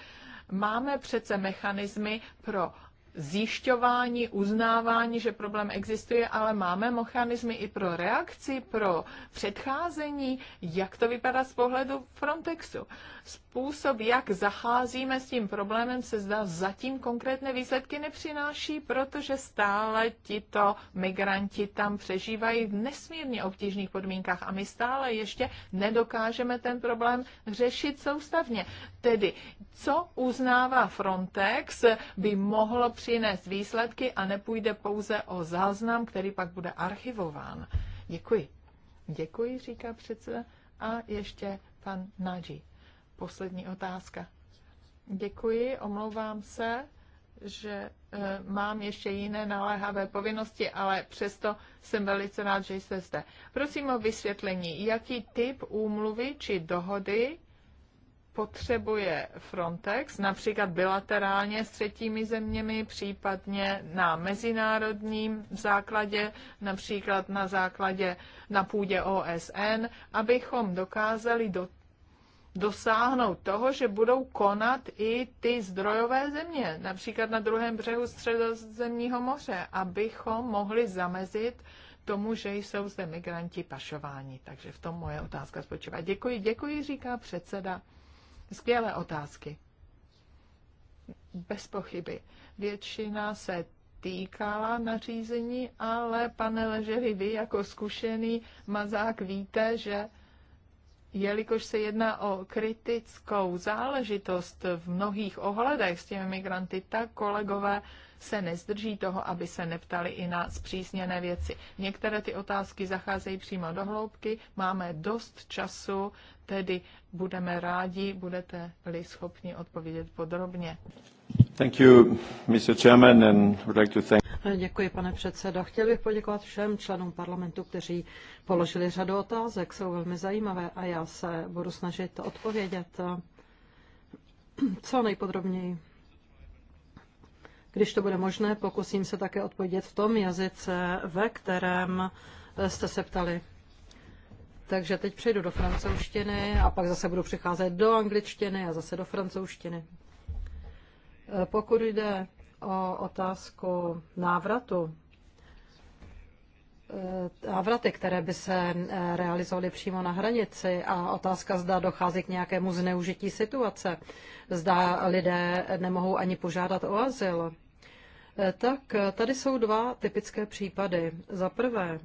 Máme přece mechanismy pro zjišťování, uznávání, že problém existuje, ale máme mechanismy i pro reakci, pro předcházení, jak to vypadá z pohledu Frontexu. Způsob, jak zacházíme s tím problémem, se zdá zatím konkrétné výsledky nepřináší, protože stále tito migranti tam přežívají v nesmírně obtížných podmínkách a my stále ještě nedokážeme ten problém řešit soustavně. Tedy, co uznává Frontex, by mohlo přinést výsledky a nepůjde pouze o záznam, který pak bude archivován. Děkuji. Děkuji, říká předseda. A ještě pan Nadži. Poslední otázka. Děkuji, omlouvám se, že e, mám ještě jiné naléhavé povinnosti, ale přesto jsem velice rád, že jste zde. Prosím o vysvětlení, jaký typ úmluvy či dohody potřebuje Frontex, například bilaterálně s třetími zeměmi, případně na mezinárodním základě, například na základě na půdě OSN, abychom dokázali do, dosáhnout toho, že budou konat i ty zdrojové země, například na druhém břehu středozemního moře, abychom mohli zamezit tomu, že jsou zde migranti pašováni. Takže v tom moje otázka spočívá. Děkuji, děkuji, říká předseda. Skvělé otázky. Bez pochyby. Většina se týkala nařízení, ale pane Leževi, vy jako zkušený mazák víte, že jelikož se jedná o kritickou záležitost v mnohých ohledech s těmi migranty, tak kolegové se nezdrží toho, aby se neptali i na zpřísněné věci. Některé ty otázky zacházejí přímo do hloubky, máme dost času, tedy budeme rádi, budete-li schopni odpovědět podrobně. Thank you, Mr. Chairman, and would like to thank... Děkuji, pane předsedo. Chtěl bych poděkovat všem členům parlamentu, kteří položili řadu otázek, jsou velmi zajímavé a já se budu snažit odpovědět co nejpodrobněji. Když to bude možné, pokusím se také odpovědět v tom jazyce, ve kterém eh, jste se ptali. Takže teď přejdu do francouzštiny a pak zase budu přecházet do angličtiny a zase do francouzštiny. Eh, pokud jde o otázku návratu, eh, návraty, které by se realizovaly přímo na hranici a otázka, zda dochází k nějakému zneužití situace, zda lidé nemohou ani požádat o azyl. Eh, tak eh, tady jsou dva typické případy. Za prvé,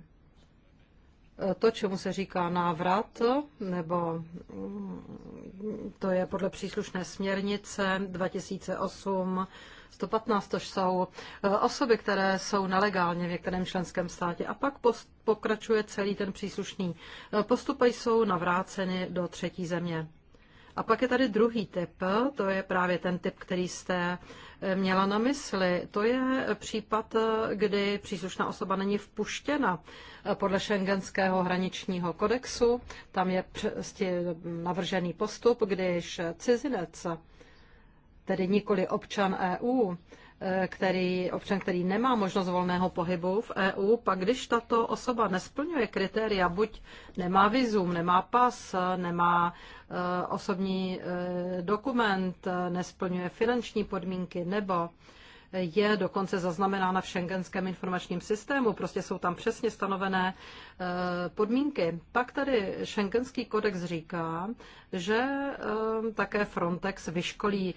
eh, to, čemu se říká návrat, nebo mm, to je podle příslušné směrnice 2008 115, tož jsou osoby, které jsou nelegálně v některém členském státě a pak post, pokračuje celý ten příslušný postup a jsou navráceny do třetí země. A pak je tady druhý typ, to je právě ten typ, který jste měla na mysli. To je případ, kdy příslušná osoba není vpuštěna podle šengenského hraničního kodexu. Tam je navržený postup, když cizinec, tedy nikoli občan EU, který, občan, který nemá možnost volného pohybu v EU, pak když tato osoba nesplňuje kritéria, buď nemá vizum, nemá pas, nemá Eh, osobní eh, dokument, eh, nesplňuje finanční podmínky nebo je dokonce zaznamenána v šengenském informačním systému, prostě jsou tam přesně stanovené podmínky. Pak tady šengenský kodex říká, že také Frontex vyškolí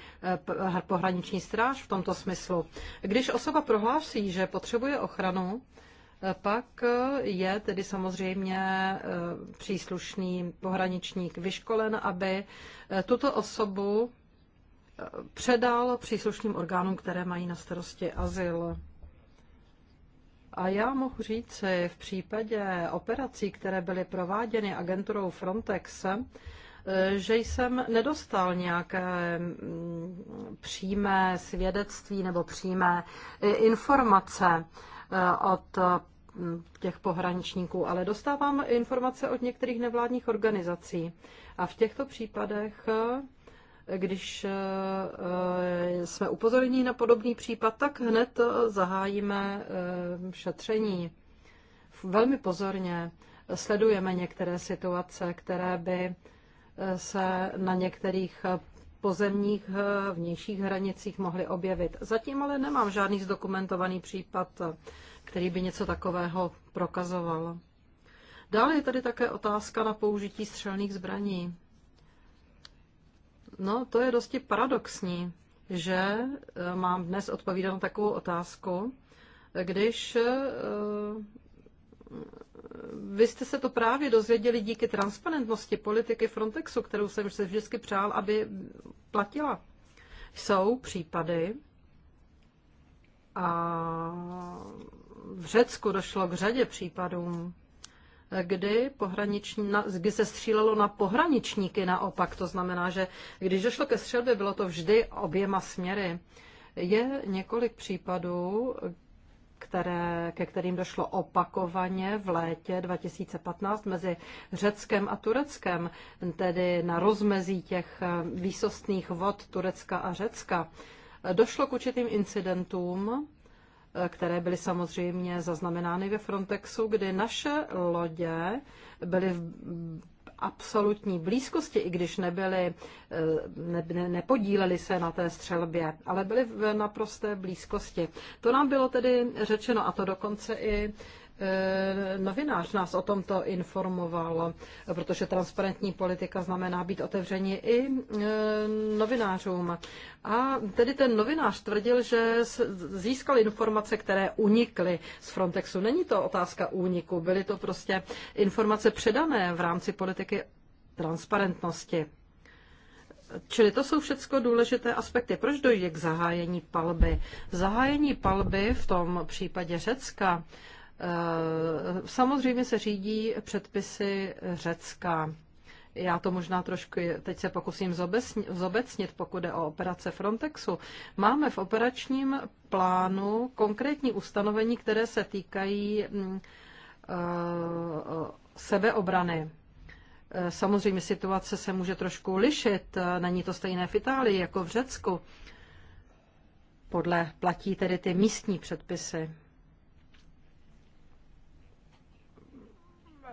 pohraniční stráž v tomto smyslu. Když osoba prohlásí, že potřebuje ochranu, pak je tedy samozřejmě eh, příslušný pohraničník vyškolen, aby eh, tuto osobu eh, předal příslušným orgánům, které mají na starosti azyl. A já mohu říci, v případě operací, které byly prováděny agenturou Frontex, že jsem nedostal nějaké mm, přímé svědectví nebo přímé informace od těch pohraničníků, ale dostávám informace od některých nevládních organizací. A v těchto případech, když eh, jsme upozorněni na podobný případ, tak hned zahájíme eh, šetření. Velmi pozorně sledujeme některé situace, které by eh, se na některých pozemních vnějších hranicích mohly objevit. Zatím ale nemám žádný zdokumentovaný případ který by něco takového prokazoval. Dále je tady také otázka na použití střelných zbraní. No, to je dosti paradoxní, že e, mám dnes odpovídat na takovou otázku, když e, vy jste se to právě dozvěděli díky transparentnosti politiky Frontexu, kterou jsem se vždycky přál, aby platila. Jsou případy, a v Řecku došlo k řadě případů, kdy, pohraniční, kdy se střílelo na pohraničníky naopak. To znamená, že když došlo ke střelbě, bylo to vždy oběma směry. Je několik případů, které, ke kterým došlo opakovaně v létě 2015 mezi Řeckem a Tureckem, tedy na rozmezí těch eh, výsostných vod Turecka a Řecka. Došlo k určitým incidentům, které byly samozřejmě zaznamenány ve Frontexu, kdy naše lodě byly v absolutní blízkosti, i když nebyly, eh, ne, ne, nepodíleli se na té střelbě, ale byly v naprosté blízkosti. To nám bylo tedy řečeno, a to dokonce i Eh, novinář nás o tomto informoval, protože transparentní politika znamená být otevření i eh, novinářům. A tedy ten novinář tvrdil, že získal informace, které unikly z Frontexu. Není to otázka úniku, byly to prostě informace předané v rámci politiky transparentnosti. Čili to jsou všechno důležité aspekty. Proč dojde k zahájení palby? Zahájení palby v tom případě Řecka Eh, samozřejmě se řídí předpisy Řecka. Já to možná trošku teď se pokusím zobecnit, pokud jde o operace Frontexu. Máme v operačním plánu konkrétní ustanovení, které se týkají mm, eh, sebeobrany. Eh, samozřejmě situace se může trošku lišit, není to stejné v Itálii jako v Řecku. Podle platí tedy ty místní předpisy.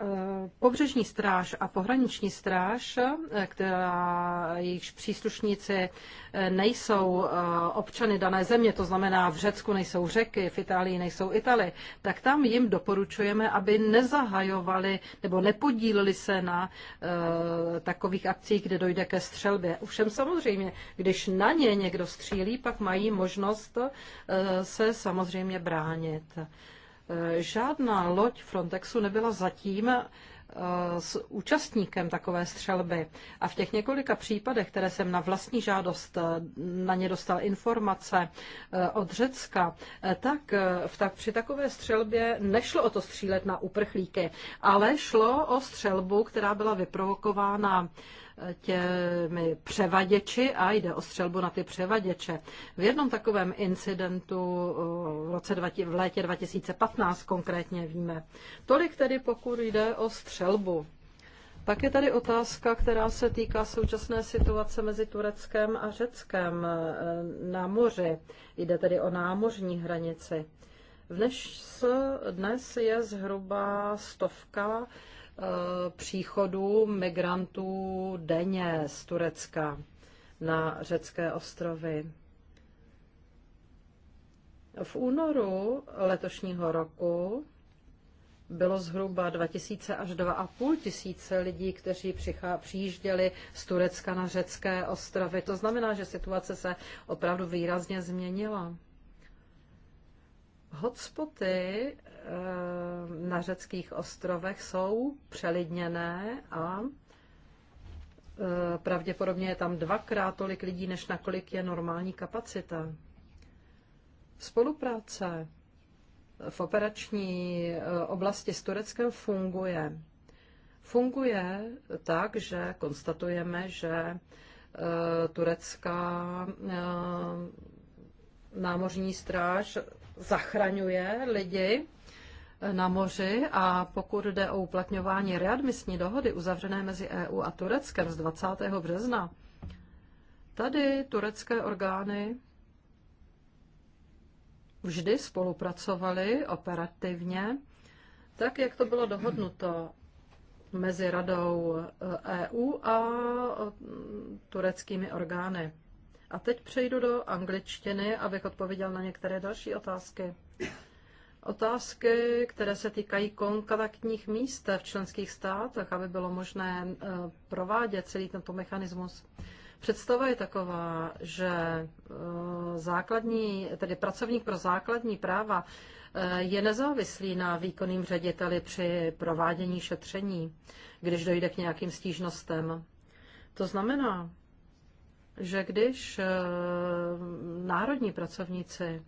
Eh, pobřežní stráž a pohraniční stráž, eh, která jejichž příslušníci eh, nejsou občany dané země, to znamená v Řecku nejsou řeky, v Itálii nejsou Italy, tak tam jim doporučujeme, aby nezahajovali nebo nepodíleli se na takových akcích, kde dojde ke střelbě. Ovšem samozřejmě, když na ně někdo střílí, pak mají možnost se samozřejmě bránit. Eh, žádná loď Frontexu nebyla zatím eh, s účastníkem takové střelby. A v těch několika případech, které jsem na vlastní žádost eh, na ně dostal informace od Řecka, tak, v, tak při takové střelbě nešlo o to střílet na uprchlíky, ale šlo o střelbu, která byla vyprovokována uh, těmi převaděči a jde o střelbu na ty převaděče. V jednom takovém incidentu v, roce, v létě 2015 konkrétně víme. Tolik tedy, pokud jde o střelbu. Pak je tady otázka, která se týká současné situace mezi Tureckem a Řeckem e, na moři. Jde tedy o námořní hranici. Dnes, dnes je zhruba stovka Eh, příchodu migrantů denně z Turecka na řecké ostrovy. V únoru letošního roku bylo zhruba 2000 až 2,5 tisíce lidí, kteří přijížděli z Turecka na řecké ostrovy. To znamená, že situace se opravdu výrazně změnila. Hotspoty na řeckých ostrovech jsou přelidněné a e, pravděpodobně je tam dvakrát tolik lidí, než nakolik je normální kapacita. Spolupráce v operační e, oblasti s Tureckem funguje. Funguje tak, že konstatujeme, že e, turecká námořní stráž zachraňuje lidi na moři a pokud jde o uplatňování readmisní dohody uzavřené mezi EU a Tureckem z 20. března, tady turecké orgány vždy spolupracovaly operativně, tak jak to bylo dohodnuto mezi radou EU e a e, tureckými orgány. A teď přejdu do angličtiny, abych odpověděl na některé další otázky. Otázky, které se týkají konkrétních míst v členských státech, aby bylo možné e, provádět celý tento mechanismus. Představa je taková, že e, základní, tedy pracovník pro základní práva e, je nezávislý na výkonným řediteli při provádění šetření, když dojde k nějakým stížnostem. To znamená, že když národní pracovníci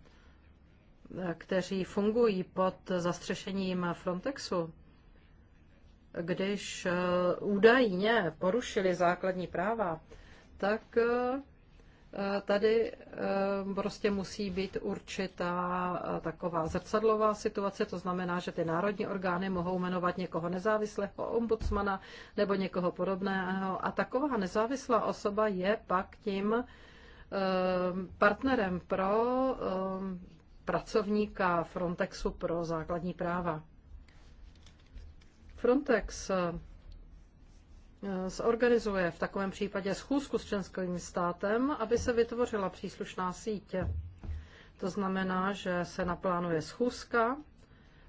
kteří fungují pod zastřešením Frontexu, když eh, údajně porušili základní práva, tak eh, tady eh, prostě musí být určitá taková zrcadlová situace, to znamená, že ty národní orgány mohou jmenovat někoho nezávislého ombudsmana nebo někoho podobného a taková nezávislá osoba je pak tím partnerem pro pracovníka Frontexu pro základní práva. Frontex eh, zorganizuje v takovém případě schůzku s členským státem, aby se vytvořila příslušná sítě. To znamená, že se naplánuje schůzka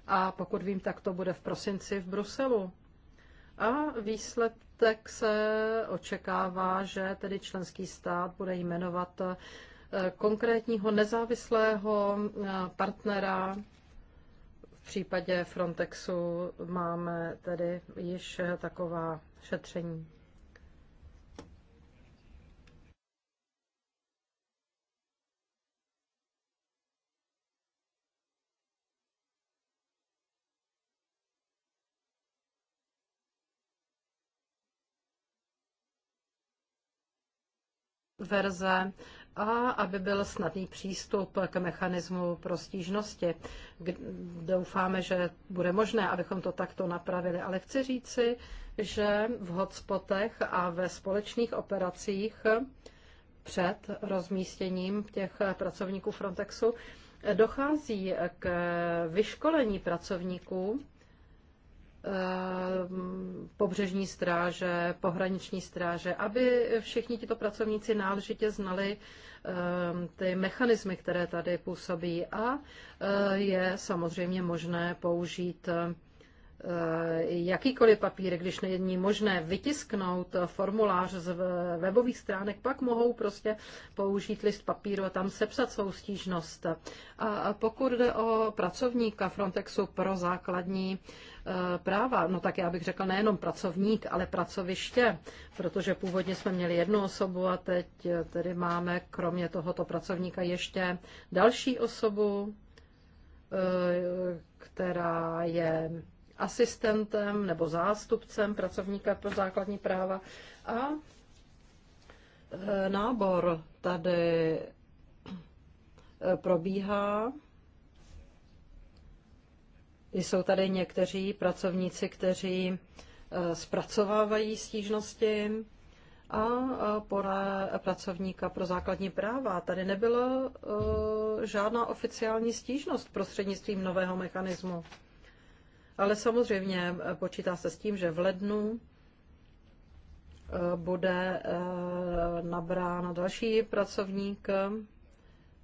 a pokud vím, tak to bude v prosinci v Bruselu. A výsledek se očekává, že tedy členský stát bude jmenovat eh, konkrétního nezávislého eh, partnera. V případě Frontexu máme tedy již eh, taková šetření. verze a aby byl snadný přístup k mechanismu pro stížnosti. Doufáme, že bude možné, abychom to takto napravili, ale chci říci, že v hotspotech a ve společných operacích před rozmístěním těch pracovníků Frontexu dochází k vyškolení pracovníků Eh, pobřežní stráže, pohraniční stráže, aby všichni tito pracovníci náležitě znali eh, ty mechanismy, které tady působí a eh, je samozřejmě možné použít jakýkoliv papír, když není možné vytisknout formulář z webových stránek, pak mohou prostě použít list papíru a tam sepsat svou stížnost. A pokud jde o pracovníka Frontexu pro základní Eh, práva. No tak já bych řekl nejenom pracovník, ale pracoviště, protože původně jsme měli jednu osobu a teď eh, tedy máme kromě tohoto pracovníka ještě další osobu, eh, která je asistentem nebo zástupcem pracovníka pro základní práva a nábor tady probíhá jsou tady někteří pracovníci, kteří eh, zpracovávají stížnosti a pora pracovníka pro základní práva. Tady nebyla eh, žádná oficiální stížnost prostřednictvím nového mechanismu. Ale samozřejmě eh, počítá se s tím, že v lednu bude nabrán další pracovník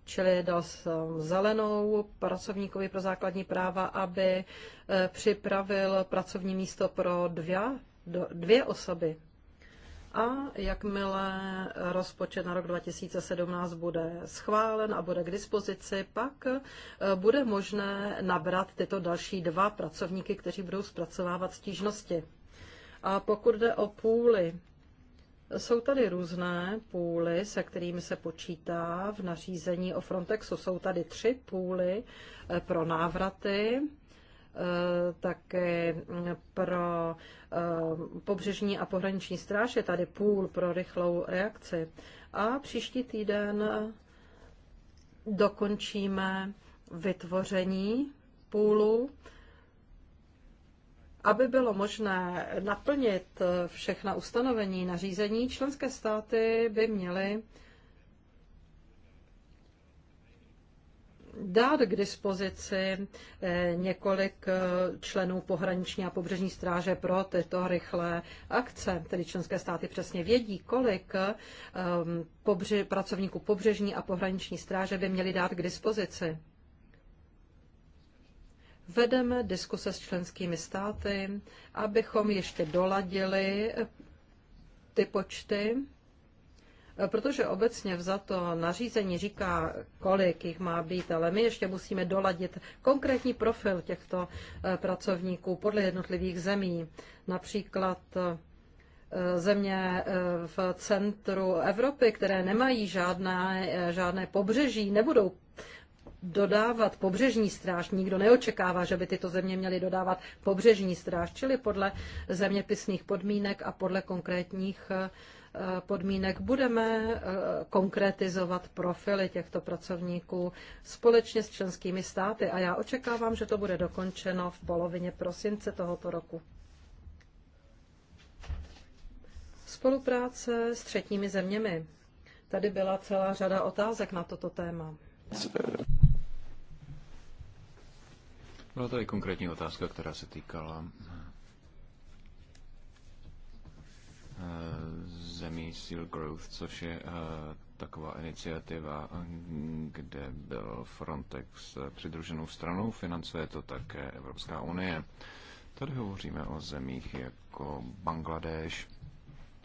čili dal jsem zelenou pracovníkovi pro základní práva, aby eh, připravil pracovní místo pro dvě, dvě osoby. A jakmile rozpočet na rok 2017 bude schválen a bude k dispozici, pak eh, bude možné nabrat tyto další dva pracovníky, kteří budou zpracovávat stížnosti. A pokud jde o půly, jsou tady různé půly, se kterými se počítá v nařízení o Frontexu. Jsou tady tři půly eh, pro návraty, eh, také mm, pro eh, pobřežní a pohraniční stráž je tady půl pro rychlou reakci. A příští týden dokončíme vytvoření půlu aby bylo možné naplnit všechna ustanovení nařízení, členské státy by měly dát k dispozici eh, několik eh, členů pohraniční a pobřežní stráže pro tyto rychlé akce. Tedy členské státy přesně vědí, kolik eh, pobři, pracovníků pobřežní a pohraniční stráže by měli dát k dispozici. Vedeme diskuse s členskými státy, abychom ještě doladili ty počty, protože obecně vzato nařízení říká, kolik jich má být, ale my ještě musíme doladit konkrétní profil těchto eh, pracovníků podle jednotlivých zemí. Například eh, země eh, v centru Evropy, které nemají žádné, žádné pobřeží, nebudou dodávat pobřežní stráž. Nikdo neočekává, že by tyto země měly dodávat pobřežní stráž, čili podle zeměpisných podmínek a podle konkrétních eh, podmínek budeme eh, konkretizovat profily těchto pracovníků společně s členskými státy a já očekávám, že to bude dokončeno v polovině prosince tohoto roku. Spolupráce s třetími zeměmi. Tady byla celá řada otázek na toto téma. Byla tady konkrétní otázka, která se týkala eh, zemí Seal Growth, což je eh, taková iniciativa, kde byl Frontex eh, přidruženou stranou, financuje to také Evropská unie. Tady hovoříme o zemích jako Bangladeš,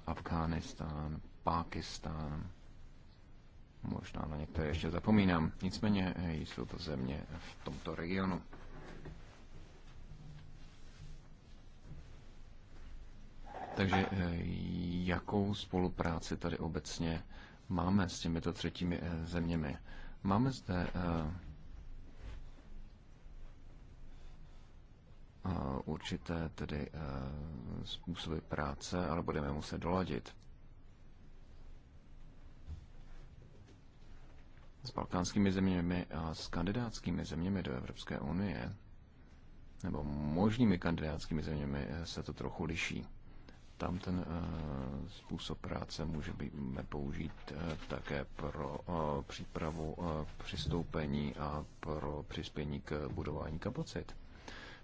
Afghánistán, Pákistán, možná na některé ještě zapomínám. Nicméně jsou to země v tomto regionu. Takže eh, jakou spolupráci tady obecně máme s těmito třetími eh, zeměmi? Máme zde eh, určité tedy způsoby práce, ale budeme muset doladit. S balkánskými zeměmi a s kandidátskými zeměmi do Evropské unie, nebo možnými kandidátskými zeměmi, se to trochu liší tam ten eh, způsob práce můžeme použít eh, také pro eh, přípravu přistoupení a pro přispění k budování kapacit.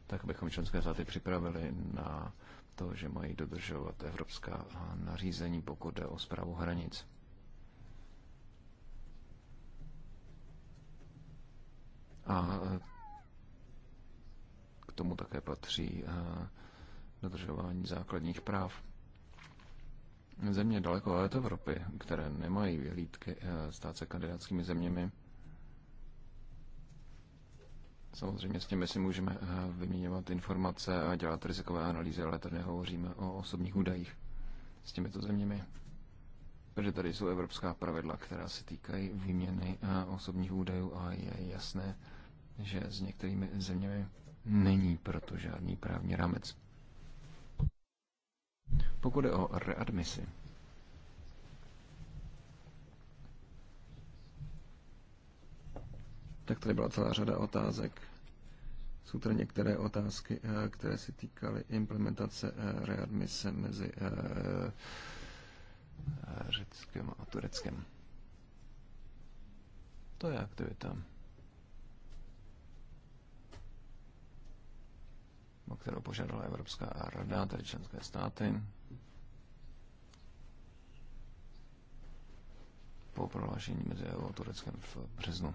Tak bychom členské státy připravili na to, že mají dodržovat evropská nařízení, pokud jde o zprávu hranic. A k tomu také patří dodržování základních práv. Země daleko od Evropy, které nemají vyhlídky eh, stát se kandidátskými zeměmi, Samozřejmě s těmi si můžeme eh, vyměňovat informace a dělat rizikové analýzy, ale tady nehovoříme o osobních údajích s těmito zeměmi. Protože tady jsou evropská pravidla, která se týkají výměny eh, osobních údajů a je jasné, že s některými zeměmi není proto žádný právní rámec. Pokud je o readmisi, tak tady byla celá řada otázek. Jsou tady některé otázky, eh, které se týkaly implementace eh, readmise mezi eh, Řeckým a Tureckým. To je aktivita, o kterou požádala Evropská rada, tedy členské státy. po prohlášení mezi EU a Tureckem v březnu.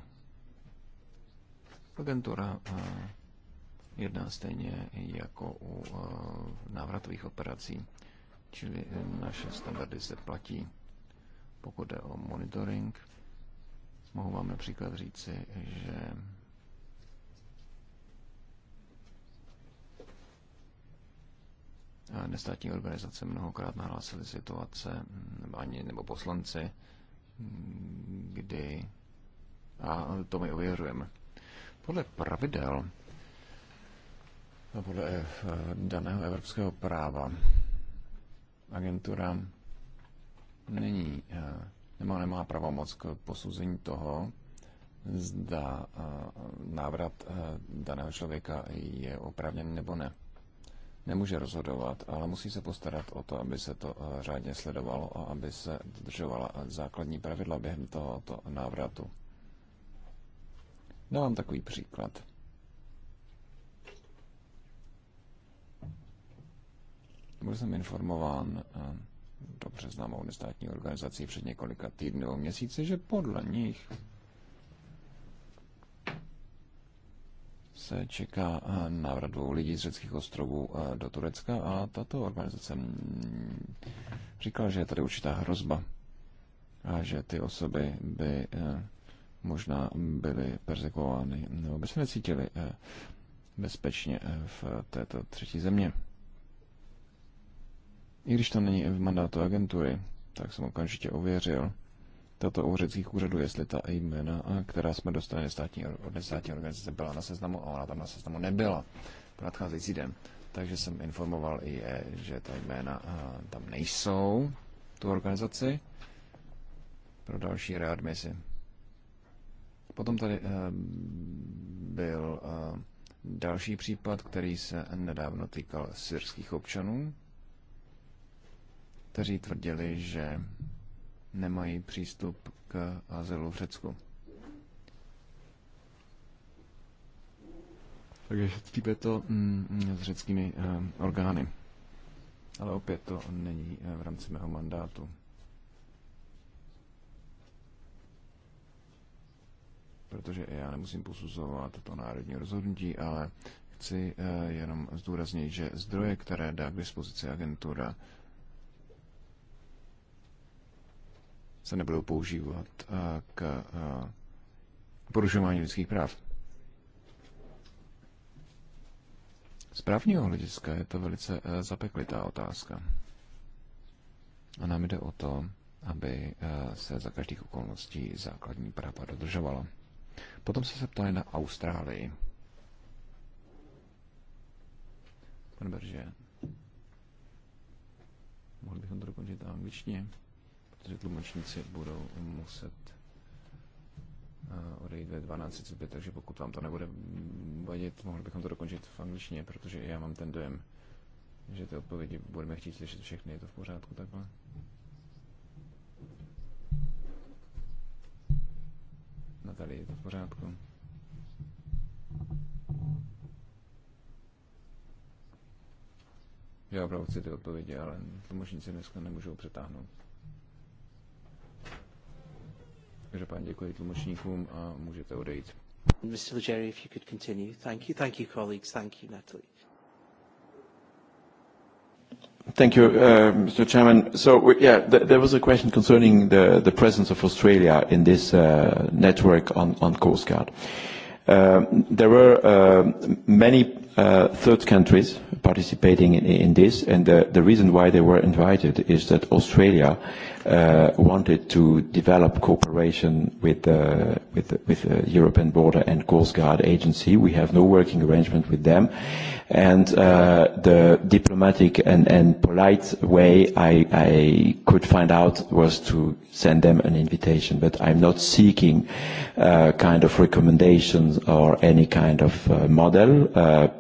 Agentura eh, jedná stejně jako u eh, návratových operací, čili naše standardy se platí. Pokud jde o monitoring, mohu vám například říci, že nestátní organizace mnohokrát nahlásily situace, nebo ani nebo poslanci, kdy a to my ověřujeme. Podle pravidel, podle eh, daného evropského práva, agentura není, eh, nemá, nemá pravomoc k posouzení toho, zda eh, návrat daného člověka je oprávněn nebo ne nemůže rozhodovat, ale musí se postarat o to, aby se to eh, řádně sledovalo a aby se dodržovala eh, základní pravidla během tohoto návratu. Dávám takový příklad. Byl jsem informován eh, dobře známou nestátní organizací před několika týdny nebo měsíci, že podle nich se čeká eh, návrat dvou lidí z řeckých ostrovů eh, do Turecka a tato organizace říkala, že je tady určitá hrozba a že ty osoby by eh, možná byly persekuovány nebo by se necítily bezpečně v této třetí země. I když to není v mandátu agentury, tak jsem okamžitě ověřil, tato u úřadů, jestli ta jména, která jsme dostali od státní organizace, byla na seznamu a ona tam na seznamu nebyla v nadcházející den. Takže jsem informoval i je, eh, že ta jména eh, tam nejsou, tu organizaci, pro další readmisi. Potom tady eh, byl další případ, který se nedávno týkal syrských občanů, kteří tvrdili, že nemají přístup k azylu v Řecku. Takže šetříme to mm, s řeckými eh, orgány. Ale opět to není eh, v rámci mého mandátu. Protože já nemusím posuzovat to národní rozhodnutí, ale chci eh, jenom zdůraznit, že zdroje, které dá k dispozici agentura, se nebudou používat eh, k eh, porušování lidských práv. Z právního hlediska je to velice eh, zapeklitá otázka. A nám jde o to, aby se za každých okolností základní práva dodržovala. Potom se se ptali na Austrálii. Pane Berže, mohli bychom to dokončit na angličtině protože tlumočníci budou muset eh, odejít ve 12.35, takže pokud vám to nebude vadit, mohli bychom to dokončit v angličtině, protože já mám ten dojem, že ty odpovědi budeme chtít slyšet všechny, je to v pořádku takhle? Natalie, je to v pořádku? Já opravdu chci ty odpovědi, ale tlumočníci dneska nemůžou přetáhnout. Každopádně děkuji tlumočníkům a můžete odejít. Mr. Legere, if you could continue. Thank you. Thank you, colleagues. Thank you, Natalie. Thank you, uh, Mr. Chairman. So, yeah, th there was a question concerning the, the presence of Australia in this uh, network on, on Coast Guard. Uh, there were uh, many Uh, third countries participating in, in this, and the, the reason why they were invited is that Australia uh, wanted to develop cooperation with the uh, with with the uh, European Border and Coast Guard Agency. We have no working arrangement with them, and uh, the diplomatic and, and polite way I, I could find out was to send them an invitation. But I'm not seeking uh, kind of recommendations or any kind of uh, model. Uh,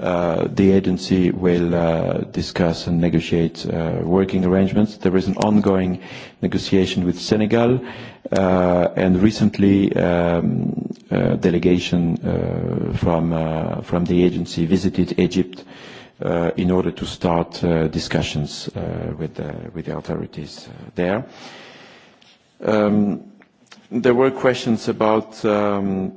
Uh, the agency will uh, discuss and negotiate uh, working arrangements. There is an ongoing negotiation with Senegal, and recently, um, delegation from, from the agency visited Egypt in order to start discussions with the, with the authorities there. Um, there were questions about um,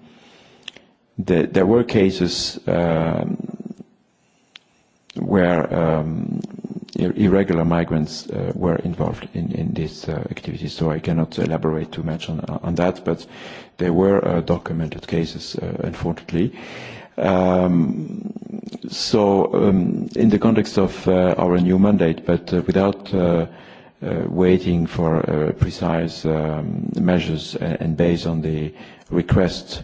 the, there were cases um, where um, irregular migrants uh, were involved in, in this uh, activity, so I cannot elaborate too much on, on that, but there were uh, documented cases, uh, unfortunately. Um, so, um, in the context of uh, our new mandate, but uh, without uh, uh, waiting for uh, precise um, measures and, and based on the request uh,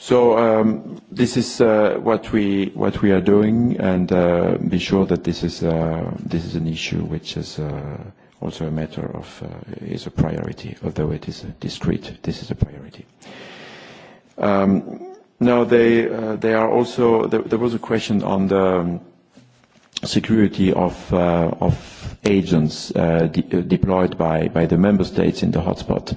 So um, this is uh, what we are doing, and uh, be sure that uh, this is an issue which is also a matter of is a priority, although it is discrete. This is a priority. Um, now they are also there, was a question on the um, security of agents deployed by the member states in the hotspot.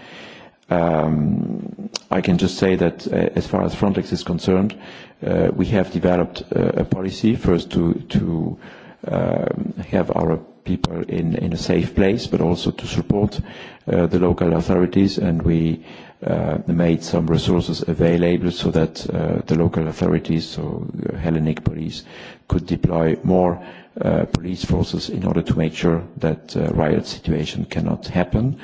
Um, I can just say that uh, as far as Frontex is concerned, uh, we have developed uh, a policy first to, to um, have our people in, in a safe place, but also to support uh, the local authorities. And we uh, made some resources available so that uh, the local authorities, so Hellenic police, could deploy more police forces in order to make sure that riot situation cannot happen. Uh,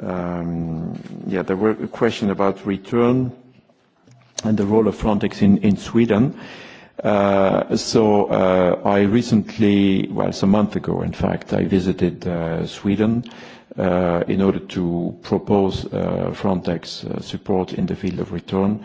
Um, yeah, there were a question about return and the role of Frontex in, Sweden. Uh, so uh, I recently, well, some month ago, in fact, I visited uh, Sweden in order to propose Frontex support in the field of return.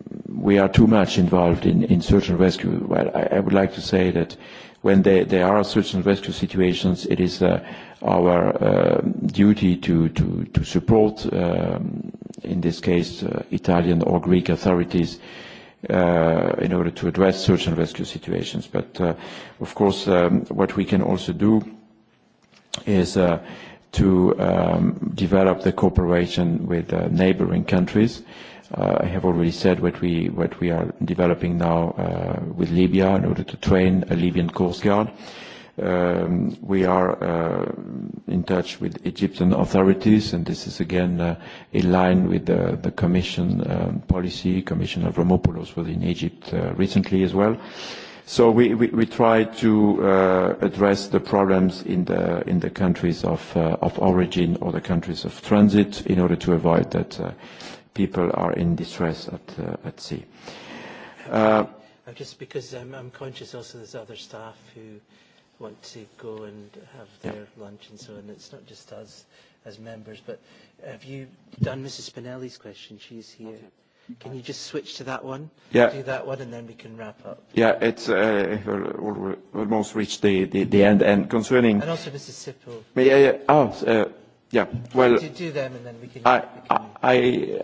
we are too much involved in, in search and rescue. Well, I, I would like to say that when there, there are search and rescue situations, it is uh, our uh, duty to, to, to support, um, in this case, uh, Italian or Greek authorities uh, in order to address search and rescue situations. But, uh, of course, um, what we can also do is uh, to um, develop the cooperation with uh, neighboring countries. Uh, Uh, I have already said what we what we are developing now uh, with Libya in order to train a Libyan Coast Guard. Um, we are uh, in touch with Egyptian authorities, and this is again uh, in line with the, the Commission um, policy, of Avramopoulos was in Egypt uh, recently as well. So we, we, we try to uh, address the problems in the, in the countries of, uh, of origin or the countries of transit in order to avoid that uh, people are in distress at, uh, at sea. Uh, just because I'm, I'm conscious also there's other staff who want to go and have their yeah. lunch and so on. It's not just us as members, but have you done Mrs. Spinelli's question? She's here. Okay. Can you just switch to that one? Yeah. Do that one, and then we can wrap up. Yeah, it's uh, almost reached the, the, the end. And concerning- And also Mrs. Sippel. Yeah, yeah. Oh, uh, yeah. Well- Do, do them, and then we can- I, we can... I,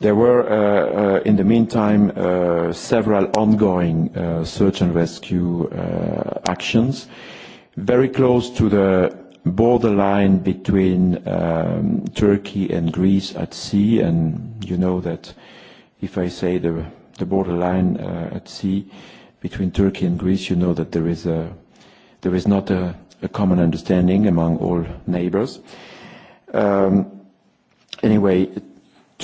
There were, uh, uh, in the meantime, uh, several ongoing uh, search and rescue uh, actions, very close to the borderline between um, Turkey and Greece at sea, and you know that if I say the, the borderline uh, at sea between Turkey and Greece, you know that there is, a, there is not a, a common understanding among all neighbors. Um, anyway,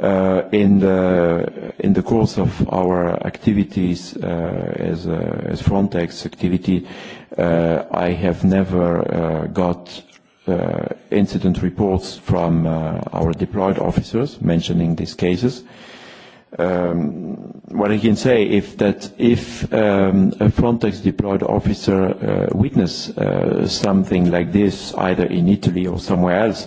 Uh, in the in the course of our activities uh, as uh, as Frontex activity, uh, I have never uh, got incident reports from our deployed officers mentioning these cases. Um, what I can say if that if um, a Frontex deployed officer witness something like this, either in Italy or somewhere else,